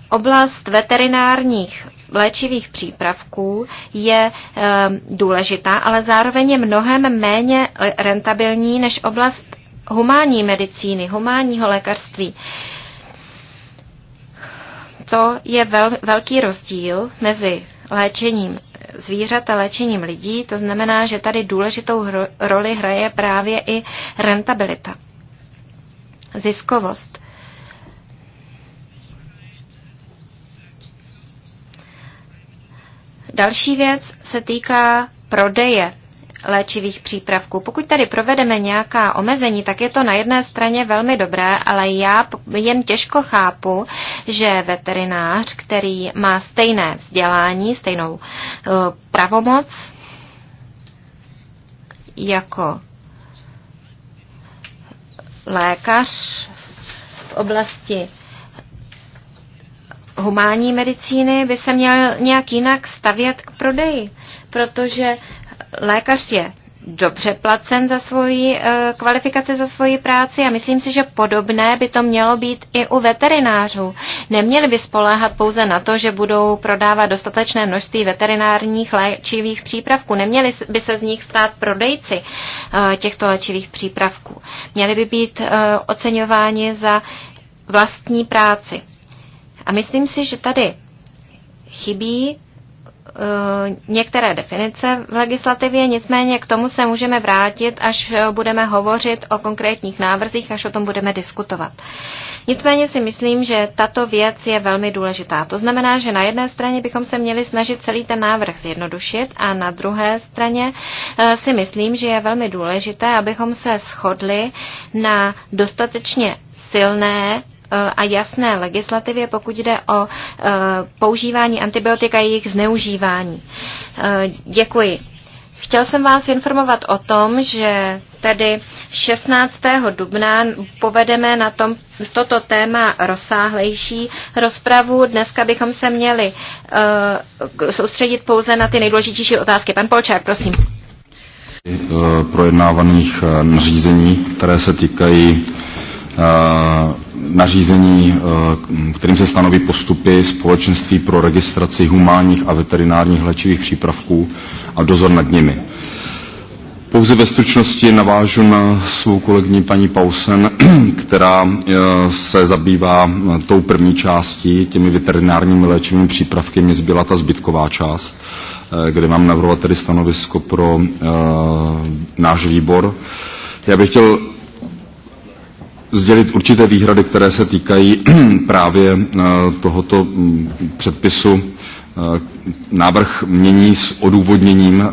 oblast veterinárních léčivých přípravků je eh, důležitá, ale zároveň je mnohem méně rentabilní než oblast humánní medicíny, humánního lékařství. To je vel, velký rozdíl mezi léčením zvířat a léčením lidí, to znamená, že tady důležitou roli hraje právě i rentabilita, ziskovost. Další věc se týká prodeje léčivých přípravků. Pokud tady provedeme nějaká omezení, tak je to na jedné straně velmi dobré, ale já jen těžko chápu, že veterinář, který má stejné vzdělání, stejnou uh, pravomoc jako lékař v oblasti humánní medicíny by se měl nějak jinak stavět k prodeji, protože lékař je dobře placen za svoji eh, kvalifikaci, za svoji práci a myslím si, že podobné by to mělo být i u veterinářů. Neměli by spoléhat pouze na to, že budou prodávat dostatečné množství veterinárních léčivých přípravků. Neměli by se z nich stát prodejci eh, těchto léčivých přípravků. Měli by být eh, oceňováni za vlastní práci. A myslím si, že tady chybí eh, některé definice v legislativě, nicméně k tomu se můžeme vrátit, až eh, budeme hovořit o konkrétních návrzích, až o tom budeme diskutovat. Nicméně si myslím, že tato věc je velmi důležitá. To znamená, že na jedné straně bychom se měli snažit celý ten návrh zjednodušit a na druhé straně eh, si myslím, že je velmi důležité, abychom se shodli na dostatečně silné a jasné legislativě, pokud jde o e, používání antibiotik a jejich zneužívání. E, děkuji. Chtěl jsem vás informovat o tom, že tedy 16. dubna povedeme na tom, toto téma rozsáhlejší rozpravu. Dneska bychom se měli uh, soustředit pouze na ty nejdůležitější otázky. Pan Polčák, prosím. Projednávaných nařízení, které se týkají uh, nařízení, eh, kterým se stanoví postupy společenství pro registraci humánních a veterinárních léčivých přípravků a dozor nad nimi. Pouze ve stručnosti navážu na svou kolegyni paní Pausen, <clears throat> která eh, se zabývá eh, tou první částí, těmi veterinárními léčivými přípravky. mi zbyla ta zbytková část, kde mám navrhovat tedy stanovisko pro náš výbor. Já bych chtěl sdělit určité výhrady, které se týkají <clears throat> právě eh, tohoto mm, předpisu. Eh, návrh mění s odůvodněním eh,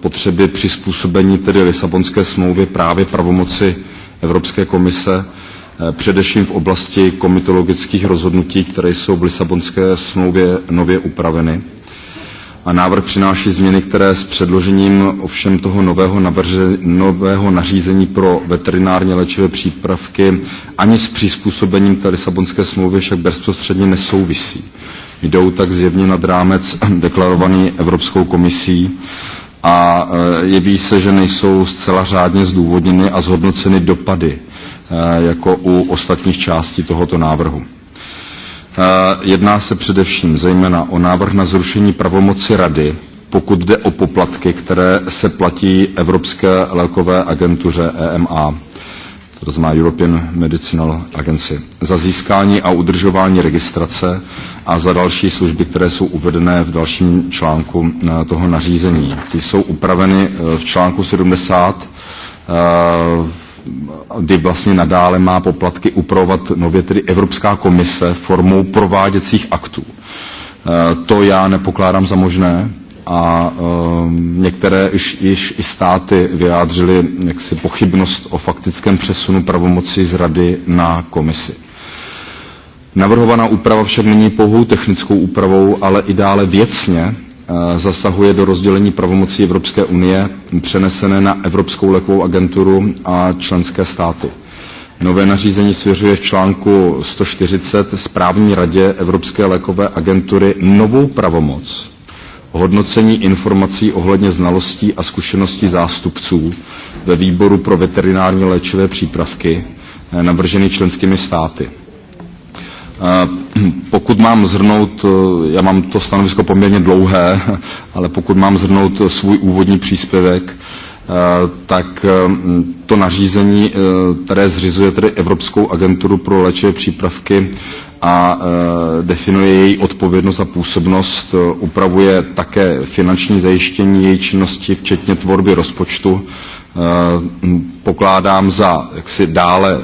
potřeby přizpůsobení tedy Lisabonské smlouvy právě pravomoci Evropské komise, především v oblasti komitologických rozhodnutí, které jsou v Lisabonské smlouvě nově upraveny. A návrh přináší změny, které s předložením ovšem toho nového, navrže, nového nařízení pro veterinárně léčivé přípravky ani s přizpůsobením té Lisabonské smlouvy však bezprostředně nesouvisí. Jdou tak zjevně nad rámec <clears throat> deklarovaný Evropskou komisí a e, jeví se, že nejsou zcela řádně zdůvodněny a zhodnoceny dopady e, jako u ostatních částí tohoto návrhu. Jedná se především zejména o návrh na zrušení pravomoci Rady, pokud jde o poplatky, které se platí Evropské lékové agentuře EMA, to znamená European Medicinal Agency, za získání a udržování registrace a za další služby, které jsou uvedené v dalším článku eh, toho nařízení. Ty jsou upraveny eh, v článku 70 kdy vlastně nadále má poplatky upravovat nově tedy Evropská komise formou prováděcích aktů. E, to já nepokládám za možné a e, některé již, již i státy vyjádřily jaksi pochybnost o faktickém přesunu pravomoci z Rady na komisi. Navrhovaná úprava však není pouhou technickou úpravou, ale i dále věcně Eh, zasahuje do rozdělení pravomocí Evropské unie přenesené na Evropskou lékovou agenturu a členské státy. Nové nařízení svěřuje v článku 140 správní radě Evropské lékové agentury novou pravomoc hodnocení informací ohledně znalostí a zkušeností zástupců ve výboru pro veterinární léčivé přípravky eh, navržený členskými státy. Eh, <clears throat> pokud mám zhrnout, eh, já mám to stanovisko poměrně dlouhé, <laughs> ale pokud mám zhrnout svůj úvodní příspěvek, eh, tak to nařízení, které zřizuje tedy Evropskou agenturu pro léčivé přípravky a definuje její odpovědnost a působnost, upravuje také finanční zajištění její činnosti, včetně tvorby rozpočtu, pokládám za jaksi dále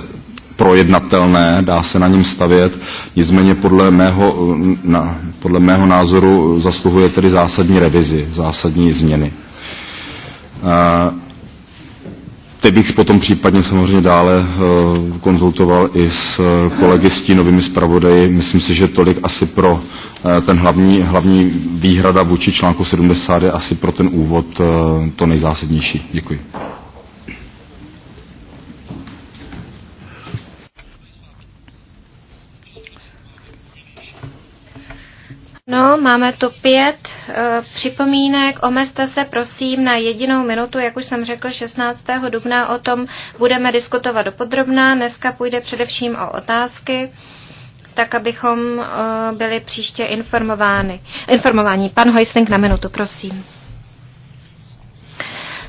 projednatelné, dá se na něm stavět, nicméně podle mého, na, podle mého názoru zasluhuje tedy zásadní revizi, zásadní změny. Teď bych potom případně samozřejmě dále e, konzultoval i s e, kolegy s novými zpravodaji. Myslím si, že tolik asi pro e, ten hlavní, hlavní výhrada vůči článku 70 je asi pro ten úvod to nejzásadnější. Děkuji. No, máme tu pět e, připomínek. Omezte se prosím na jedinou minutu, jak už jsem řekl, 16. dubna o tom budeme diskutovat dopodrobná. Dneska půjde především o otázky tak abychom e, byli příště informováni. Informování. Pan Hojsling na minutu, prosím.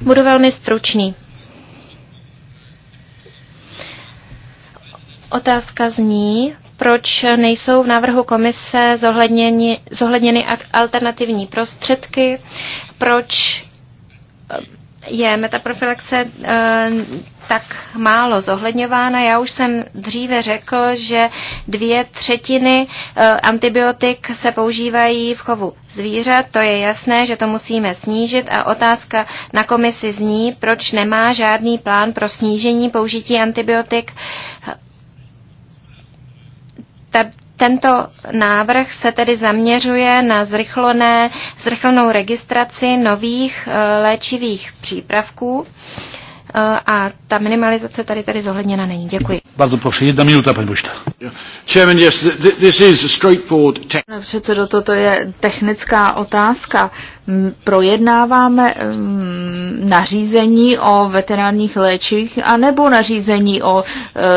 Budu velmi stručný. Otázka zní, proč nejsou v návrhu komise zohledněni, zohledněny alternativní prostředky, proč eh, je metaprofilaxe eh, tak málo zohledňována. Já už jsem dříve řekl, že dvě třetiny eh, antibiotik se používají v chovu zvířat. To je jasné, že to musíme snížit a otázka na komisi zní, proč nemá žádný plán pro snížení použití antibiotik ta, tento návrh se tedy zaměřuje na zrychlené, zrychlenou registraci nových eh, léčivých přípravků. Uh, Eh, a ta minimalizace tady tady zohledněna není. Děkuji. Bardzo proszę, jedna minuta, paní Bušta. Chairman, yes, this is straightforward Pane předsedo, toto je technická otázka. Projednáváme um, nařízení o veterinárních léčích a nebo nařízení o uh,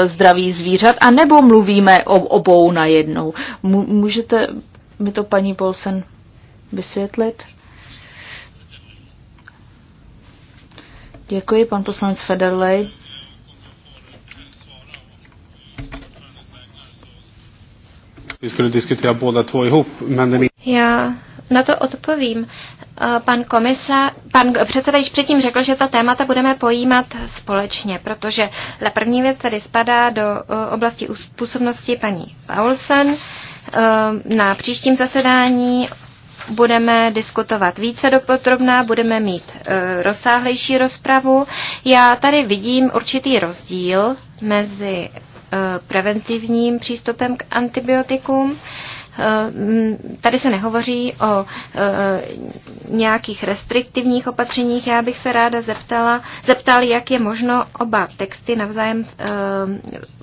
zdraví zvířat a nebo mluvíme o obou najednou. M- můžete mi to paní Bolsen vysvětlit? Děkuji, pan poslanec Federlej. Já na to odpovím. Pan komisa, pan předseda již předtím řekl, že ta témata budeme pojímat společně, protože ta první věc tady spadá do oblasti působnosti paní Paulsen. E, na příštím zasedání budeme diskutovat více dopodrobná, budeme mít e, rozsáhlejší rozpravu. Já tady vidím určitý rozdíl mezi e, preventivním přístupem k antibiotikům. E, tady se nehovoří o e, nějakých restriktivních opatřeních. Já bych se ráda zeptala, zeptal, jak je možno oba texty navzájem e,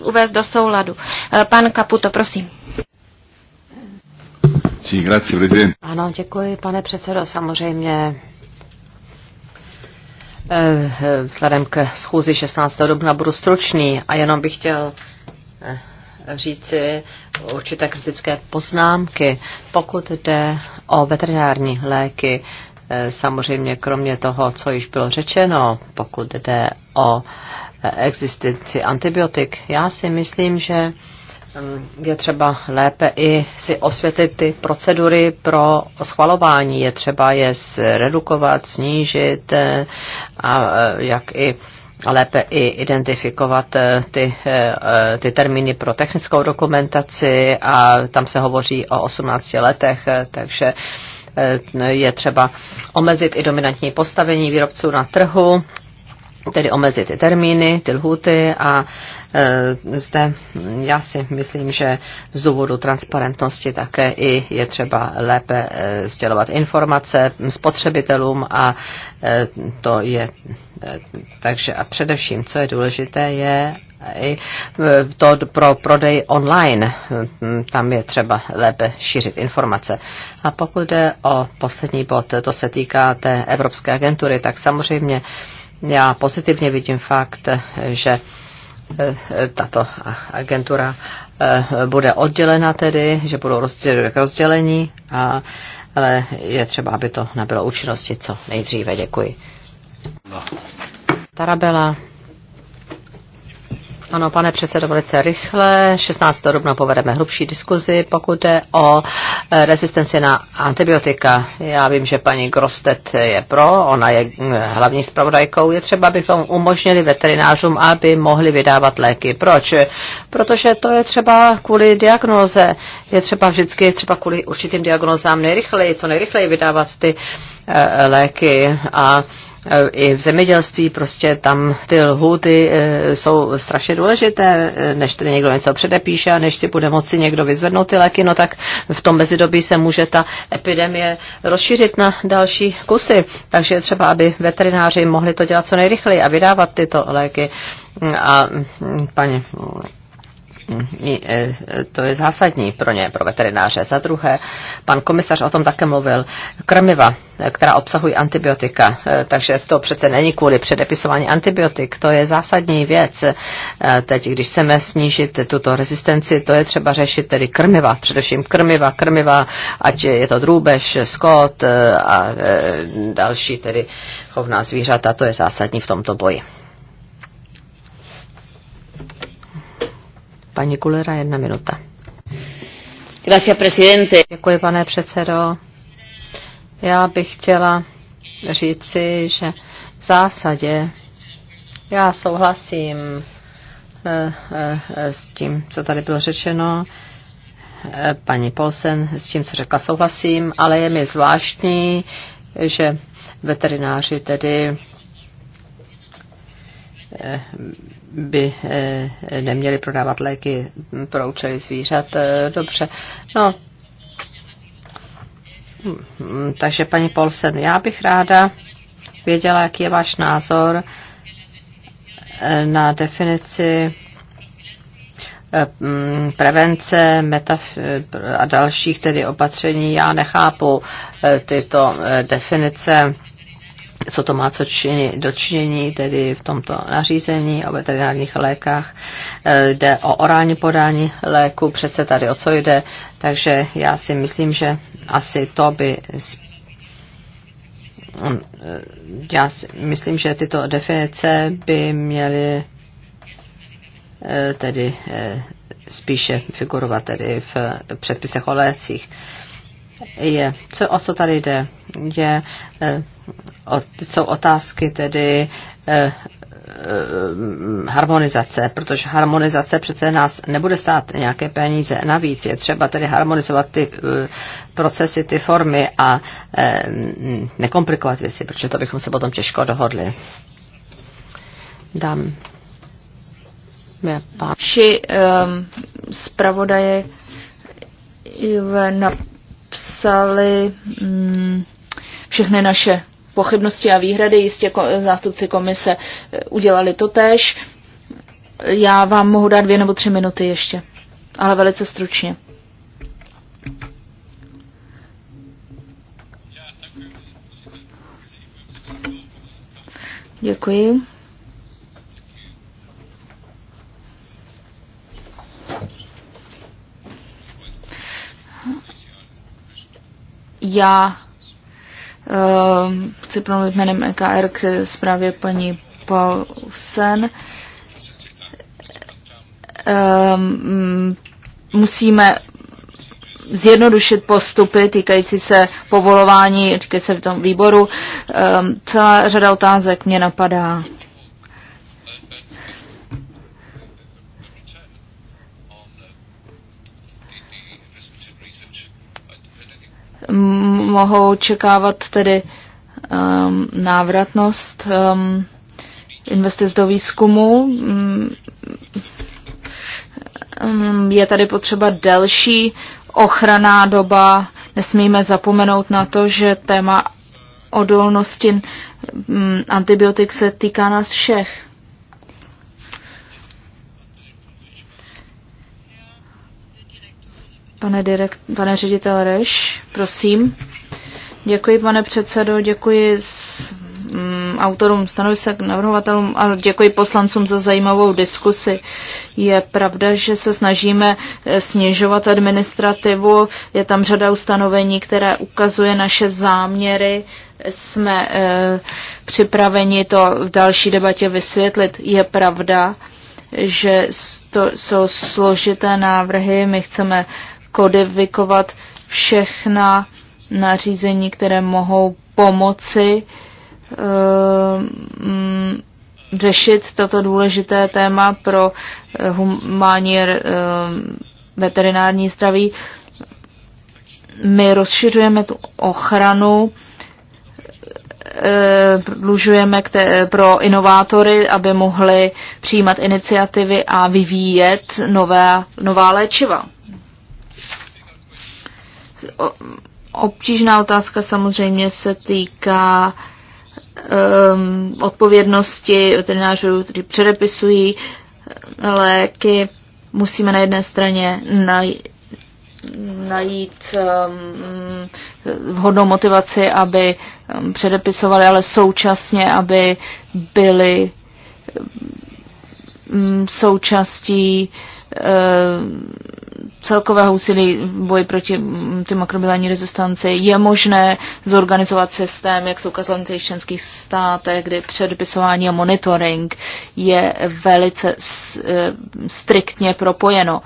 uvést do souladu. Pan Kaputo, prosím. Sí, grazie, Ano, děkuji, pane předsedo. Samozřejmě eh, eh, vzhledem k schůzi 16. dubna budu stručný a jenom bych chtěl eh, říci určité kritické poznámky. Pokud jde o veterinární léky, samozřejmě kromě toho, co již bylo řečeno, pokud jde o existenci antibiotik, já si myslím, že je třeba lépe i si osvětlit ty procedury pro schvalování. Je třeba je zredukovat, snížit eh, a eh, jak i lépe i identifikovat eh, ty, ty termíny pro technickou dokumentaci a tam se hovoří o 18 letech, takže je třeba omezit i dominantní postavení výrobců na trhu tedy omezit ty termíny, ty lhuty a e, zde já si myslím, že z důvodu transparentnosti také i je třeba lépe e, sdělovat informace spotřebitelům a e, to je e, takže a především, co je důležité, je i e, to pro prodej online. Tam je třeba lépe šířit informace. A pokud jde o poslední bod, to se týká té Evropské agentury, tak samozřejmě já pozitivně vidím fakt, že eh, tato agentura eh, bude oddělena tedy, že budou rozdělení, a, ale je třeba, aby to nabylo účinnosti co nejdříve. Děkuji. No. Tarabela. Ano, pane předsedo, velice rychle. 16. dubna povedeme hlubší diskuzi, pokud jde o eh, rezistenci na antibiotika. Já vím, že paní Grostet je pro, ona je eh, hlavní zpravodajkou. Je třeba, abychom umožnili veterinářům, aby mohli vydávat léky. Proč? Protože to je třeba kvůli diagnoze. Je třeba vždycky je třeba kvůli určitým diagnozám nejrychleji, co nejrychleji vydávat ty eh, léky. A Eh, i v zemědělství prostě tam ty lhuty eh, jsou strašně důležité, eh, než tedy někdo něco předepíše a než si bude moci někdo vyzvednout ty léky, no tak v tom mezidobí se může ta epidemie rozšířit na další kusy. Takže je třeba, aby veterináři mohli to dělat co nejrychleji a vydávat tyto léky. Mm, a mm, paní E, to je zásadní pro ně, pro veterináře. Za druhé, pan komisař o tom také mluvil, krmiva, e, která obsahují antibiotika, e, takže to přece není kvůli předepisování antibiotik, to je zásadní věc. Teď, když chceme snížit tuto rezistenci, to je třeba řešit tedy krmiva, především krmiva, krmiva, ať je to drůbež, skot a další tedy chovná zvířata, to je zásadní v tomto boji. Paní Kulera, jedna minuta. Gracias, presidente. Děkuji, pane předsedo. Já bych chtěla říci, že v zásadě já souhlasím eh, eh, s tím, co tady bylo řečeno. Eh, paní Polsen s tím, co řekla, souhlasím, ale je mi zvláštní, že veterináři tedy Eh, by eh, neměli prodávat léky pro účely zvířat. Eh, dobře. No, hm, takže paní Polsen, já bych ráda věděla, jaký je váš názor na definici hm, prevence metaf- a dalších tedy opatření. Já nechápu tyto definice co to má co čini, dočinění, tedy v tomto nařízení o veterinárních lékách. E, jde o orální podání léku, přece tady o co jde, takže já si myslím, že asi to by e, já si myslím, že tyto definice by měly e, tedy spíše figurovat tedy v předpisech o lécích. Je, co, o co tady jde? Je jsou otázky tedy eh, eh, harmonizace, protože harmonizace přece nás nebude stát nějaké peníze. Navíc je třeba tedy harmonizovat ty eh, procesy, ty formy a nekomplikovat věci, protože to bychom se potom těžko dohodli. Dám. Vši um, ehm, zpravodaje napsali um, všechny naše pochybnosti a výhrady, jistě zástupci komise eh, udělali to tež. Já vám mohu dát dvě nebo tři minuty ještě, ale velice stručně. Děkuji. Já Eh, chci promluvit jménem EKR k zprávě paní Paulsen. Eh, musíme zjednodušit postupy týkající se povolování, týkající se v tom výboru. Eh, celá řada otázek mě napadá. mohou očekávat tedy um, návratnost um, investic do výzkumu. Um, um je tady potřeba delší ochraná doba. Nesmíme zapomenout na to, že téma odolnosti um, antibiotik se týká nás všech. Pane, direkt, pane ředitel Reš, prosím. Děkuji, pane předsedo, děkuji s, um, autorům stanovisek, navrhovatelům a děkuji poslancům za zajímavou diskusi. Je pravda, že se snažíme eh, snižovat administrativu, je tam řada ustanovení, které ukazuje naše záměry, jsme e, připraveni to v další debatě vysvětlit. Je pravda, že to jsou složité návrhy, my chceme kodifikovat všechna nařízení, které mohou pomoci eh, mm, řešit toto důležité téma pro eh, humánní eh, veterinární zdraví. My rozšiřujeme tu ochranu, prodlužujeme pro inovátory, aby mohli přijímat iniciativy a vyvíjet nové, nová léčiva Obtížná otázka samozřejmě se týká um, odpovědnosti veterinářů, kteří předepisují eh, léky. Musíme na jedné straně naj, najít um, vhodnou motivaci, aby um, předepisovali, ale současně, aby byli um, součástí um, Eh, celkového úsilí v boji proti mm, ty makrobilální rezistanci je možné zorganizovat systém, jak se ukázalo na těch státech, kdy předpisování a monitoring je velice eh, striktně propojeno.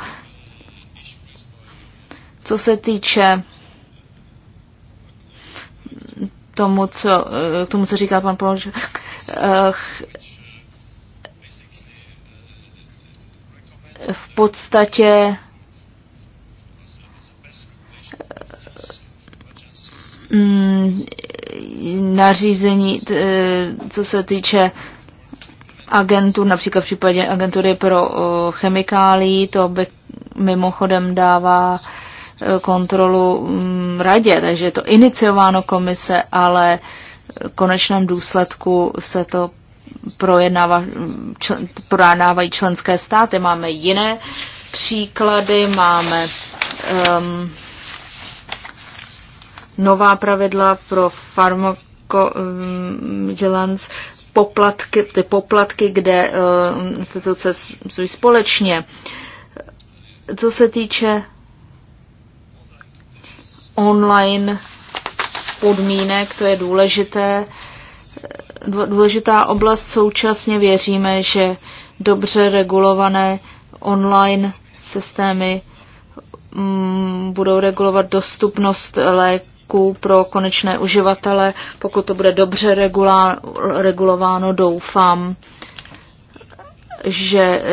Co se týče tomu, co, eh, k tomu, co říká pan Polož, v podstatě mm, nařízení, eh, co se týče agentur, například v případě agentury pro eh, chemikálí, to by mimochodem dává eh, kontrolu mm, radě, takže je to iniciováno komise, ale v konečném důsledku se to čl, projednávají členské státy. Máme jiné příklady, máme um, nová pravidla pro um, poplatky, ty poplatky, kde um, instituce jsou společně. Co se týče online podmínek, to je důležité důležitá oblast. Současně věříme, že dobře regulované online systémy mm, budou regulovat dostupnost léků pro konečné uživatele. Pokud to bude dobře regulá, regulováno, doufám, že e,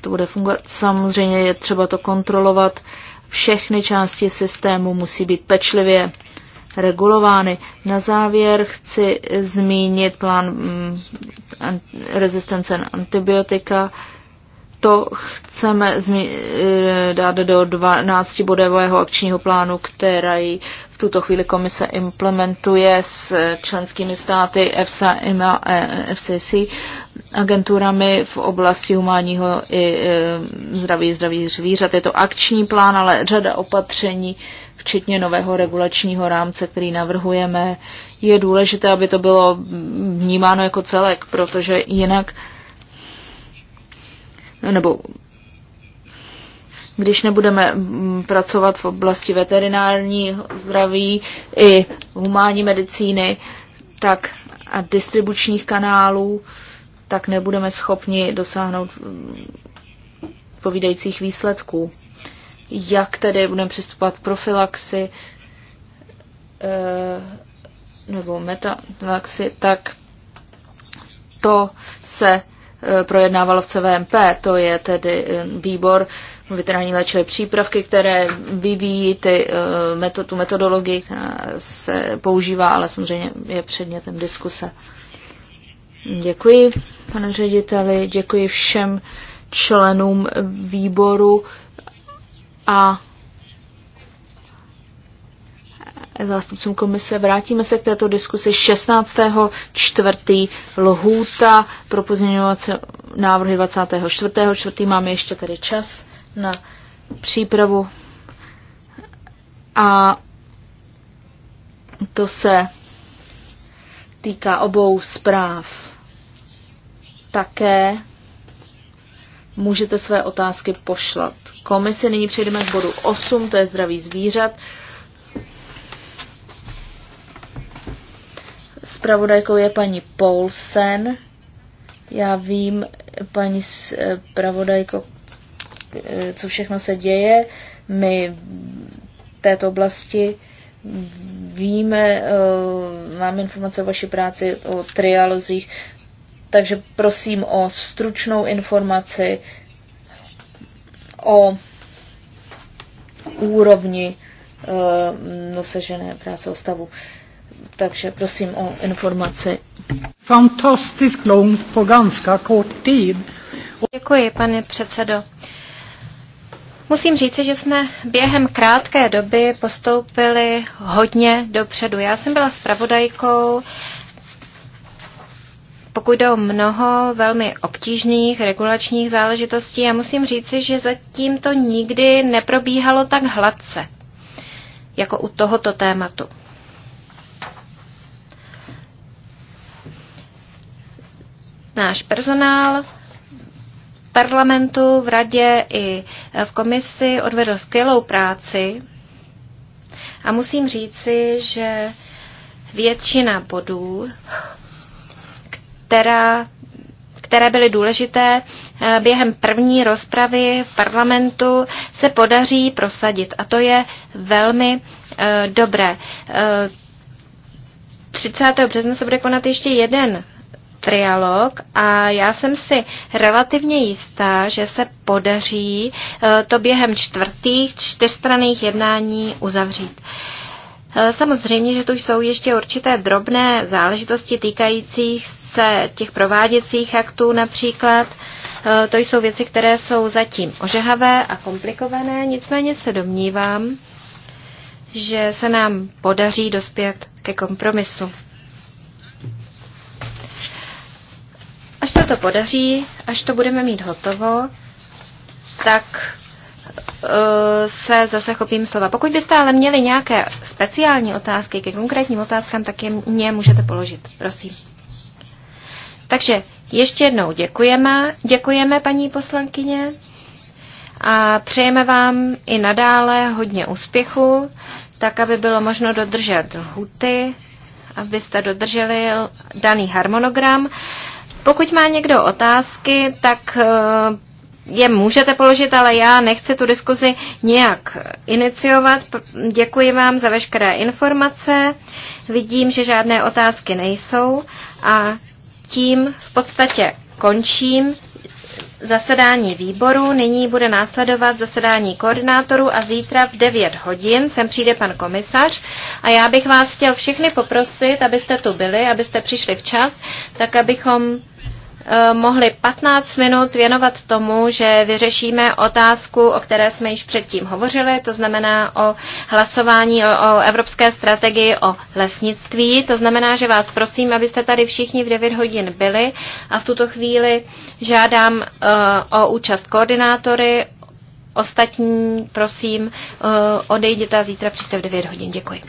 to bude fungovat. Samozřejmě je třeba to kontrolovat. Všechny části systému musí být pečlivě regulovány. Na závěr chci zmínit plán mm, rezistence na antibiotika. To chceme eh, dát do 12 bodového akčního plánu, který v tuto chvíli komise implementuje s eh, členskými státy EFSA, IMA, eh, FCC, agenturami v oblasti humánního i zdraví zdraví zvířat. Je to akční plán, ale řada opatření včetně nového regulačního rámce, který navrhujeme, je důležité, aby to bylo vnímáno jako celek, protože jinak nebo když nebudeme pracovat v oblasti veterinární zdraví i humánní medicíny tak a distribučních kanálů, tak nebudeme schopni dosáhnout mm, povídajících výsledků jak tedy budeme přistupovat k profilaxi eh, nebo metalaxi, tak to se eh, projednávalo v CVMP, to je tedy eh, výbor veterinární léčivé přípravky, které vyvíjí ty, metod, tu metodologii, která se používá, ale samozřejmě je předmětem diskuse. Děkuji, pane řediteli, děkuji všem členům výboru a zástupcům komise. Vrátíme se k této diskusi 16. čtvrtý lhůta pro pozměňovací návrhy 24. čtvrtý. Máme ještě tady čas na přípravu a to se týká obou zpráv. Také můžete své otázky pošlat. Komisi nyní přejdeme k bodu 8, to je zdraví zvířat. Spravodajkou je paní Paulsen. Já vím, paní spravodajko, co všechno se děje. My v této oblasti víme, eh, mám informace o vaší práci, o trialozích takže prosím o stručnou informaci o úrovni uh, dosažené práce o stavu. Takže prosím o informaci. Fantastisk long po ganska kort tid. Děkuji, pane předsedo. Musím říci, že jsme během krátké doby postoupili hodně dopředu. Já jsem byla spravodajkou pokud jde o mnoho velmi obtížných regulačních záležitostí Já musím říci, že zatím to nikdy neprobíhalo tak hladce, jako u tohoto tématu. Náš personál parlamentu, v radě i v komisi odvedl skvělou práci a musím říci, že většina bodů která, které byly důležité eh, během první rozpravy v parlamentu, se podaří prosadit. A to je velmi eh, dobré. 30. Eh, března se bude konat ještě jeden trialog a já jsem si relativně jistá, že se podaří to během čtvrtých čtyřstranných jednání uzavřít. Uh, Eh, samozřejmě, že tu jsou ještě určité drobné záležitosti týkajících se těch prováděcích aktů například. Eh, to jsou věci, které jsou zatím ožehavé a komplikované, nicméně se domnívám, že se nám podaří dospět ke kompromisu. Až se to podaří, až to budeme mít hotovo, tak Eh, se zase chopím slova. Pokud byste ale měli nějaké speciální otázky ke konkrétním otázkám, tak je mě můžete položit. Prosím. Takže ještě jednou děkujeme. Děkujeme, paní poslankyně. A přejeme vám i nadále hodně úspěchu, tak aby bylo možno dodržet huty, abyste dodrželi daný harmonogram. Pokud má někdo otázky, tak eh, je můžete položit, ale já nechci tu diskuzi nějak iniciovat. Děkuji vám za veškeré informace. Vidím, že žádné otázky nejsou a tím v podstatě končím zasedání výboru. Nyní bude následovat zasedání koordinátorů a zítra v 9 hodin sem přijde pan komisař a já bych vás chtěl všechny poprosit, abyste tu byli, abyste přišli včas, tak abychom Eh, mohli 15 minut věnovat tomu, že vyřešíme otázku, o které jsme již předtím hovořili, to znamená o hlasování o, o evropské strategii o lesnictví. To znamená, že vás prosím, abyste tady všichni v 9 hodin byli a v tuto chvíli žádám uh, o účast koordinátory. Ostatní, prosím, uh, odejděte a zítra přijďte v 9 hodin. Děkuji.